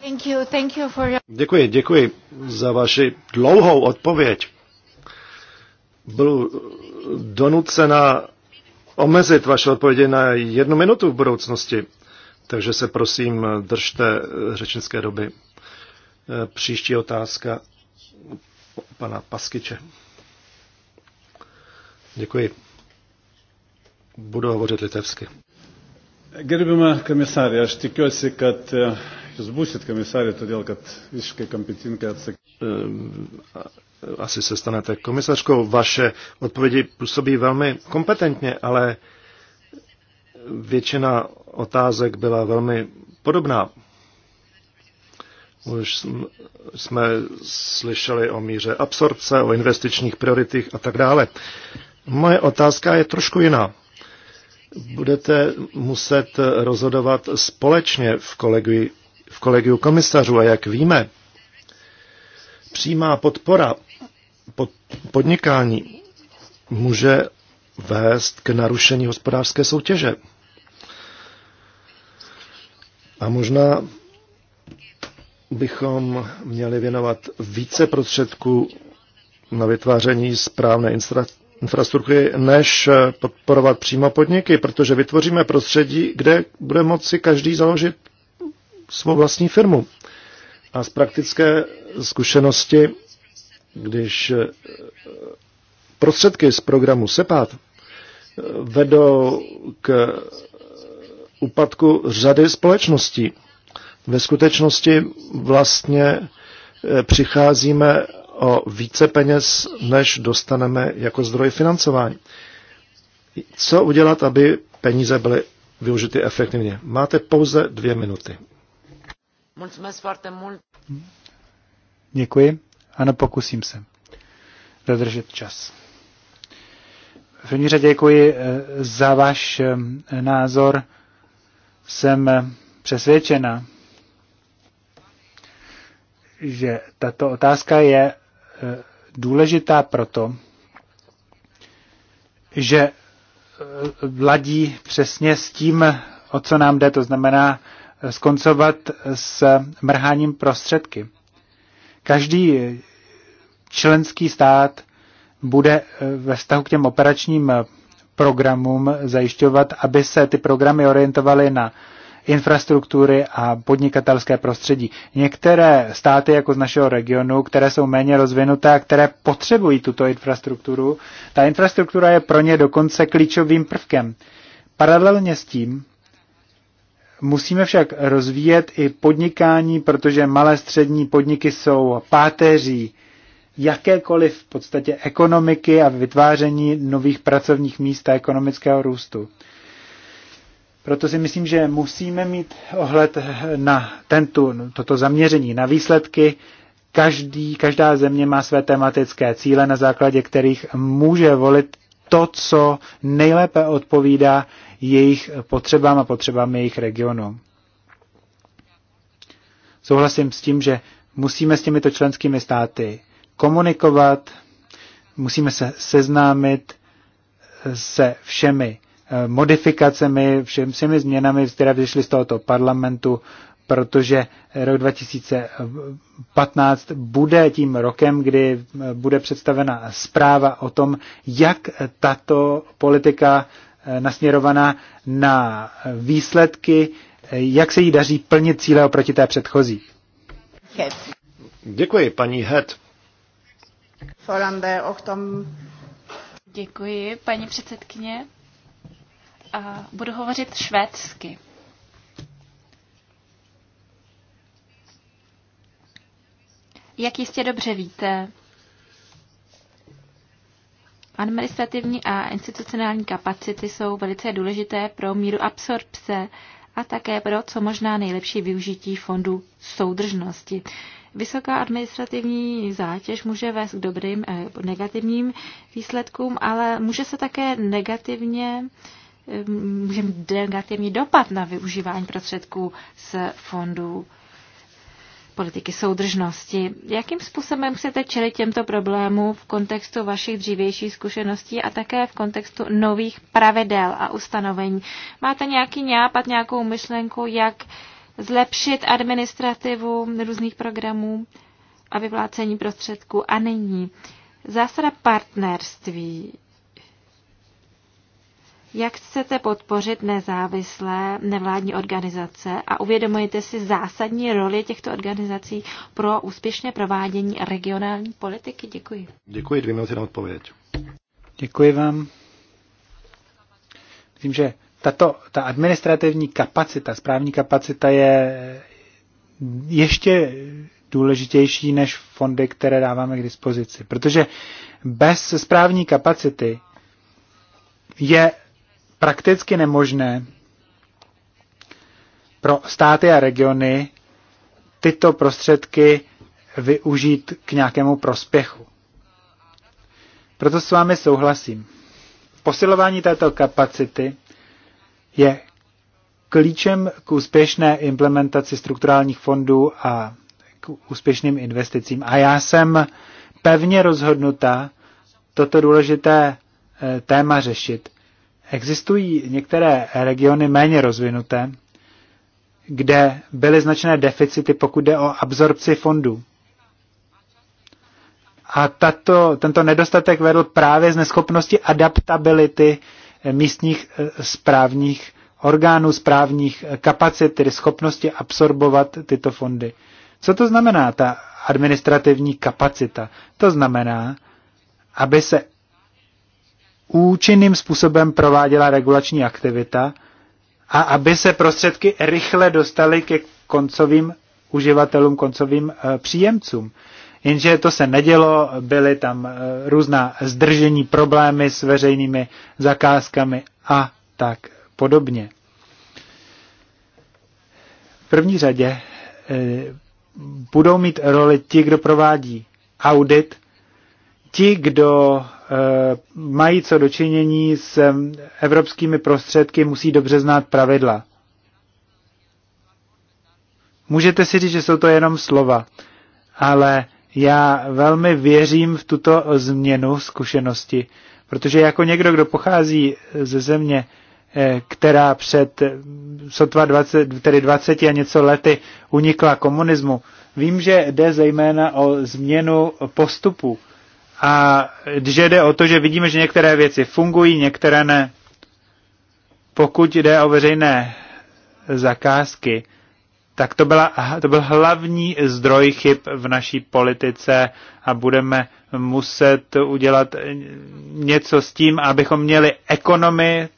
Thank you, thank you for your... Děkuji, děkuji za vaši dlouhou odpověď. Byl donucena omezit vaše odpovědi na jednu minutu v budoucnosti, takže se prosím držte řečnické doby. Eh, příští otázka pana Paskyče. Děkuji. Budu hovořit litevsky. Gerbima komisarė, aš tikiuosi, kad e, jūs būsit komisarė, todėl kad visiškai kompetinkai atsakysite. Ehm, asi se stanete komisařkou. Vaše odpovědi působí velmi kompetentně, ale většina otázek byla velmi podobná. Už jsme slyšeli o míře absorpce, o investičních prioritách a tak dále. Moje otázka je trošku jiná. Budete muset rozhodovat společně v kolegiu, v kolegiu komisařů a jak víme, přímá podpora pod, podnikání může vést k narušení hospodářské soutěže. A možná bychom měli věnovat více prostředků na vytváření správné infrastruktury, než podporovat přímo podniky, protože vytvoříme prostředí, kde bude moci každý založit svou vlastní firmu. A z praktické zkušenosti, když eh, prostředky z programu sepad eh, vedou k eh, úpadku řady společností, ve skutečnosti vlastně eh, přicházíme o více peněz, než dostaneme jako zdroj financování. Co udělat, aby peníze byly využity efektivně? Máte pouze dvě minuty. Děkuji. Ano, pokusím se dodržet čas. V první řadě děkuji eh, za váš eh, názor. Jsem přesvědčena, že tato otázka je eh, důležitá proto, že eh, vladí přesně s tím, o co nám jde, to znamená eh, skoncovat s mrháním prostředky. Každý členský stát bude ve vztahu k těm operačním programům zajišťovat, aby se ty programy orientovaly na infrastruktury a podnikatelské prostředí. Některé státy jako z našeho regionu, které jsou méně rozvinuté a které potřebují tuto infrastrukturu, ta infrastruktura je pro ně dokonce klíčovým prvkem. Paralelně s tím musíme však rozvíjet i podnikání, protože malé střední podniky jsou páteří jakékoliv v podstatě ekonomiky a vytváření nových pracovních míst a ekonomického růstu. Proto si myslím, že musíme mít ohled na tento, toto zaměření, na výsledky. Každý, každá země má své tematické cíle, na základě kterých může volit to, co nejlépe odpovídá jejich potřebám a potřebám jejich regionu. Souhlasím s tím, že musíme s těmito členskými státy komunikovat, musíme se seznámit se všemi modifikacemi, všem, všemi změnami, které vyšly z tohoto parlamentu, protože rok 2015 bude tím rokem, kdy bude představena zpráva o tom, jak tato politika eh, nasměrovaná na výsledky, eh, jak se jí daří plnit cíle oproti té předchozí. Děkuji, paní Het. Děkuji, paní předsedkyně a budu hovořit švédsky. Jak jistě dobře víte, administrativní a institucionální kapacity jsou velice důležité pro míru absorpce a také pro co možná nejlepší využití fondu soudržnosti. Vysoká administrativní zátěž může vést k dobrým eh, negativním výsledkům, ale může se také negativně může mít negativní dopad na využívání prostředků z fondů politiky soudržnosti. Jakým způsobem chcete čelit těmto problémům v kontextu vašich dřívějších zkušeností a také v kontextu nových pravidel a ustanovení? Máte nějaký nápad, nějakou myšlenku, jak zlepšit administrativu různých programů a vyplácení prostředků? A nyní zásada partnerství jak chcete podpořit nezávislé nevládní organizace a uvědomujete si zásadní roli těchto organizací pro úspěšné provádění regionální politiky? Děkuji. Děkuji, dvě minuty na odpověď. Děkuji vám. Myslím, že tato, ta administrativní kapacita, správní kapacita je ještě důležitější než fondy, které dáváme k dispozici. Protože bez správní kapacity je prakticky nemožné pro státy a regiony tyto prostředky využít k nějakému prospěchu. Proto s vámi souhlasím. Posilování této kapacity je klíčem k úspěšné implementaci strukturálních fondů a k úspěšným investicím. A já jsem pevně rozhodnuta toto důležité eh, téma řešit Existují některé regiony méně rozvinuté, kde byly značné deficity, pokud jde o absorpci fondů. A tato, tento nedostatek vedl právě z neschopnosti adaptability místních eh, správních orgánů, správních eh, kapacit, tedy schopnosti absorbovat tyto fondy. Co to znamená, ta administrativní kapacita? To znamená, aby se účinným způsobem prováděla regulační aktivita a aby se prostředky rychle dostaly ke koncovým uživatelům, koncovým eh, příjemcům. Jenže to se nedělo, byly tam eh, různá zdržení, problémy s veřejnými zakázkami a tak podobně. V první řadě eh, budou mít roli ti, kdo provádí audit, ti, kdo Eh, mají co dočinění s evropskými prostředky, musí dobře znát pravidla. Můžete si říct, že jsou to jenom slova, ale já velmi věřím v tuto změnu zkušenosti, protože jako někdo, kdo pochází ze země, eh, která před eh, sotva 20, tedy 20 a něco lety unikla komunismu, vím, že jde zejména o změnu postupu a když jde o to, že vidíme, že některé věci fungují, některé ne. Pokud jde o veřejné zakázky, tak to, byla, to byl hlavní zdroj chyb v naší politice a budeme muset udělat něco s tím, abychom měli ekonomii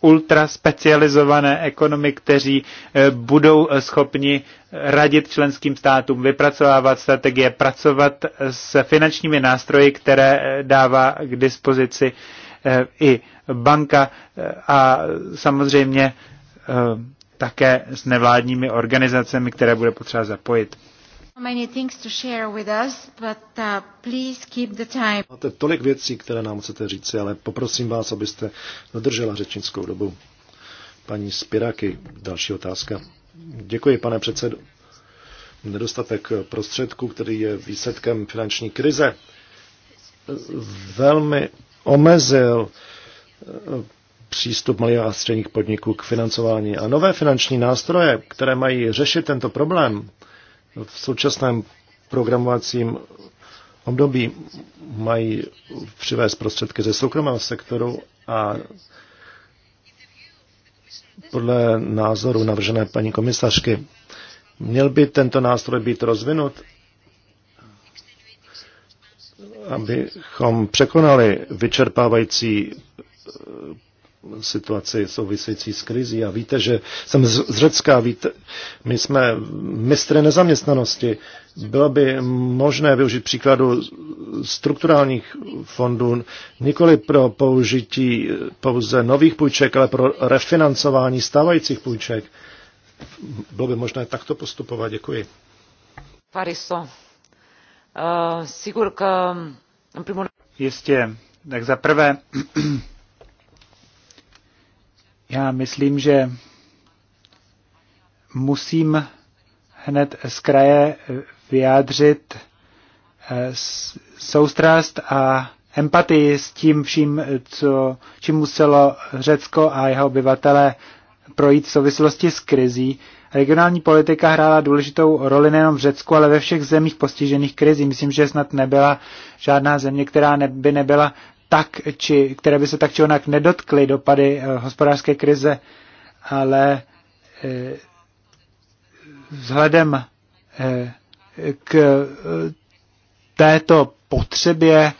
ultra specializované ekonomy, kteří eh, budou eh, schopni radit členským státům, vypracovávat strategie, pracovat eh, s finančními nástroji, které dává k dispozici i banka a samozřejmě také s nevládními organizacemi, které bude potřeba zapojit. Máte tolik věcí, které nám chcete říci, ale poprosím vás, abyste dodržela řečnickou dobu. Paní Spiraky, další otázka. Děkuji, pane předsedo. Nedostatek prostředků, který je výsledkem finanční krize, velmi omezil eh, přístup malých a středních podniků k financování. A nové finanční nástroje, které mají řešit tento problém, v současném programovacím období mají přivést prostředky ze soukromého sektoru a podle názoru navržené paní komisařky, měl by tento nástroj být rozvinut, abychom překonali vyčerpávající situaci související s krizí. A víte, že jsem z Řecka, víte, my jsme mistry nezaměstnanosti. Bylo by možné využít příkladu strukturálních fondů nikoli pro použití pouze nových půjček, ale pro refinancování stávajících půjček. Bylo by možné takto postupovat. Děkuji. Pariso. Uh, eh, sigur că, în primul Jistě. Tak za prvé, Já myslím, že musím hned z kraje eh, vyjádřit eh, soustrast a empatii s tím vším, eh, co, čím muselo Řecko a jeho obyvatele projít v souvislosti s krizí. Regionální politika hrála důležitou roli nejenom v Řecku, ale ve všech zemích postižených krizí. Myslím, že snad nebyla žádná země, která by nebyla tak, či, které by se tak či onak nedotkly dopady eh, hospodářské krize, ale eh, vzhledem eh, k této potřebě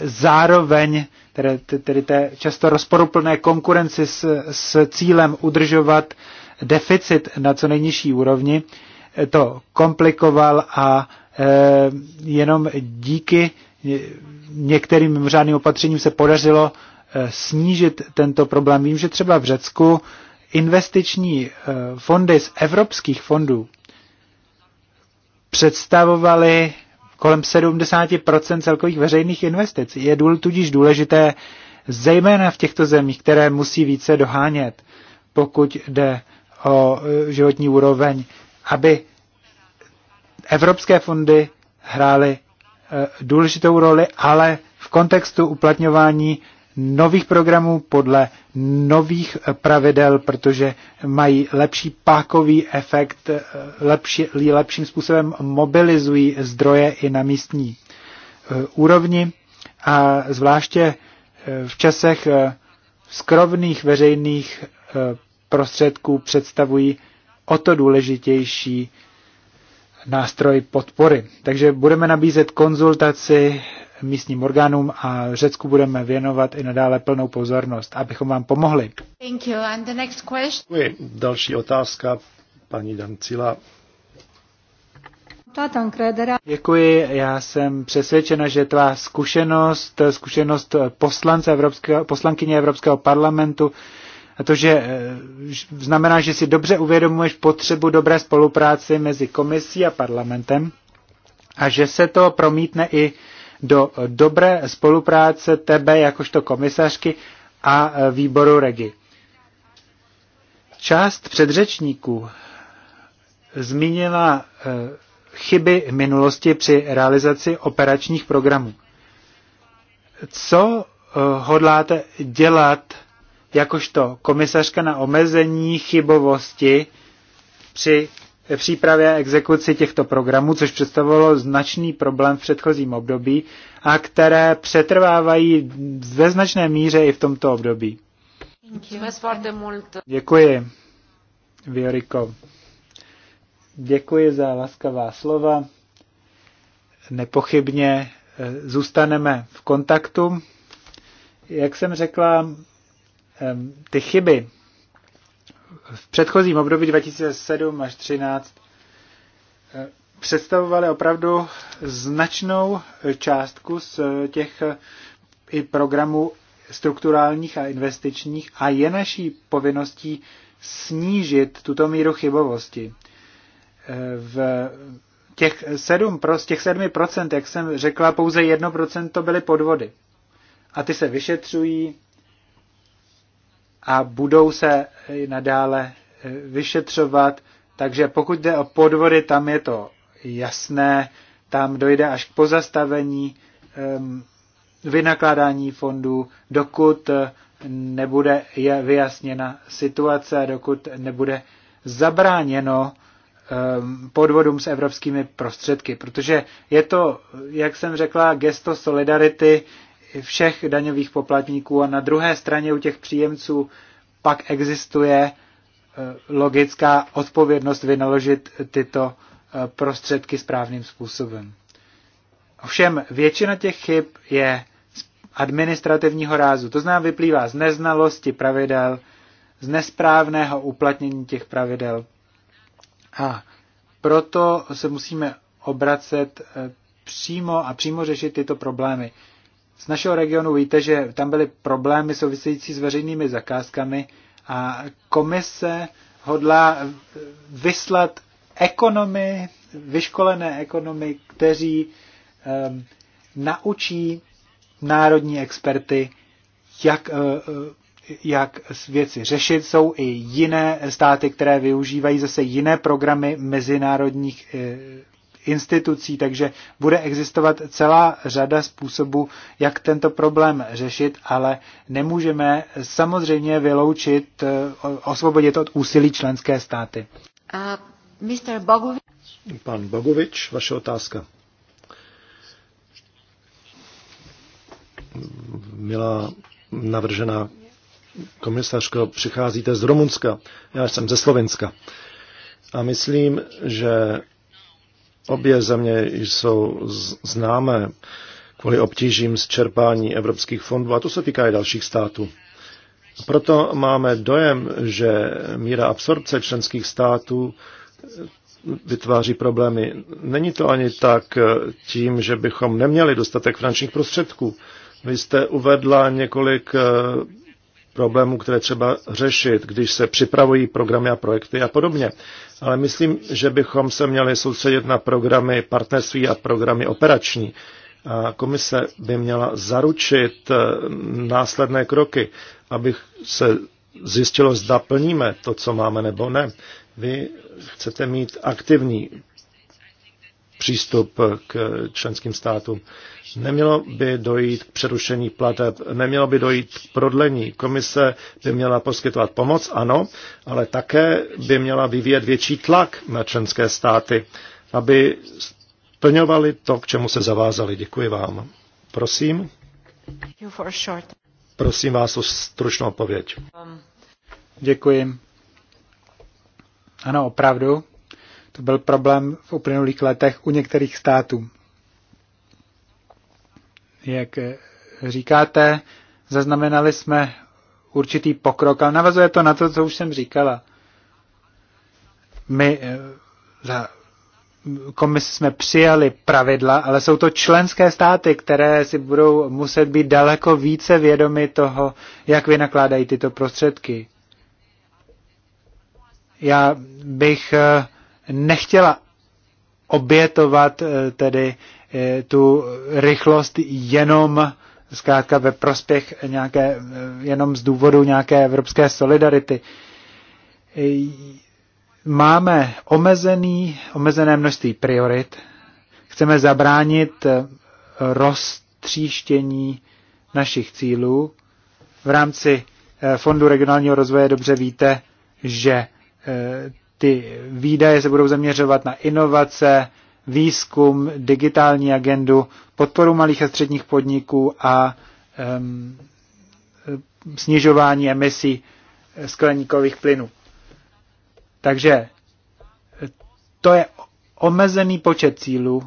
zároveň tedy, tedy té často rozporuplné konkurenci s, s cílem udržovat deficit na co nejnižší úrovni, to komplikoval a jenom díky některým mimořádným opatřením se podařilo eh, snížit tento problém. Vím, že třeba v Řecku investiční eh, fondy z evropských fondů představovaly kolem 70% celkových veřejných investic. Je tudíž důležité, zejména v těchto zemích, které musí více dohánět, pokud jde o eh, životní úroveň, aby evropské fondy hrály Eh, důležitou roli, ale v kontextu uplatňování nových programů podle nových eh, pravidel, protože mají lepší pákový efekt, eh, lepší, lepším způsobem mobilizují zdroje i na místní úrovni a zvláště v časech skrovných veřejných prostředků představují o to důležitější nástroj podpory. Takže budeme nabízet konzultaci místním orgánům a Řecku budeme věnovat i nadále plnou pozornost, abychom vám pomohli. Thank you. And the next question. Děkuji. Další otázka, paní Dancila. Děkuji, já jsem přesvědčena, že tvá zkušenost, zkušenost poslance Evropského, poslankyně Evropského parlamentu a to, že eh, znamená, že si dobře uvědomuješ potřebu dobré spolupráce mezi komisí a parlamentem a že se to promítne i do dobré spolupráce tebe jakožto komisařky a eh, výboru Regi. Část předřečníků zmínila eh, chyby minulosti při realizaci operačních programů. Co hodláte dělat jakožto komisařka na omezení chybovosti při přípravě a exekuci těchto programů, což představovalo značný problém v předchozím období a které přetrvávají ve značné míře i v tomto období. Děkuji, Vioriko. Děkuji za laskavá slova. Nepochybně eh, zůstaneme v kontaktu. Jak jsem řekla, ty chyby v předchozím období 2007 až 2013 eh, představovaly opravdu značnou eh, částku z eh, těch i programů strukturálních a investičních a je naší povinností snížit tuto míru chybovosti. V těch 7, z těch 7%, jak jsem řekla, pouze 1% to byly podvody. A ty se vyšetřují, a budou se nadále e, vyšetřovat. Takže pokud jde o podvody, tam je to jasné, tam dojde až k pozastavení vynakládání fondů, dokud e, nebude je vyjasněna situace, dokud nebude zabráněno podvodům s evropskými prostředky, protože je to, jak jsem řekla, gesto solidarity, všech daňových poplatníků a na druhé straně u těch příjemců pak existuje e, logická odpovědnost vynaložit tyto e, prostředky správným způsobem. Ovšem většina těch chyb je administrativního rázu. To znamená vyplývá z neznalosti pravidel, z nesprávného uplatnění těch pravidel. A proto se musíme obracet e, přímo a přímo řešit tyto problémy. Z našeho regionu víte, že tam byly problémy související s veřejnými zakázkami a komise hodlá vyslat ekonomy, vyškolené ekonomy, kteří um, naučí národní experty, jak, eh, eh, jak věci řešit. Jsou i jiné státy, které využívají zase jiné programy mezinárodních eh, institucí, takže bude existovat celá řada způsobů, jak tento problém řešit, ale nemůžeme samozřejmě vyloučit, eh, osvobodit od úsilí členské státy. A Mr. Bogovič? Pan Bogovič, vaše otázka. Milá navržená komisařko, přicházíte z Rumunska, já jsem ze Slovenska. A myslím, že Obě země jsou známé kvůli obtížím z čerpání evropských fondů a to se týká i dalších států. Proto máme dojem, že míra absorpce členských států vytváří problémy. Není to ani tak tím, že bychom neměli dostatek finančních prostředků. Vy jste uvedla několik problémů, které třeba řešit, když se připravují programy a projekty a podobně. Ale myslím, že bychom se měli soustředit na programy partnerství a programy operační. A komise by měla zaručit eh, následné kroky, aby se zjistilo, zda plníme to, co máme nebo ne. Vy chcete mít aktivní přístup k členským státům. Nemělo by dojít k přerušení plateb, nemělo by dojít k prodlení. Komise by měla poskytovat pomoc, ano, ale také by měla vyvíjet větší tlak na členské státy, aby splňovali to, k čemu se zavázali. Děkuji vám. Prosím. Prosím vás o stručnou odpověď. Děkuji. Ano, opravdu. To byl problém v uplynulých letech u některých států. Jak eh, říkáte, zaznamenali jsme určitý pokrok, ale navazuje to na to, co už jsem říkala. My eh, za komisi jsme přijali pravidla, ale jsou to členské státy, které si budou muset být daleko více vědomi toho, jak vynakládají tyto prostředky. Já bych eh, nechtěla obětovat eh, tedy eh, tu rychlost jenom zkrátka ve prospěch nějaké, eh, jenom z důvodu nějaké evropské solidarity. Máme omezený, omezené množství priorit. Chceme zabránit roztříštění našich cílů. V rámci Fondu regionálního rozvoje dobře víte, že ty výdaje se budou zaměřovat na inovace, výzkum, digitální agendu, podporu malých a středních podniků a um, snižování emisí skleníkových plynů. Takže to je omezený počet cílů,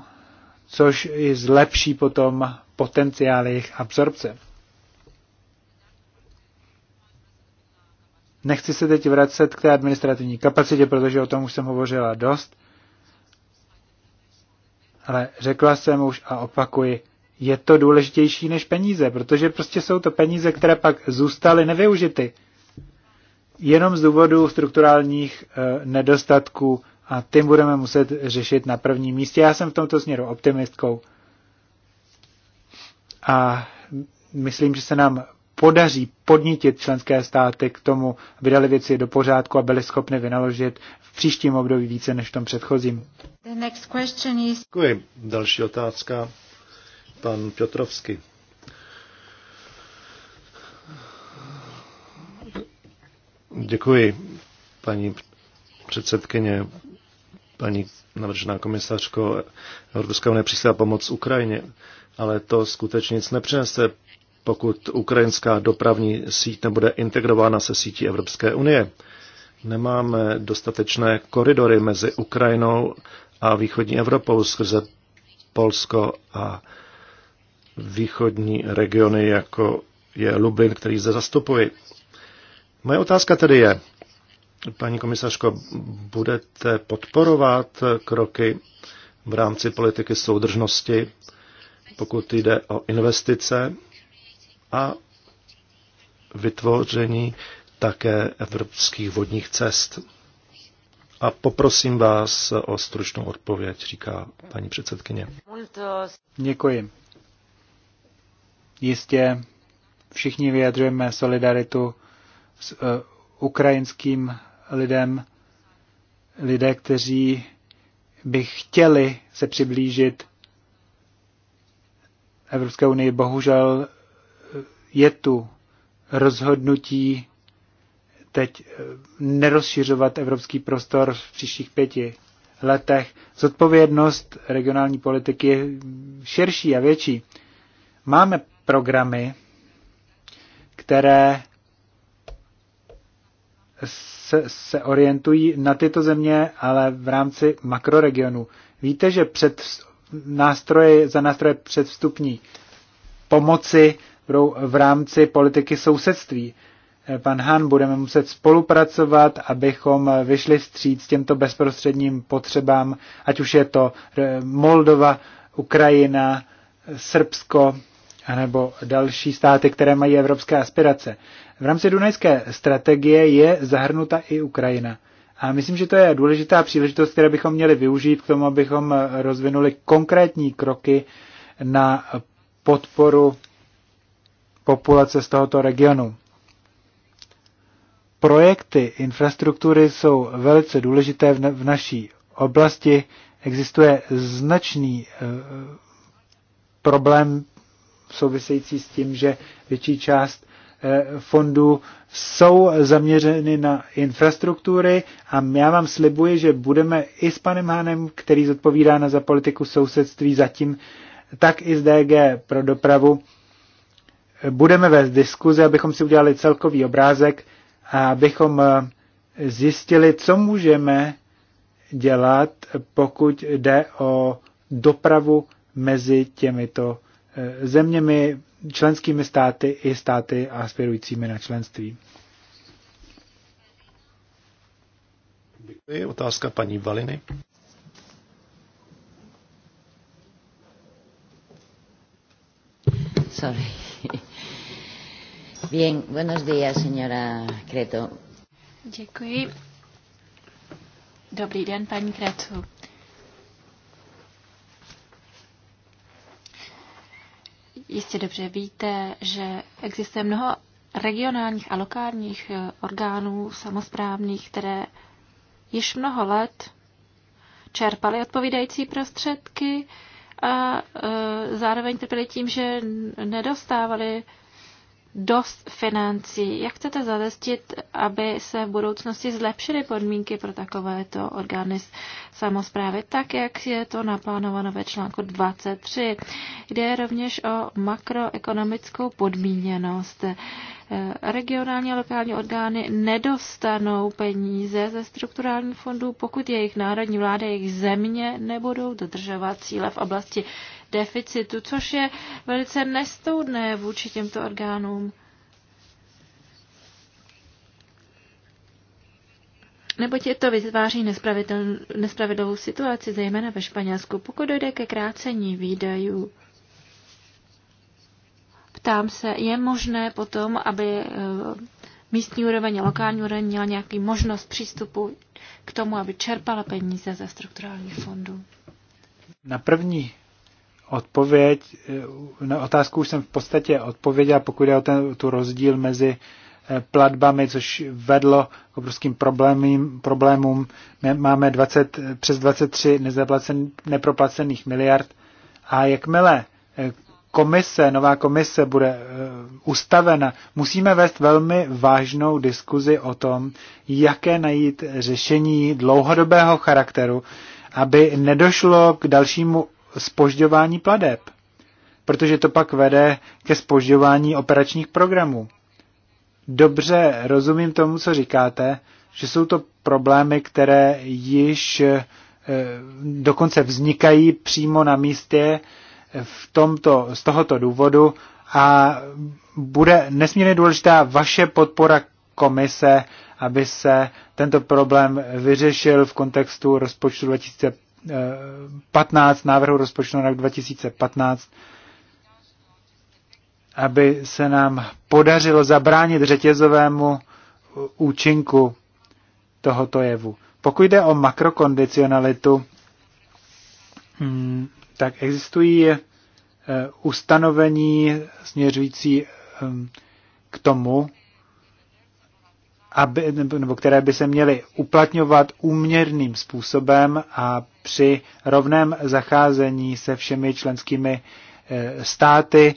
což i zlepší potom potenciál jejich absorpce. Nechci se teď vracet k té administrativní kapacitě, protože o tom už jsem hovořila dost, ale řekla jsem už a opakuji, je to důležitější než peníze, protože prostě jsou to peníze, které pak zůstaly nevyužity. Jenom z důvodu strukturálních e, nedostatků a tím budeme muset řešit na prvním místě. Já jsem v tomto směru optimistkou. A myslím, že se nám podaří podnítit členské státy k tomu, aby dali věci do pořádku a byli schopni vynaložit v příštím období více než v tom předchozím. The next question is... Děkuji. Další otázka. Pan Piotrovský. Děkuji, paní předsedkyně, paní navržená komisařko. Evropská unie přistává pomoc Ukrajině, ale to skutečně nic nepřinese, pokud ukrajinská dopravní síť nebude integrována se sítí Evropské unie. Nemáme dostatečné koridory mezi Ukrajinou a východní Evropou skrze Polsko a východní regiony, jako je Lubin, který zde zastupuji. Moje otázka tedy je, paní komisařko, budete podporovat kroky v rámci politiky soudržnosti, pokud jde o investice a vytvoření také evropských vodních cest. A poprosím vás o stručnou odpověď, říká paní předsedkyně. Děkuji. Jistě všichni vyjadřujeme solidaritu s uh, ukrajinským lidem, lidé, kteří by chtěli se přiblížit Evropské unii. Bohužel je tu rozhodnutí teď eh, nerozšiřovat evropský prostor v příštích pěti letech. Zodpovědnost regionální politiky je širší a větší. Máme programy, které se, se orientují na tyto země, ale v rámci makroregionu. Víte, že před nástroje, za nástroje předvstupní pomoci v rámci politiky sousedství. Eh, pan Han, budeme muset spolupracovat, abychom vyšli vstříc těmto bezprostředním potřebám, ať už je to eh, Moldova, Ukrajina, Srbsko, nebo další státy, které mají evropské aspirace. V rámci Dunajské strategie je zahrnuta i Ukrajina. A myslím, že to je důležitá příležitost, které bychom měli využít k tomu, abychom eh, rozvinuli konkrétní kroky na podporu populace z tohoto regionu. Projekty infrastruktury jsou velice důležité v naší oblasti. Existuje značný eh, problém související s tím, že větší část eh, fondů jsou zaměřeny na infrastruktury a já vám slibuji, že budeme i s panem Hánem, který zodpovídá na za politiku sousedství zatím, tak i z DG pro dopravu budeme vést diskuze, abychom si udělali celkový obrázek a abychom eh, zjistili, co můžeme dělat, pokud jde o dopravu mezi těmito eh, zeměmi, členskými státy i státy aspirujícími na členství. Děkuji. Otázka paní Valiny. Sorry. Bien, buenos días, señora Creto. Děkuji. Dobrý den, paní Kretu. Jistě dobře víte, že existuje mnoho regionálních a lokálních eh, orgánů samozprávných, které již mnoho let čerpaly odpovídající prostředky a eh, zároveň trpěli tím, že nedostávali dost financí. Jak chcete zadestit, aby se v budoucnosti zlepšily podmínky pro takovéto orgány samozprávy, tak jak je to naplánováno ve článku 23, kde je rovněž o makroekonomickou podmíněnost. Eh, regionální a lokální orgány nedostanou peníze ze strukturálních fondů, pokud jejich národní vláda, jejich země nebudou dodržovat cíle v oblasti deficitu, což je velice nestoudné vůči těmto orgánům. neboť je to vytváří nespravedlivou situaci, zejména ve Španělsku, pokud dojde ke krácení výdajů. Ptám se, je možné potom, aby eh, místní úroveň a lokální úroveň měla nějaký možnost přístupu k tomu, aby čerpala peníze ze strukturálních fondů? Na první odpověď, eh, na otázku už jsem v podstatě odpověděl, pokud je o ten, tu rozdíl mezi eh, platbami, což vedlo k obrovským problémům. problémům. Máme 20, eh, přes 23 nezaplacen, neproplacených miliard a jakmile komise, nová komise bude ustavena, musíme vést velmi vážnou diskuzi o tom, jaké najít řešení dlouhodobého charakteru, aby nedošlo k dalšímu spožďování pladeb, protože to pak vede ke spožďování operačních programů. Dobře rozumím tomu, co říkáte, že jsou to problémy, které již eh, dokonce vznikají přímo na místě v tomto, z tohoto důvodu a bude nesmírně důležitá vaše podpora komise, aby se tento problém vyřešil v kontextu rozpočtu 2015. 15 návrhu rozpočtu na rok 2015, aby se nám podařilo zabránit řetězovému účinku tohoto jevu. Pokud jde o makrokondicionalitu, hmm, tak existují eh, ustanovení směřující hmm, k tomu, aby, nebo které by se měly uplatňovat úměrným způsobem a při rovném zacházení se všemi členskými eh, státy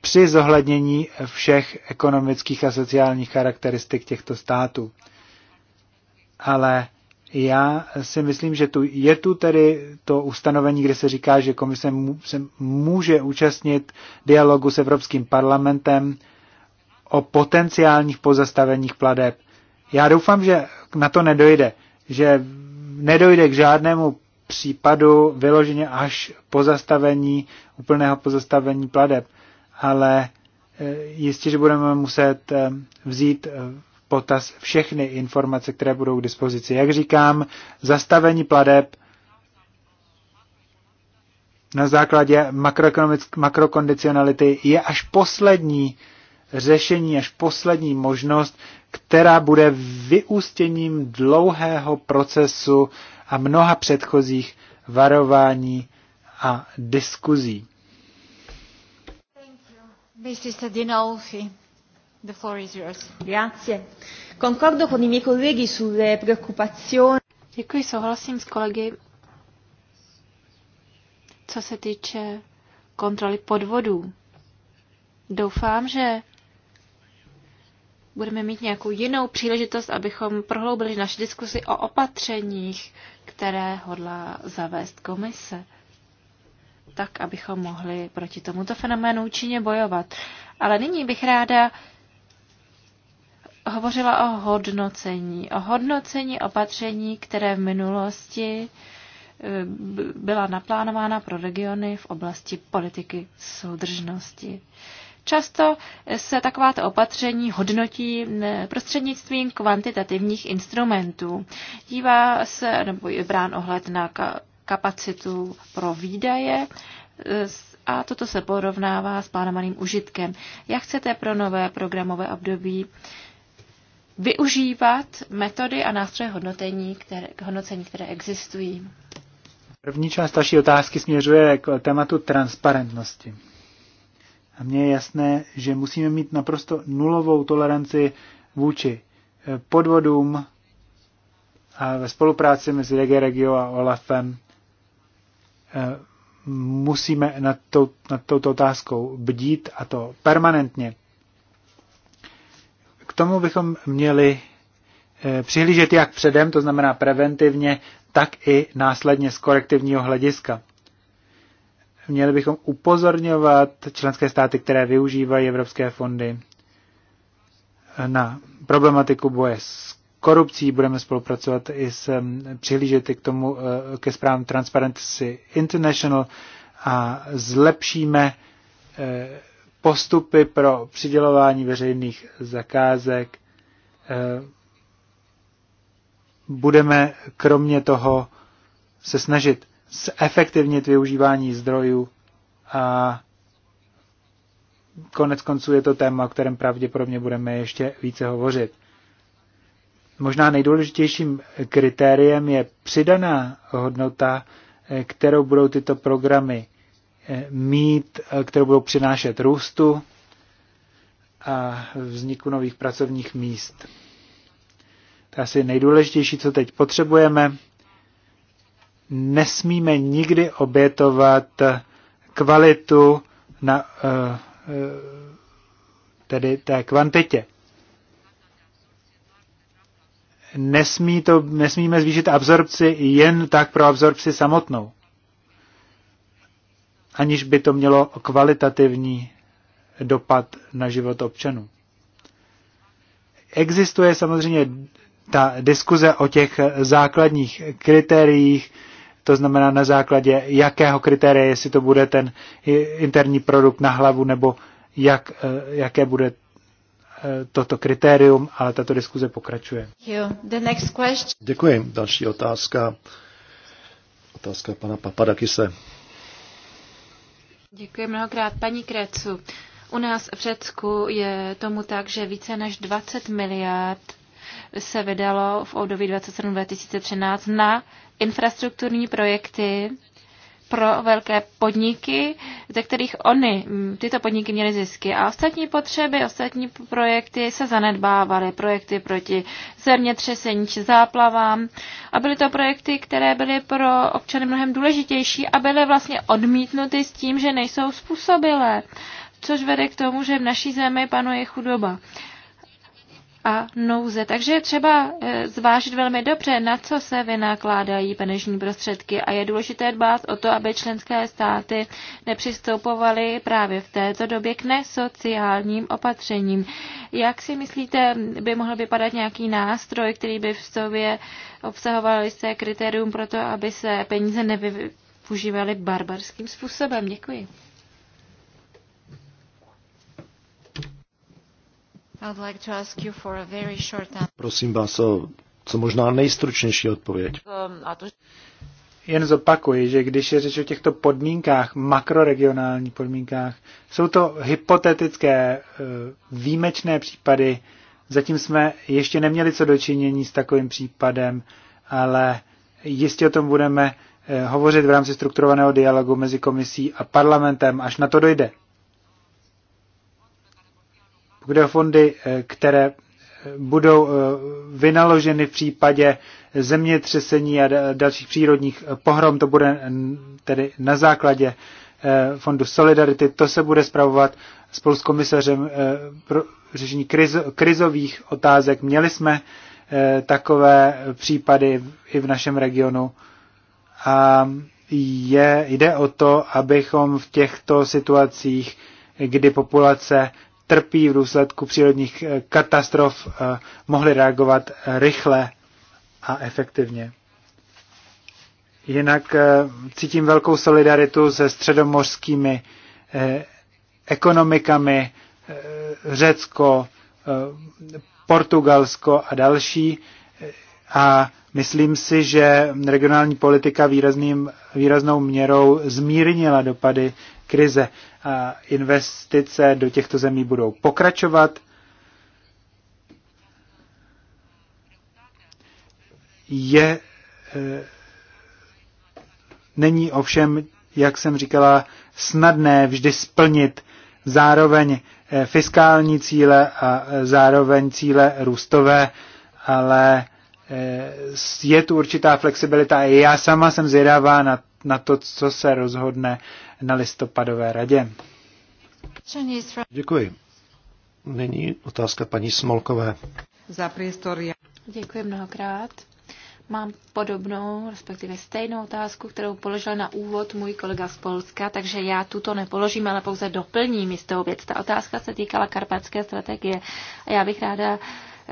při zohlednění všech ekonomických a sociálních charakteristik těchto států. Ale já si myslím, že tu, je tu tedy to ustanovení, kde se říká, že komise se může účastnit dialogu s Evropským parlamentem o potenciálních pozastaveních pladeb. Já doufám, že na to nedojde, že nedojde k žádnému případu vyloženě až pozastavení, úplného pozastavení pladeb, ale e, jistě, že budeme muset e, vzít e, potaz všechny informace, které budou k dispozici. Jak říkám, zastavení pladeb na základě makrokondicionality je až poslední řešení až poslední možnost, která bude vyústěním dlouhého procesu a mnoha předchozích varování a diskuzí. Děkuji, souhlasím s kolegy, co se týče kontroly podvodů. Doufám, že budeme mít nějakou jinou příležitost, abychom prohloubili naši diskusi o opatřeních, které hodlá zavést komise tak, abychom mohli proti tomuto fenoménu účinně bojovat. Ale nyní bych ráda hovořila o hodnocení. O hodnocení opatření, které v minulosti eh, byla naplánována pro regiony v oblasti politiky soudržnosti. Často se takováto opatření hodnotí mm, prostřednictvím kvantitativních instrumentů. Dívá se, nebo je brán ohled na kapacitu pro výdaje, a toto se porovnává s plánovaným užitkem. Jak chcete pro nové programové období využívat metody a nástroje hodnotení, které, hodnocení, které existují? První část vaší otázky směřuje k tématu transparentnosti. A mně je jasné, že musíme mít naprosto nulovou toleranci vůči eh, podvodům a ve spolupráci mezi DG Regio a OLAFem eh, musíme nad, tou, nad touto otázkou bdít a to permanentně. K tomu bychom měli eh, přihlížet jak předem, to znamená preventivně, tak i následně z korektivního hlediska. Měli bychom upozorňovat členské státy, které využívají evropské fondy eh, na problematiku boje s korupcí. Budeme spolupracovat i s mm, přihlížety k tomu, eh, ke zprávám Transparency International a zlepšíme eh, postupy pro přidělování veřejných zakázek. Budeme kromě toho se snažit zefektivnit využívání zdrojů a konec konců je to téma, o kterém pravděpodobně budeme ještě více hovořit. Možná nejdůležitějším kritériem je přidaná hodnota, eh, kterou budou tyto programy eh, mít, eh, kterou budou přinášet růstu a vzniku nových pracovních míst. To je asi nejdůležitější, co teď potřebujeme nesmíme nikdy obětovat kvalitu na eh, eh, tedy té kvantitě. Nesmí to, nesmíme zvýšit absorpci jen tak pro absorpci samotnou, aniž by to mělo kvalitativní dopad na život občanů. Existuje samozřejmě ta diskuze o těch základních kritériích, to znamená na základě jakého kritéria, jestli to bude ten interní produkt na hlavu, nebo jak, eh, jaké bude eh, toto kritérium, ale tato diskuze pokračuje. Děkuji. Další otázka. Otázka pana Papadakise. Děkuji mnohokrát, paní Krecu. U nás v Řecku je tomu tak, že více než 20 miliard se vydalo v období 27-2013 na infrastrukturní projekty pro velké podniky, ze kterých oni, mm, tyto podniky měly zisky a ostatní potřeby, ostatní projekty se zanedbávaly, projekty proti zemětřesení či záplavám a byly to projekty, které byly pro občany mnohem důležitější a byly vlastně odmítnuty s tím, že nejsou způsobilé, což vede k tomu, že v naší zemi panuje chudoba a nouze. Takže je třeba eh, zvážit velmi dobře, na co se vynakládají peněžní prostředky a je důležité dbát o to, aby členské státy nepřistoupovaly právě v této době k nesociálním opatřením. Jak si myslíte, by mohl vypadat nějaký nástroj, který by v sobě obsahoval jisté kritérium pro to, aby se peníze nevyužívaly barbarským způsobem? Děkuji. Prosím vás o co možná nejstručnější odpověď. Um, Jen zopakuji, že když je řeč o těchto podmínkách, makroregionálních podmínkách, jsou to hypotetické eh, výjimečné případy. Zatím jsme ještě neměli co dočinění s takovým případem, ale jistě o tom budeme eh, hovořit v rámci strukturovaného dialogu mezi komisí a parlamentem, až na to dojde. Jde fondy, eh, které eh, budou eh, vynaloženy v případě zemětřesení a dalších přírodních pohrom. To bude tedy na základě fondu Solidarity. To se bude zpravovat spolu s komisařem pro řešení krizových otázek. Měli jsme takové případy i v našem regionu. A je, jde o to, abychom v těchto situacích, kdy populace trpí v důsledku přírodních eh, katastrof, eh, mohli reagovat eh, rychle a efektivně. Jinak cítím velkou solidaritu se středomořskými ekonomikami Řecko, Portugalsko a další. A Myslím si, že regionální politika výrazným, výraznou měrou zmírnila dopady krize a investice do těchto zemí budou pokračovat. Je, e, není ovšem, jak jsem říkala, snadné vždy splnit zároveň eh, fiskální cíle a eh, zároveň cíle růstové, ale e, Eh, je tu určitá flexibilita. a já sama jsem zvědavá na, na to, co se rozhodne na listopadové radě. Děkuji. Nyní otázka paní Smolkové. Za priestor. Děkuji mnohokrát. Mám podobnou, respektive stejnou otázku, kterou položil na úvod můj kolega z Polska, takže já tuto nepoložím, ale pouze doplním jistou věc. Ta otázka se týkala karpatské strategie a já bych ráda uh,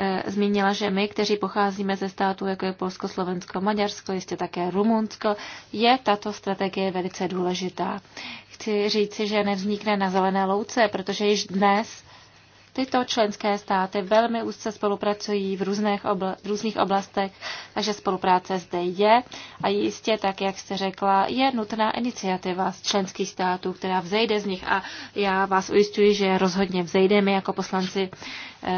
Eh, zmínila, že my, kteří pocházíme ze států, jako je Polsko, Slovensko, Maďarsko, jistě také Rumunsko, je tato strategie velice důležitá. Chci říci, že nevznikne na zelené louce, protože již dnes tyto členské státy velmi úzce spolupracují v, různých obl- v různých oblastech, takže spolupráce zde je a jistě, tak jak jste řekla, je nutná iniciativa z členských států, která vzejde z nich a já vás ujistuji, že rozhodně vzejdeme jako poslanci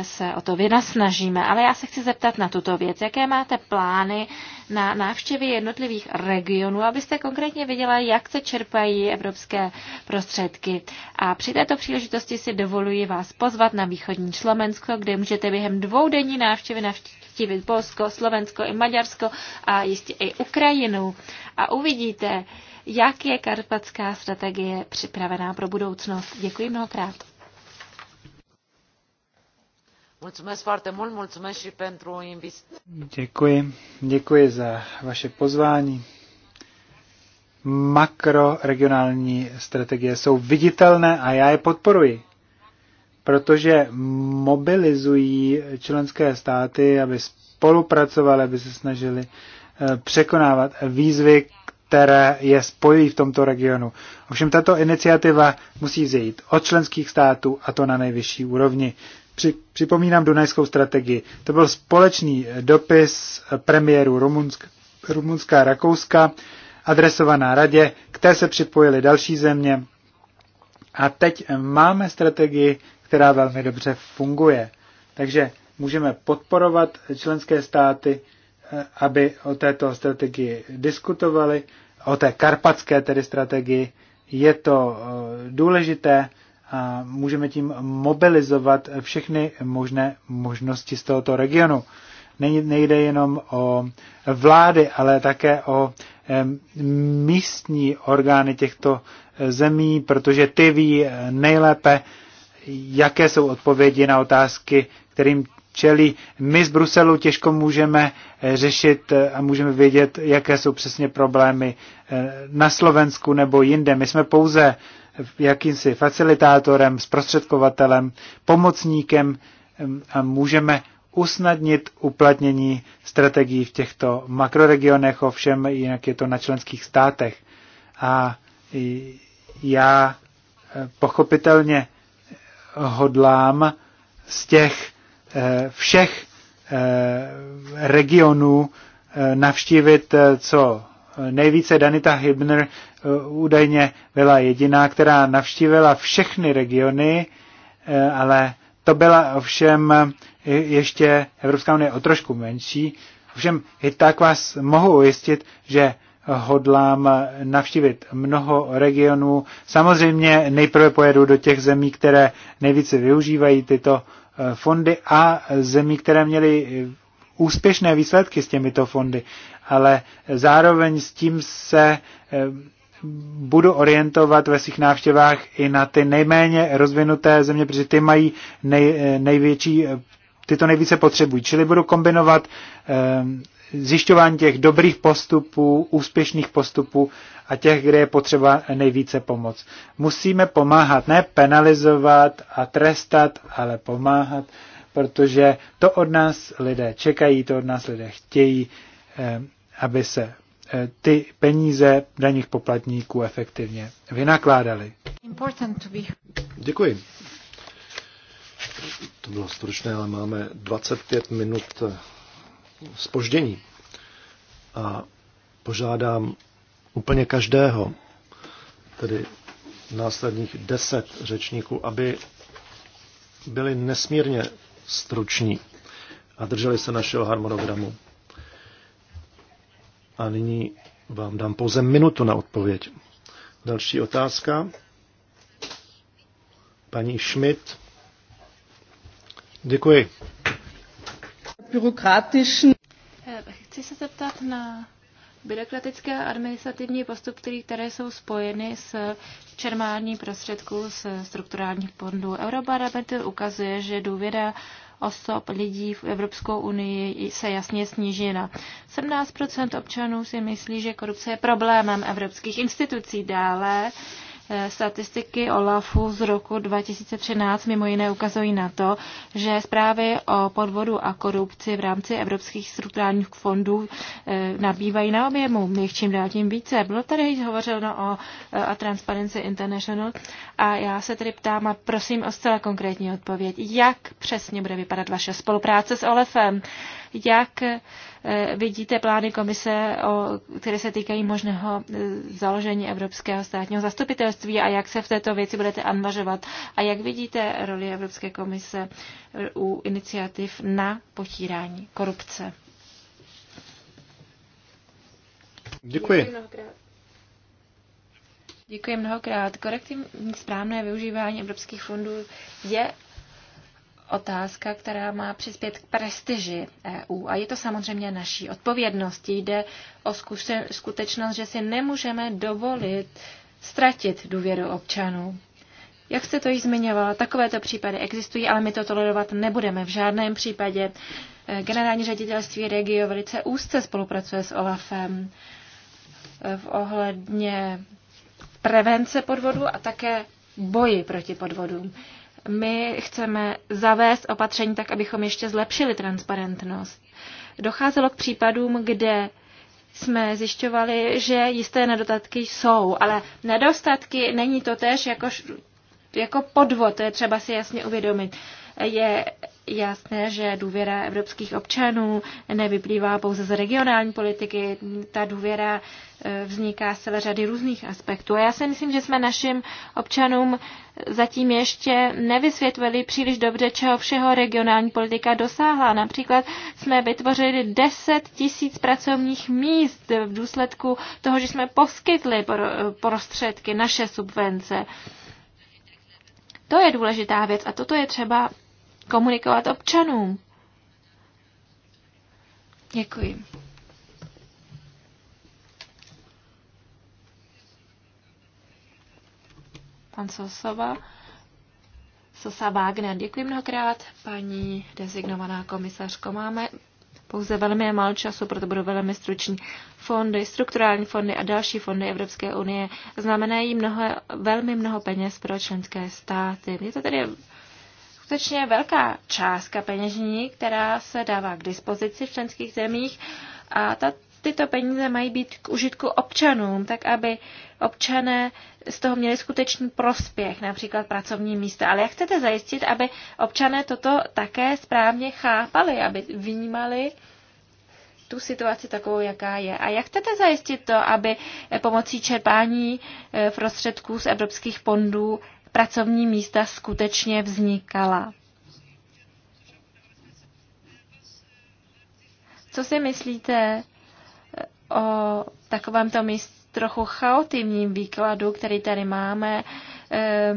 se o to vynasnažíme. Ale já se chci zeptat na tuto věc. Jaké máte plány na návštěvy jednotlivých regionů, abyste konkrétně viděla, jak se čerpají evropské prostředky. A při této příležitosti si dovoluji vás pozvat na východní Slovensko, kde můžete během denní návštěvy navštívit Polsko, Slovensko i Maďarsko a jistě i Ukrajinu. A uvidíte, jak je karpatská strategie připravená pro budoucnost. Děkuji mnohokrát. Mulțumesc foarte mult, mulțumesc și pentru Děkuji, děkuji za vaše pozvání. Makroregionální strategie jsou viditelné a já je podporuji, protože mobilizují členské státy, aby spolupracovali, aby se snažili eh, překonávat výzvy, které je spojují v tomto regionu. Ovšem tato iniciativa musí zejít od členských států a to na nejvyšší úrovni připomínám Dunajskou strategii. To byl společný dopis premiéru Rumunsk, Rumunská a Rakouska, adresovaná radě, k té se připojily další země. A teď máme strategii, která velmi dobře funguje. Takže můžeme podporovat členské státy, eh, aby o této strategii diskutovali, o té karpatské tedy strategii. Je to eh, důležité, můžeme tím mobilizovat všechny možné možnosti z tohoto regionu. Nejde jenom o vlády, ale také o místní orgány těchto eh, zemí, protože ty ví eh, nejlépe, jaké jsou odpovědi na otázky, kterým čelí. My z Bruselu těžko můžeme eh, řešit a můžeme vědět, jaké jsou přesně problémy na Slovensku nebo jinde. My jsme pouze jakýmsi facilitátorem, zprostředkovatelem, pomocníkem a můžeme usnadnit uplatnění strategií v těchto makroregionech, ovšem jinak je to na členských státech. A já eh, pochopitelně hodlám z těch eh, všech eh, regionů navštívit co nejvíce Danita Hibner eh, údajně byla jediná, která navštívila všechny regiony, eh, ale to byla ovšem eh, ještě Evropská unie o trošku menší. Ovšem i tak vás mohu ujistit, že hodlám navštívit mnoho regionů. Samozřejmě nejprve pojedu do těch zemí, které nejvíce využívají tyto fondy a zemí, které měly úspěšné výsledky s těmito fondy ale zároveň s tím se eh, budu orientovat ve svých návštěvách i na ty nejméně rozvinuté země, protože ty mají nej, eh, největší, eh, ty to nejvíce potřebují. Čili budu kombinovat zjišťování těch dobrých postupů, úspěšných postupů a těch, kde je potřeba nejvíce pomoc. Musíme pomáhat, ne penalizovat a trestat, ale pomáhat, protože to od nás lidé čekají, to od nás lidé chtějí aby se eh, ty peníze daních poplatníků efektivně vynakládaly. Děkuji. To bylo stručné, ale máme 25 minut spoždění. Eh, a požádám úplně každého, tedy následních deset řečníků, aby byli nesmírně struční a drželi se našeho harmonogramu. A nyní vám dám pouze minutu na odpověď. Další otázka. Paní Schmidt. Děkuji. Byrokratičn... Eh, chci se zeptat na byrokratické a administrativní postupy, které jsou spojeny s čermání prostředků z strukturálních fondů. Eurobarometr ukazuje, že důvěra osob, lidí v Evropskou unii se jasně snížila. 17 občanů si myslí, že korupce je problémem evropských institucí. Dále Eh, statistiky OLAFu z roku 2013 mimo jiné ukazují na to, že zprávy o podvodu a korupci v rámci evropských strukturálních fondů eh, nabývají na objemu, jich čím dál tím více. Bylo tady již hovořeno o, eh, o Transparency International a já se tedy ptám a prosím o zcela konkrétní odpověď. Jak přesně bude vypadat vaše spolupráce s OLAFem? jak eh, vidíte plány komise, o, které se týkají možného eh, založení Evropského státního zastupitelství a jak se v této věci budete angažovat a jak vidíte roli Evropské komise eh, u iniciativ na potírání korupce. Děkuji. mnohokrát. Děkuji mnohokrát. Korektivní správné využívání evropských fondů je otázka, která má přispět k prestiži EU. A je to samozřejmě naší odpovědnosti. Jde o skutečnost, že si nemůžeme dovolit ztratit důvěru občanů. Jak jste to již zmiňovala, takovéto případy existují, ale my to tolerovat nebudeme v žádném případě. Eh, Generální ředitelství regio velice úzce spolupracuje s OLAFem eh, v ohledně prevence podvodu a také boji proti podvodům. My chceme zavést opatření tak, abychom ještě zlepšili transparentnost. Docházelo k případům, kde jsme zjišťovali, že jisté nedostatky jsou, ale nedostatky není to tež jako, jako podvod, to je třeba si jasně uvědomit je jasné, že důvěra evropských občanů nevyplývá pouze z regionální politiky. Ta důvěra eh, vzniká z celé řady různých aspektů. A já si myslím, že jsme našim občanům zatím ještě nevysvětlili příliš dobře, čeho všeho regionální politika dosáhla. Například jsme vytvořili 10 tisíc pracovních míst v důsledku toho, že jsme poskytli prostředky, naše subvence. To je důležitá věc a toto je třeba komunikovat občanům. Děkuji. Pan Sosova. Sosa Wagner. Děkuji mnohokrát, paní designovaná komisařko. Máme pouze velmi málo času, proto budu velmi stručný. Fondy, strukturální fondy a další fondy Evropské unie znamenají mnoho, velmi mnoho peněz pro členské státy. Je to tedy skutečně velká částka peněžní, která se dává k dispozici v členských zemích a ta tyto peníze mají být k užitku občanům, tak aby občané z toho měli skutečný prospěch, například pracovní místa. Ale jak chcete zajistit, aby občané toto také správně chápali, aby vnímali tu situaci takovou, jaká je. A jak chcete zajistit to, aby pomocí čerpání eh, prostředků z evropských fondů pracovní místa skutečně vznikala? Co si myslíte, o takovémto míst, trochu chaotivním výkladu, který tady máme, eh,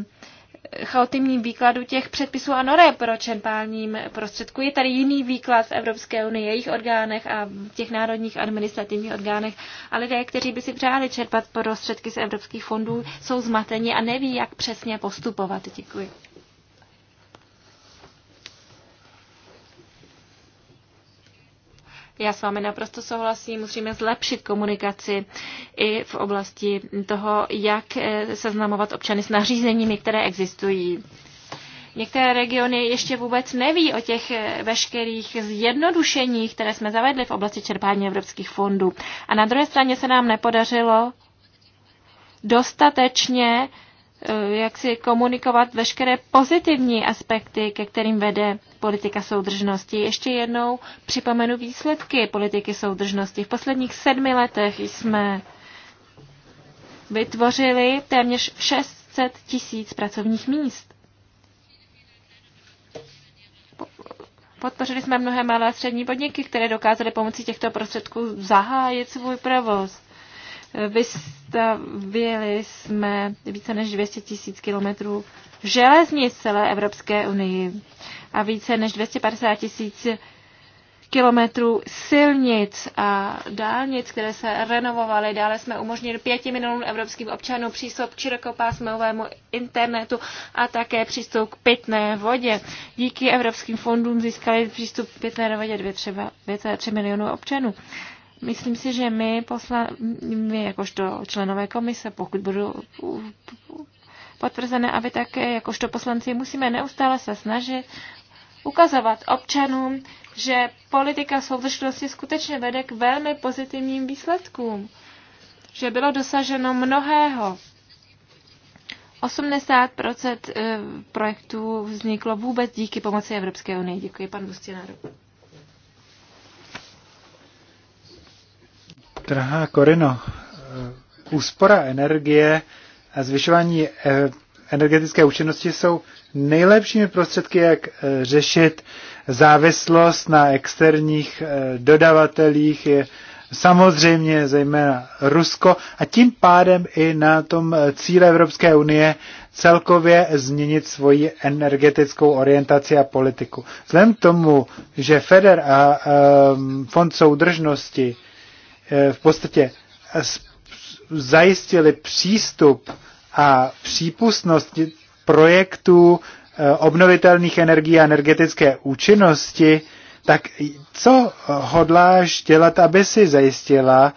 chaotivním výkladu těch předpisů a noré pro čerpáním prostředků. Je tady jiný výklad v Evropské unii, jejich orgánech a v těch národních administrativních orgánech. A lidé, kteří by si přáli čerpat prostředky z evropských fondů, jsou zmateni a neví, jak přesně postupovat. Děkuji. Já s vámi naprosto souhlasím, musíme zlepšit komunikaci i v oblasti toho, jak eh, seznamovat občany s nařízeními, které existují. Některé regiony ještě vůbec neví o těch eh, veškerých zjednodušeních, které jsme zavedli v oblasti čerpání evropských fondů. A na druhé straně se nám nepodařilo dostatečně Eh, jak si komunikovat veškeré pozitivní aspekty, ke kterým vede politika soudržnosti. Ještě jednou připomenu výsledky politiky soudržnosti. V posledních sedmi letech jsme vytvořili téměř 600 tisíc pracovních míst. Podpořili jsme mnohé malé a střední podniky, které dokázaly pomocí těchto prostředků zahájit svůj provoz. Vys Postavili jsme více než 200 tisíc kilometrů železnic celé Evropské unii a více než 250 tisíc kilometrů silnic a dálnic, které se renovovaly. Dále jsme umožnili pěti milionům evropským občanům přístup k širokopásmovému internetu a také přístup k pitné vodě. Díky evropským fondům získali přístup k pitné vodě 2,3 milionů občanů. Myslím si, že my, posla, my jakožto členové komise, pokud budou potvrzené, aby také jakožto poslanci musíme neustále se snažit ukazovat občanům, že politika soudržnosti skutečně vede k velmi pozitivním výsledkům, že bylo dosaženo mnohého. 80 eh, projektů vzniklo vůbec díky pomoci Evropské unie. Děkuji, pan Bustinárov. Drahá Korino, eh, úspora energie a zvyšování eh, energetické účinnosti jsou nejlepšími prostředky, jak eh, řešit závislost na externích dodavatelích, samozřejmě zejména Rusko a tím pádem i na tom cíle Evropské unie celkově změnit svoji energetickou orientaci a politiku. Vzhledem k tomu, že FEDER a a Fond soudržnosti Eh, v podstatě zajistili přístup a přípustnost projektů eh, obnovitelných energií a energetické účinnosti, tak co hodláš dělat, aby si zajistila,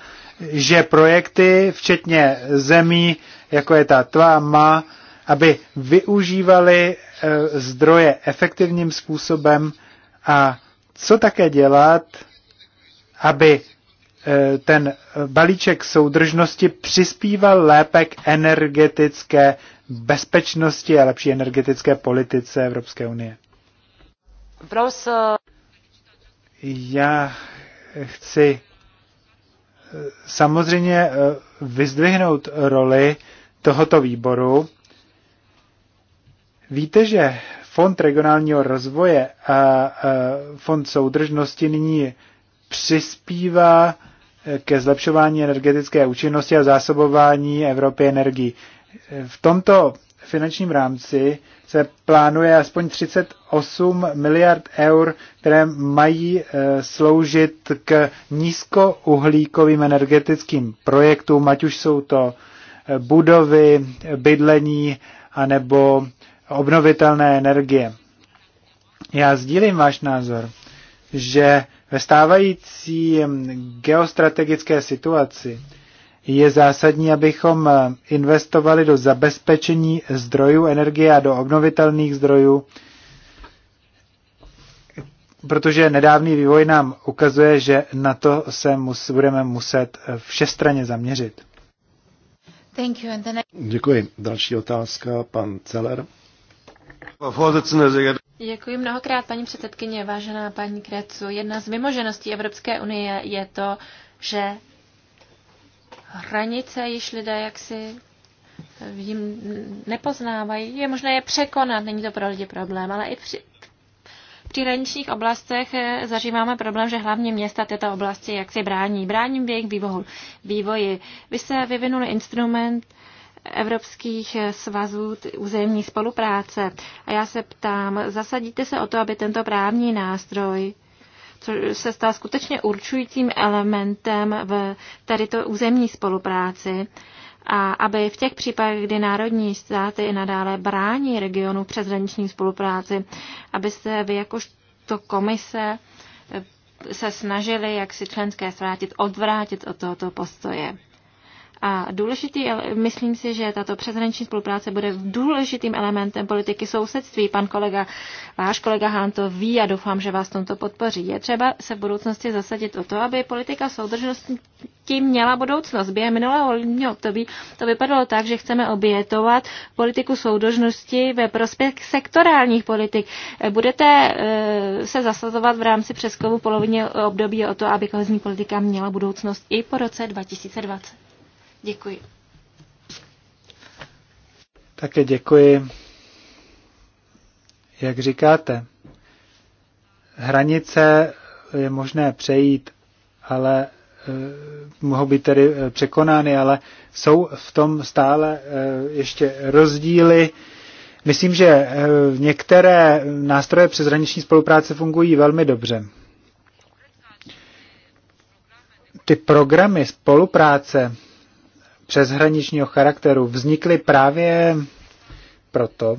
že projekty, včetně zemí, jako je ta tvá má, aby využívali eh, zdroje efektivním způsobem a co také dělat, aby ten balíček soudržnosti přispíval lépe k energetické bezpečnosti a lepší energetické politice Evropské unie. Já chci eh, samozřejmě eh, vyzdvihnout roli tohoto výboru. Víte, že Fond regionálního rozvoje a eh, Fond soudržnosti nyní přispívá ke zlepšování energetické účinnosti a zásobování Evropy energií. V tomto finančním rámci se plánuje aspoň 38 miliard eur, které mají eh, sloužit k nízkouhlíkovým energetickým projektům, ať už jsou to eh, budovy, bydlení anebo obnovitelné energie. Já sdílím váš názor, že ve stávající geostrategické situaci je zásadní, abychom investovali do zabezpečení zdrojů energie a do obnovitelných zdrojů, protože nedávný vývoj nám ukazuje, že na to se mus, budeme muset eh, všestranně zaměřit. Thank you, Děkuji. Další otázka, pan Celer. Děkuji mnohokrát, paní předsedkyně, vážená paní Krecu. Jedna z vymožeností Evropské unie je to, že hranice již lidé jaksi jim nepoznávají. Je možné je překonat, není to pro lidi problém, ale i při při hraničních oblastech eh, zažíváme problém, že hlavně města této oblasti jak si brání. Brání v jejich vývoji. Vy se vyvinuli instrument, evropských svazů územní spolupráce. A já se ptám, zasadíte se o to, aby tento právní nástroj se stal skutečně určujícím elementem v této územní spolupráci a aby v těch případech, kdy národní státy i nadále brání regionu hraniční spolupráci, abyste se vy jakožto komise eh, se snažili, jak si členské svrátit, odvrátit od tohoto postoje a důležitý, myslím si, že tato přeshraniční spolupráce bude důležitým elementem politiky sousedství. Pan kolega, váš kolega Hán to ví a doufám, že vás tomto podpoří. Je třeba se v budoucnosti zasadit o to, aby politika soudržnosti tím měla budoucnost. Během minulého volebního období to vypadalo tak, že chceme obětovat politiku soudržnosti ve prospěch sektorálních politik. Budete eh, se zasazovat v rámci přeskovu polovině období o to, aby kohezní politika měla budoucnost i po roce 2020. Děkuji. Také děkuji. Jak říkáte, hranice je možné přejít, ale e, mohou být tedy e, překonány, ale jsou v tom stále e, ještě rozdíly. Myslím, že některé nástroje přeshraniční spolupráce fungují velmi dobře. Ty programy spolupráce přeshraničního charakteru vznikly právě proto,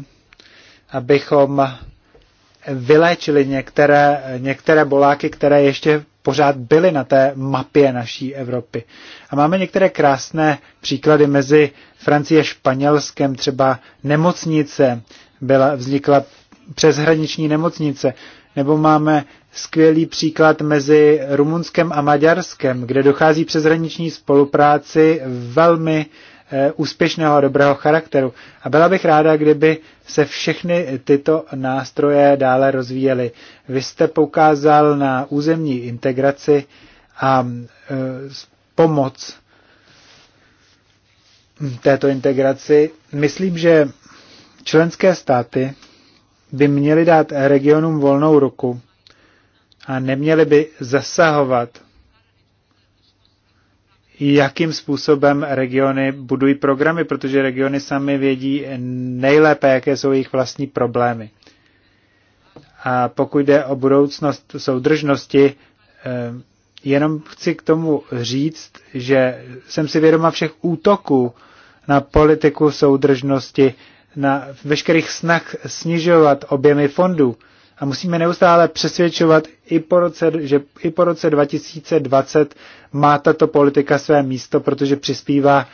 abychom vyléčili některé, některé boláky, které ještě pořád byly na té mapě naší Evropy. A máme některé krásné příklady mezi Francií a Španělskem, třeba nemocnice, byla, vznikla přeshraniční nemocnice. Nebo máme skvělý příklad mezi Rumunskem a Maďarskem, kde dochází hraniční spolupráci velmi eh, úspěšného a dobrého charakteru. A byla bych ráda, kdyby se všechny tyto nástroje dále rozvíjely. Vy jste poukázal na územní integraci a eh, pomoc této integraci. Myslím, že členské státy by měli dát regionům volnou ruku a neměly by zasahovat, jakým způsobem regiony budují programy, protože regiony sami vědí nejlépe, jaké jsou jejich vlastní problémy. A pokud jde o budoucnost soudržnosti, eh, jenom chci k tomu říct, že jsem si vědoma všech útoků na politiku soudržnosti, na veškerých snah snižovat objemy fondů. A musíme neustále přesvědčovat, i po roce, že i po roce 2020 má tato politika své místo, protože přispívá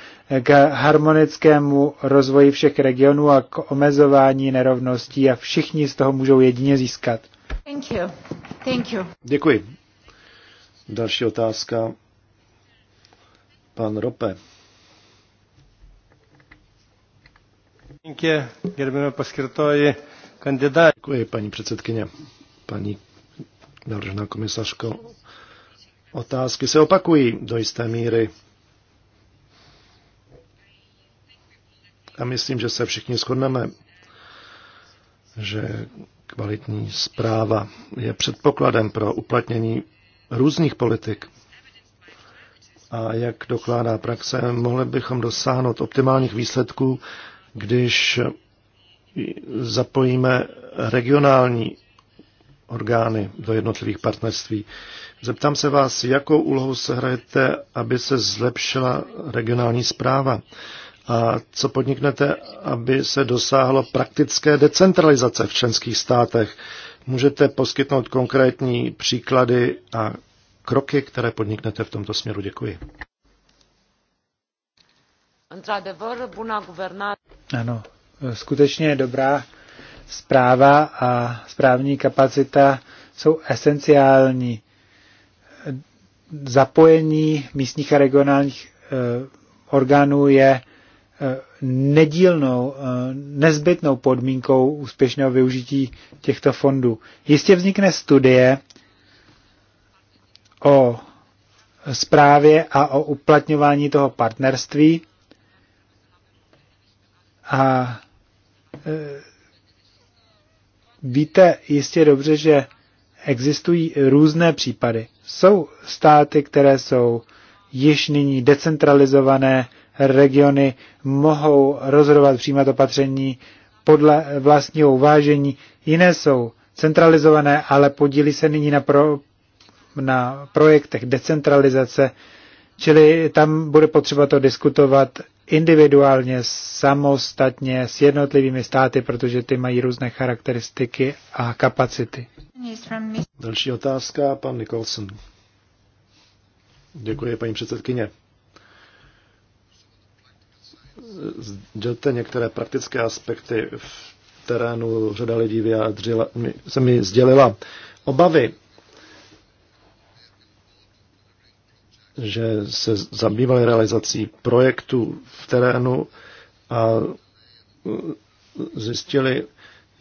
k harmonickému rozvoji všech regionů a k omezování nerovností a všichni z toho můžou jedině získat. Thank you. Thank you. Děkuji. Další otázka. Pan Rope. Děkuji, paní předsedkyně. Paní navržená komisařko, otázky se opakují do jisté míry. A myslím, že se všichni shodneme, že kvalitní zpráva je předpokladem pro uplatnění různých politik. A jak dokládá praxe, mohli bychom dosáhnout optimálních výsledků když zapojíme regionální orgány do jednotlivých partnerství. Zeptám se vás, jakou úlohu se hrajete, aby se zlepšila regionální zpráva a co podniknete, aby se dosáhlo praktické decentralizace v členských státech. Můžete poskytnout konkrétní příklady a kroky, které podniknete v tomto směru. Děkuji. Ano, skutečně dobrá zpráva a správní kapacita jsou esenciální. Zapojení místních a regionálních eh, orgánů je eh, nedílnou, eh, nezbytnou podmínkou úspěšného využití těchto fondů. Jistě vznikne studie o zprávě a o uplatňování toho partnerství a e, víte jistě dobře, že existují různé případy. Jsou státy, které jsou již nyní decentralizované, regiony mohou rozhodovat, přijímat opatření podle vlastního uvážení. Jiné jsou centralizované, ale podílí se nyní na, pro, na projektech decentralizace, čili tam bude potřeba to diskutovat individuálně, samostatně s jednotlivými státy, protože ty mají různé charakteristiky a kapacity. Další otázka, pan Nicholson. Děkuji, paní předsedkyně. Sdělte některé praktické aspekty v terénu. Řada lidí vyjádřila, se mi sdělila obavy že se zabývali realizací projektu v terénu a uh, zjistili,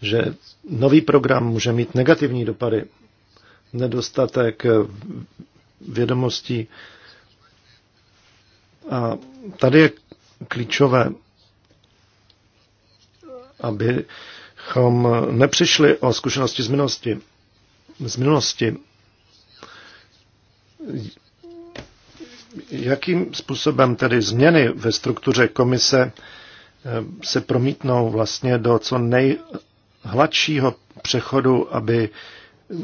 že nový program může mít negativní dopady, nedostatek eh, vědomostí. A tady je klíčové, abychom nepřišli o zkušenosti z minulosti. Z minulosti Jakým způsobem tedy změny ve struktuře komise eh, se promítnou vlastně do co nejhladšího přechodu, aby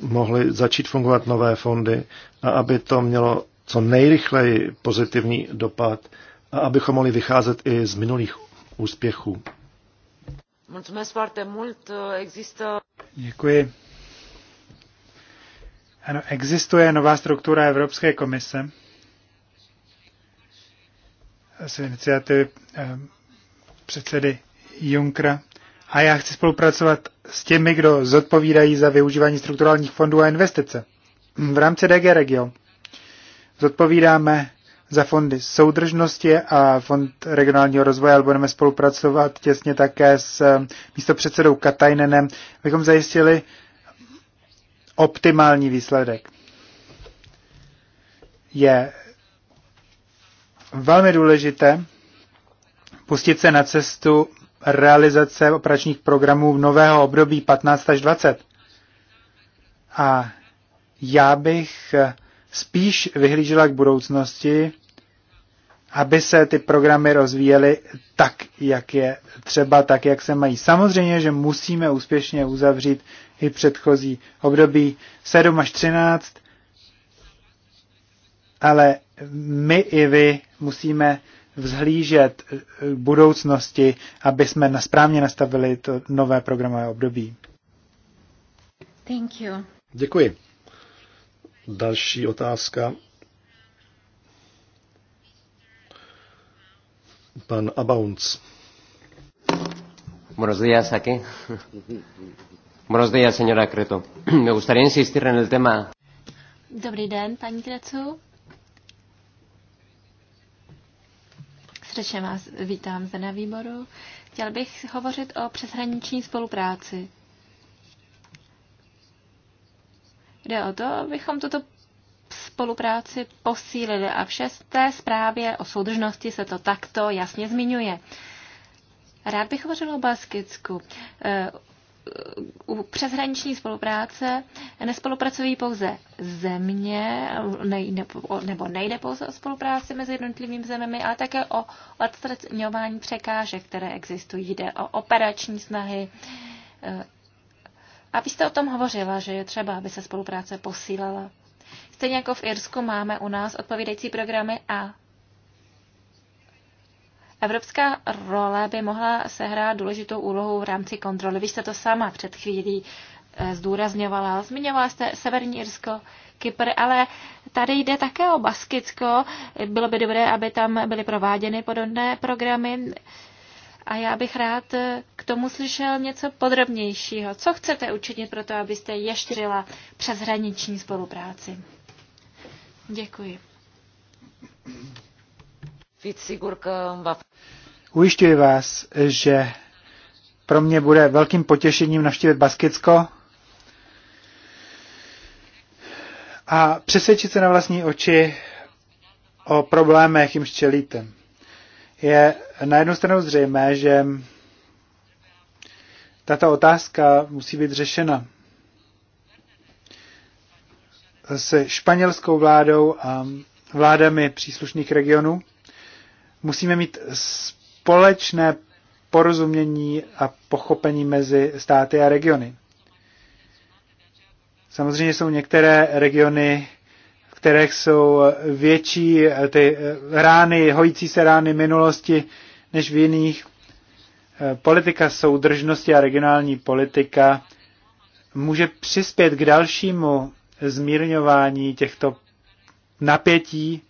mohly začít fungovat nové fondy a aby to mělo co nejrychleji pozitivní dopad a abychom mohli vycházet i z minulých úspěchů. Děkuji. Ano, existuje nová struktura Evropské komise, z iniciativy eh, předsedy Junkra. A já chci spolupracovat s těmi, kdo zodpovídají za využívání strukturálních fondů a investice. V rámci DG Regio zodpovídáme za fondy soudržnosti a fond regionálního rozvoje, ale budeme spolupracovat těsně také s eh, místopředsedou Katajnenem, abychom zajistili optimální výsledek. Je velmi důležité pustit se na cestu realizace operačních programů v nového období 15 až 20. A já bych spíš vyhlížela k budoucnosti, aby se ty programy rozvíjely tak, jak je třeba, tak, jak se mají. Samozřejmě, že musíme úspěšně uzavřít i předchozí období 7 až 13, ale my i vy musíme vzhlížet k eh, budoucnosti, aby jsme správně nastavili to nové programové období. Thank you. Děkuji. Další otázka. Pan Abounc. Buenos días, aquí. Buenos días, señora Creto. Me gustaría insistir en el tema. Dobrý den, paní Krecu. Srdečně vás vítám zde na výboru. Chtěl bych hovořit o přeshraniční spolupráci. Jde o to, abychom tuto spolupráci posílili a v šesté zprávě o soudržnosti se to takto jasně zmiňuje. Rád bych hovořil o Baskicku u přeshraniční spolupráce nespolupracují pouze země, nebo nejde pouze o spolupráci mezi jednotlivými zeměmi, ale také o odstraňování překážek, které existují. Jde o operační snahy. Eh, a vy jste o tom hovořila, že je třeba, aby se spolupráce posílala. Stejně jako v Irsku máme u nás odpovídající programy a Evropská role by mohla sehrát důležitou úlohu v rámci kontroly. Vy jste to sama před chvílí eh, zdůrazňovala. Zmiňovala jste Severní Irsko, Kypr, ale tady jde také o Baskicko. Bylo by dobré, aby tam byly prováděny podobné programy. A já bych rád eh, k tomu slyšel něco podrobnějšího. Co chcete učinit pro to, abyste přes přeshraniční spolupráci? Děkuji. Ujišťuji vás, že pro mě bude velkým potěšením navštívit Baskicko a přesvědčit se na vlastní oči o problémech, jimž čelíte. Je na jednu stranu zřejmé, že tato otázka musí být řešena se španělskou vládou a vládami příslušných regionů musíme mít společné porozumění a pochopení mezi státy a regiony. Samozřejmě jsou některé regiony, v kterých jsou větší ty rány, hojící se rány minulosti než v jiných. Politika soudržnosti a regionální politika může přispět k dalšímu zmírňování těchto napětí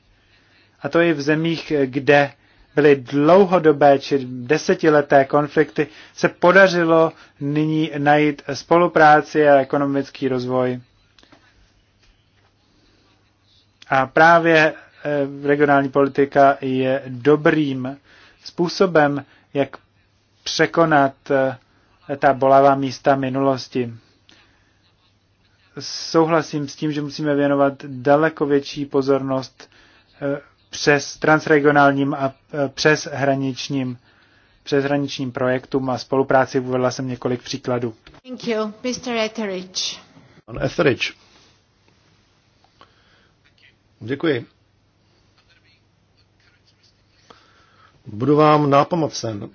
a to i v zemích, kde byly dlouhodobé či desetileté konflikty, se podařilo nyní najít spolupráci a ekonomický rozvoj. A právě eh, regionální politika je dobrým způsobem, jak překonat eh, ta bolavá místa minulosti. Souhlasím s tím, že musíme věnovat daleko větší pozornost eh, přes transregionálním a e, přes hraničním přeshraničním projektům a spolupráci uvedla jsem několik příkladů. Thank you, Mr. Etheridge. Pan Etheridge. Děkuji. Budu vám nápomocen.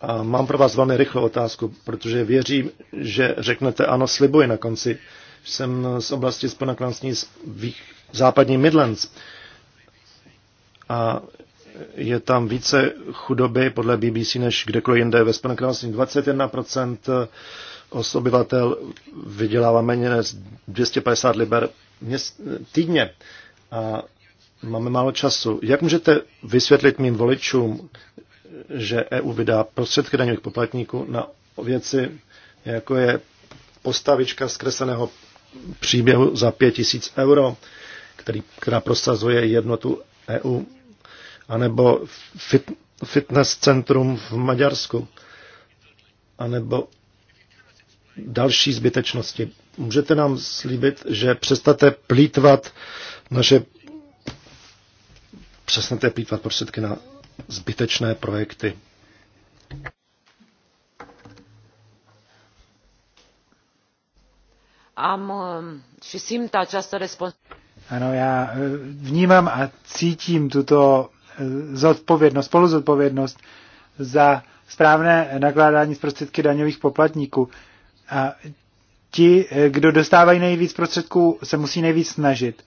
A mám pro vás velmi rychlou otázku, protože věřím, že řeknete ano, slibuji na konci. Jsem z oblasti spojenaklansní západní Midlands a je tam více chudoby podle BBC než kdekoliv jinde ve Spojeném království. 21% osobyvatel vydělává méně než 250 liber týdně a máme málo času. Jak můžete vysvětlit mým voličům, že EU vydá prostředky daňových poplatníků na věci, jako je postavička z kresleného příběhu za 5000 euro, který, která prosazuje jednotu EU anebo fit, fitness centrum v Maďarsku, anebo další zbytečnosti. Můžete nám slíbit, že přestate plítvat naše přesnete plítvat prostředky na zbytečné projekty. Am um, și Ano, já eh, vnímám a cítím tuto zodpovědnost, spoluzodpovědnost za správné nakládání z prostředky daňových poplatníků. A ti, kdo dostávají nejvíc prostředků, se musí nejvíc snažit.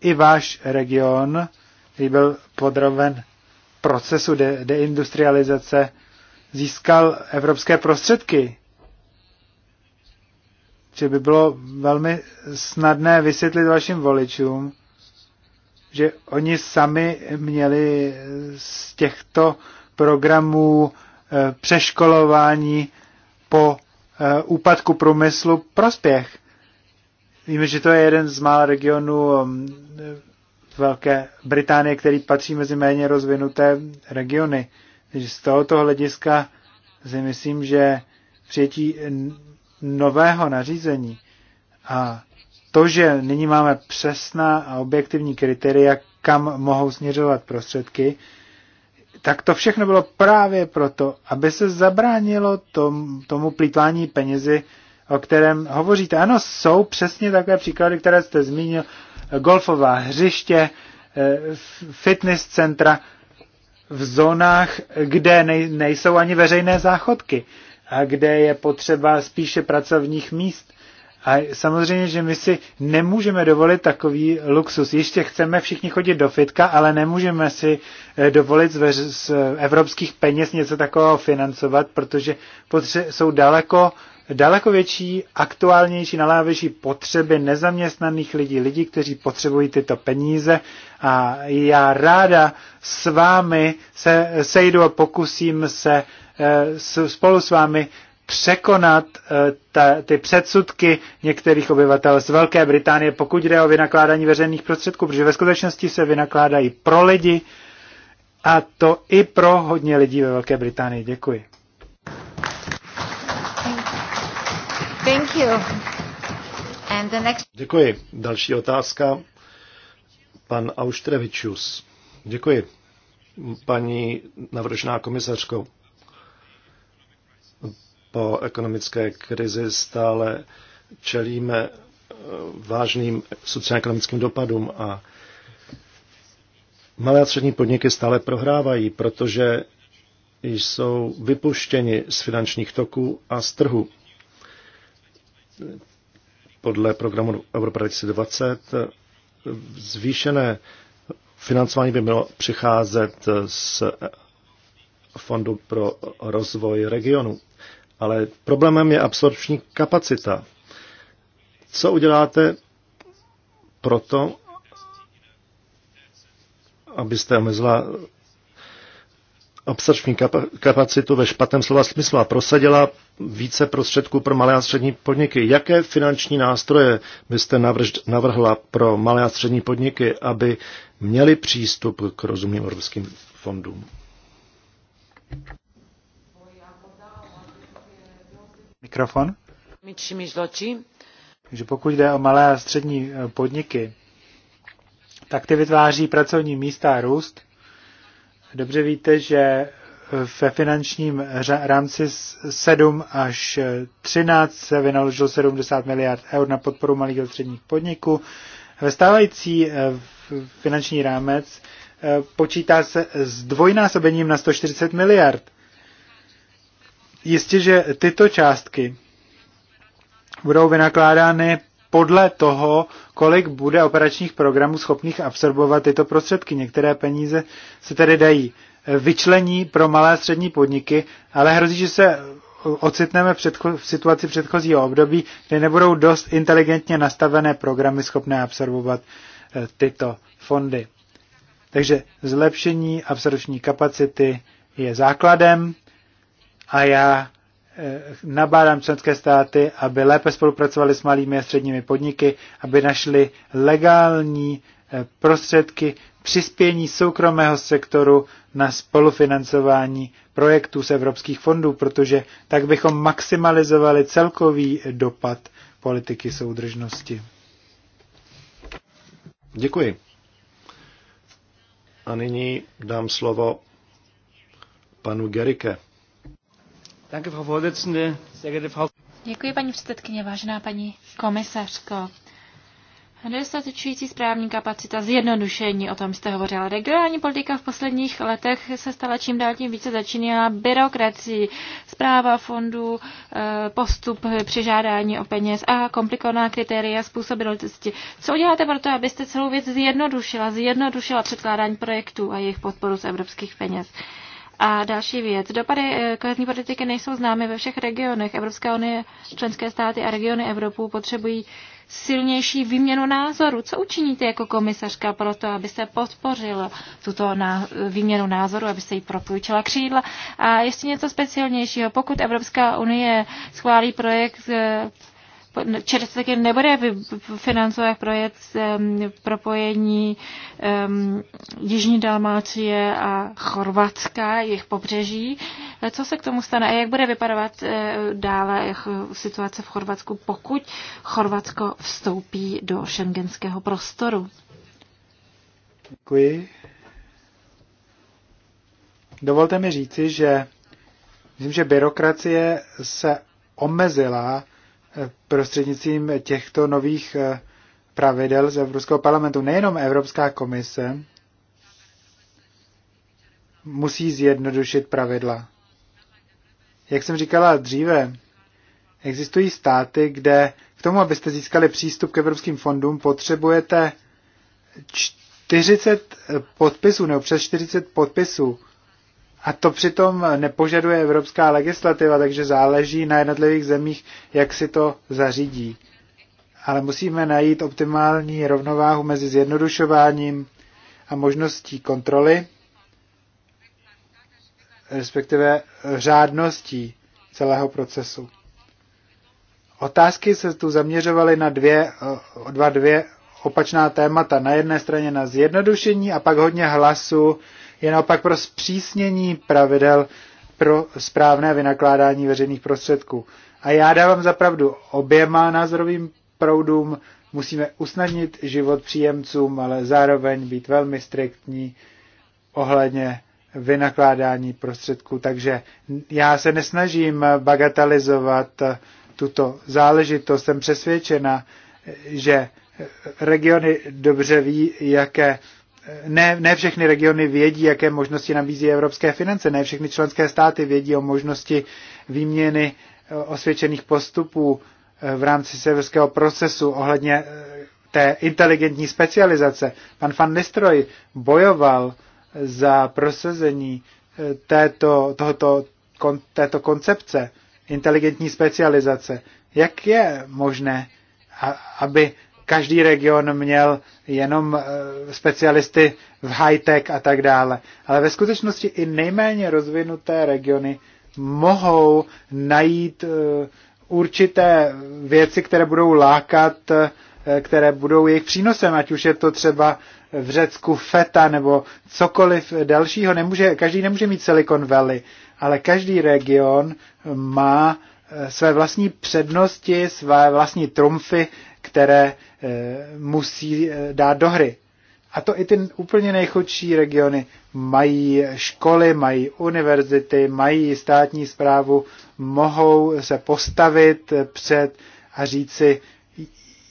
I váš region, který byl podroben procesu de- deindustrializace, získal evropské prostředky. Že by bylo velmi snadné vysvětlit vašim voličům, že oni sami měli z těchto programů eh, přeškolování po eh, úpadku průmyslu prospěch. Víme, že to je jeden z mála regionů mm, Velké Británie, který patří mezi méně rozvinuté regiony. Takže z tohoto hlediska si myslím, že přijetí nového nařízení a to, že nyní máme přesná a objektivní kritéria, kam mohou směřovat prostředky, tak to všechno bylo právě proto, aby se zabránilo tom, tomu plítvání penězi, o kterém hovoříte. Ano, jsou přesně takové příklady, které jste zmínil. Golfová hřiště, eh, fitness centra v zónách, kde nejsou ani veřejné záchodky a kde je potřeba spíše pracovních míst a samozřejmě, že my si nemůžeme dovolit takový luxus. Ještě chceme všichni chodit do fitka, ale nemůžeme si eh, dovolit z, evropských peněz něco takového financovat, protože potře- jsou daleko daleko větší, aktuálnější, naléhavější potřeby nezaměstnaných lidí, lidí, kteří potřebují tyto peníze. A já ráda s vámi se sejdu a pokusím se eh, spolu s vámi překonat eh, ta, ty předsudky některých obyvatel z Velké Británie, pokud jde o vynakládání veřejných prostředků, protože ve skutečnosti se vynakládají pro lidi a to i pro hodně lidí ve Velké Británii. Děkuji. Thank you. And the next... Děkuji. Další otázka. Pan Auštrevičus. Děkuji. Paní navržená komisařko, po ekonomické krizi stále čelíme eh, vážným sociálně-ekonomickým dopadům a malé a střední podniky stále prohrávají, protože jsou vypuštěni z finančních toků a z trhu. Podle programu Evropa 2020 eh, zvýšené financování by mělo přicházet z Fondu pro rozvoj regionu ale problémem je absorpční kapacita. Co uděláte pro to, abyste omezila absorpční kapacitu ve špatném slova smyslu a prosadila více prostředků pro malé a střední podniky. Jaké finanční nástroje byste navrhla pro malé a střední podniky, aby měli přístup k rozumným evropským fondům? Mikrofon. Že pokud jde o malé a střední eh, podniky, tak ty vytváří pracovní místa a růst. Dobře víte, že eh, ve finančním rámci 7 až 13 eh, se vynaložilo 70 miliard eur na podporu malých a středních podniků. Ve stávající finanční rámec počítá se s dvojnásobením na 140 miliard jistě, že tyto částky budou vynakládány podle toho, kolik bude operačních programů schopných absorbovat tyto prostředky. Některé peníze se tedy dají vyčlení pro malé a střední podniky, ale hrozí, že se ocitneme v, předcho- v situaci předchozího období, kde nebudou dost inteligentně nastavené programy schopné absorbovat eh, tyto fondy. Takže zlepšení absorpční kapacity je základem a já eh, nabádám členské státy, aby lépe spolupracovali s malými a středními podniky, aby našli legální eh, prostředky přispění soukromého sektoru na spolufinancování projektů z evropských fondů, protože tak bychom maximalizovali celkový dopad politiky soudržnosti. Děkuji. A nyní dám slovo panu Gerike. Děkuji, paní předsedkyně, vážená paní komisařko. Nedostatečující správní kapacita, zjednodušení, o tom jste hovořila. Regionální politika v posledních letech se stala čím dál tím více začínala byrokracii, zpráva fondů, eh, postup při žádání o peněz a komplikovaná kritéria způsobilosti. Co uděláte pro to, abyste celou věc zjednodušila, zjednodušila předkládání projektů a jejich podporu z evropských peněz? A další věc. Dopady eh, kohezní politiky nejsou známy ve všech regionech. Evropská unie, členské státy a regiony Evropu potřebují silnější výměnu názoru. Co učiníte jako komisařka pro to, aby se podpořil tuto ná- výměnu názoru, aby se jí propůjčila křídla? A ještě něco speciálnějšího. Pokud Evropská unie schválí projekt eh, ČERS taky nebude financovat projekt propojení um, Jižní Dalmácie a Chorvatska, jejich pobřeží. Co se k tomu stane a jak bude vypadat eh, dále eh, situace v Chorvatsku, pokud Chorvatsko vstoupí do šengenského prostoru? Děkuji. Dovolte mi říci, že myslím, že byrokracie se omezila prostřednictvím těchto nových eh, pravidel z Evropského parlamentu. Nejenom Evropská komise musí zjednodušit pravidla. Jak jsem říkala dříve, existují státy, kde k tomu, abyste získali přístup k evropským fondům, potřebujete 40 podpisů nebo přes 40 podpisů a to přitom nepožaduje evropská legislativa, takže záleží na jednotlivých zemích, jak si to zařídí. Ale musíme najít optimální rovnováhu mezi zjednodušováním a možností kontroly, respektive řádností celého procesu. Otázky se tu zaměřovaly na dvě, dva dvě opačná témata. Na jedné straně na zjednodušení a pak hodně hlasu je naopak pro zpřísnění pravidel pro správné vynakládání veřejných prostředků. A já dávám zapravdu oběma názorovým proudům. Musíme usnadnit život příjemcům, ale zároveň být velmi striktní ohledně vynakládání prostředků. Takže já se nesnažím bagatelizovat tuto záležitost. Jsem přesvědčena, že regiony dobře ví, jaké ne, ne všechny regiony vědí, jaké možnosti nabízí evropské finance, ne všechny členské státy vědí o možnosti výměny eh, osvědčených postupů eh, v rámci severského procesu ohledně eh, té inteligentní specializace. Pan van Nistroj bojoval za prosazení této, tohoto, kon, této koncepce inteligentní specializace. Jak je možné, aby každý region měl jenom eh, specialisty v high-tech a tak dále. Ale ve skutečnosti i nejméně rozvinuté regiony mohou najít eh, určité věci, které budou lákat, eh, které budou jejich přínosem, ať už je to třeba v Řecku feta nebo cokoliv dalšího. Nemůže, každý nemůže mít Silicon Valley, ale každý region má své vlastní přednosti, své vlastní trumfy, které Eh, musí eh, dát do hry. A to i ty úplně nejchudší regiony mají školy, mají univerzity, mají státní zprávu, mohou se postavit před a říci,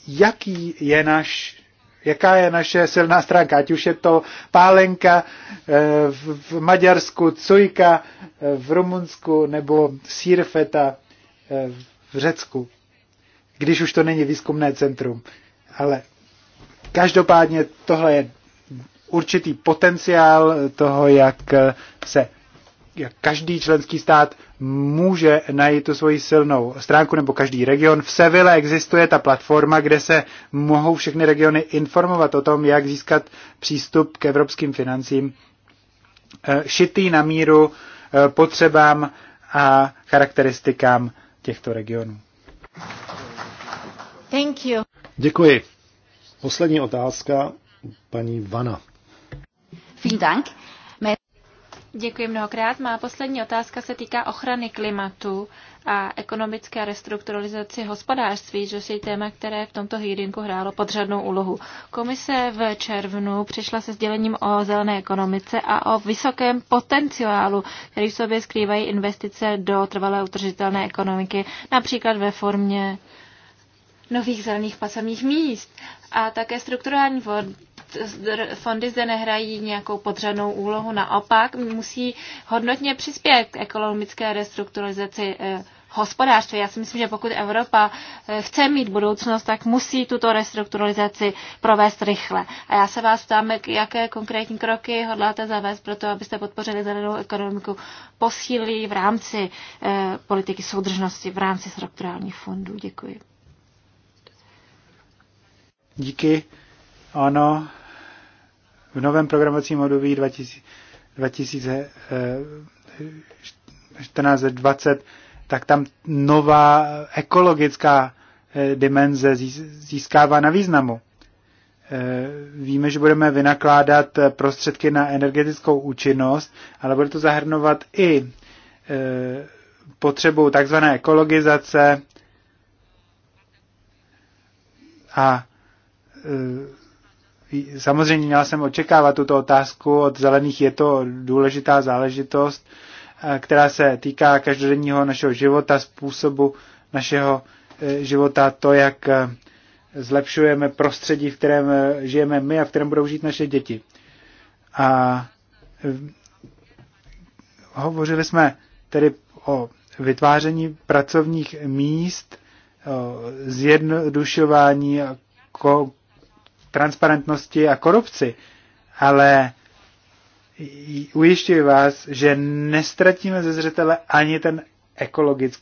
jaký je naš jaká je naše silná stránka, ať už je to pálenka eh, v Maďarsku, cujka v Rumunsku nebo sírfeta v Řecku, když už to není výzkumné centrum. Ale každopádně tohle je určitý potenciál toho, jak se jak každý členský stát může najít tu svoji silnou stránku nebo každý region. V Seville existuje ta platforma, kde se mohou všechny regiony informovat o tom, jak získat přístup k evropským financím eh, šitý na míru eh, potřebám a charakteristikám těchto regionů. Thank you. Děkuji. Poslední otázka, paní Vana. Vielen Dank. Děkuji mnohokrát. Má poslední otázka se týká ochrany klimatu a ekonomické restrukturalizace hospodářství, což je téma, které v tomto hýdinku hrálo podřadnou úlohu. Komise v červnu přišla se sdělením o zelené ekonomice a o vysokém potenciálu, který v sobě skrývají investice do trvalé utržitelné ekonomiky, například ve formě nových zelených pracovních míst. A také strukturální fondy zde nehrají nějakou podřadnou úlohu, naopak musí hodnotně přispět k ekonomické restrukturalizaci eh, hospodářství. Já si myslím, že pokud Evropa eh, chce mít budoucnost, tak musí tuto restrukturalizaci provést rychle. A já se vás ptám, jaké konkrétní kroky hodláte zavést pro to, abyste podpořili zelenou ekonomiku, posílí v rámci eh, politiky soudržnosti, v rámci strukturálních fondů. Děkuji. Díky. Ano, v novém programovacím období 2014-2020, eh, tak tam nová ekologická eh, dimenze získává na významu. Eh, víme, že budeme vynakládat prostředky na energetickou účinnost, ale bude to zahrnovat i potřebu takzvané ekologizace a Eh, eh, samozřejmě měl jsem očekávat tuto otázku od zelených. Je to důležitá záležitost, eh, která se týká každodenního našeho života, způsobu našeho života, to, jak zlepšujeme prostředí, v kterém žijeme my a v kterém budou žít naše děti. A hovořili jsme tedy o vytváření pracovních míst, o zjednodušování transparentnosti a korupci, ale ujišťuji vás, že nestratíme ze zřetele ani ten ekologický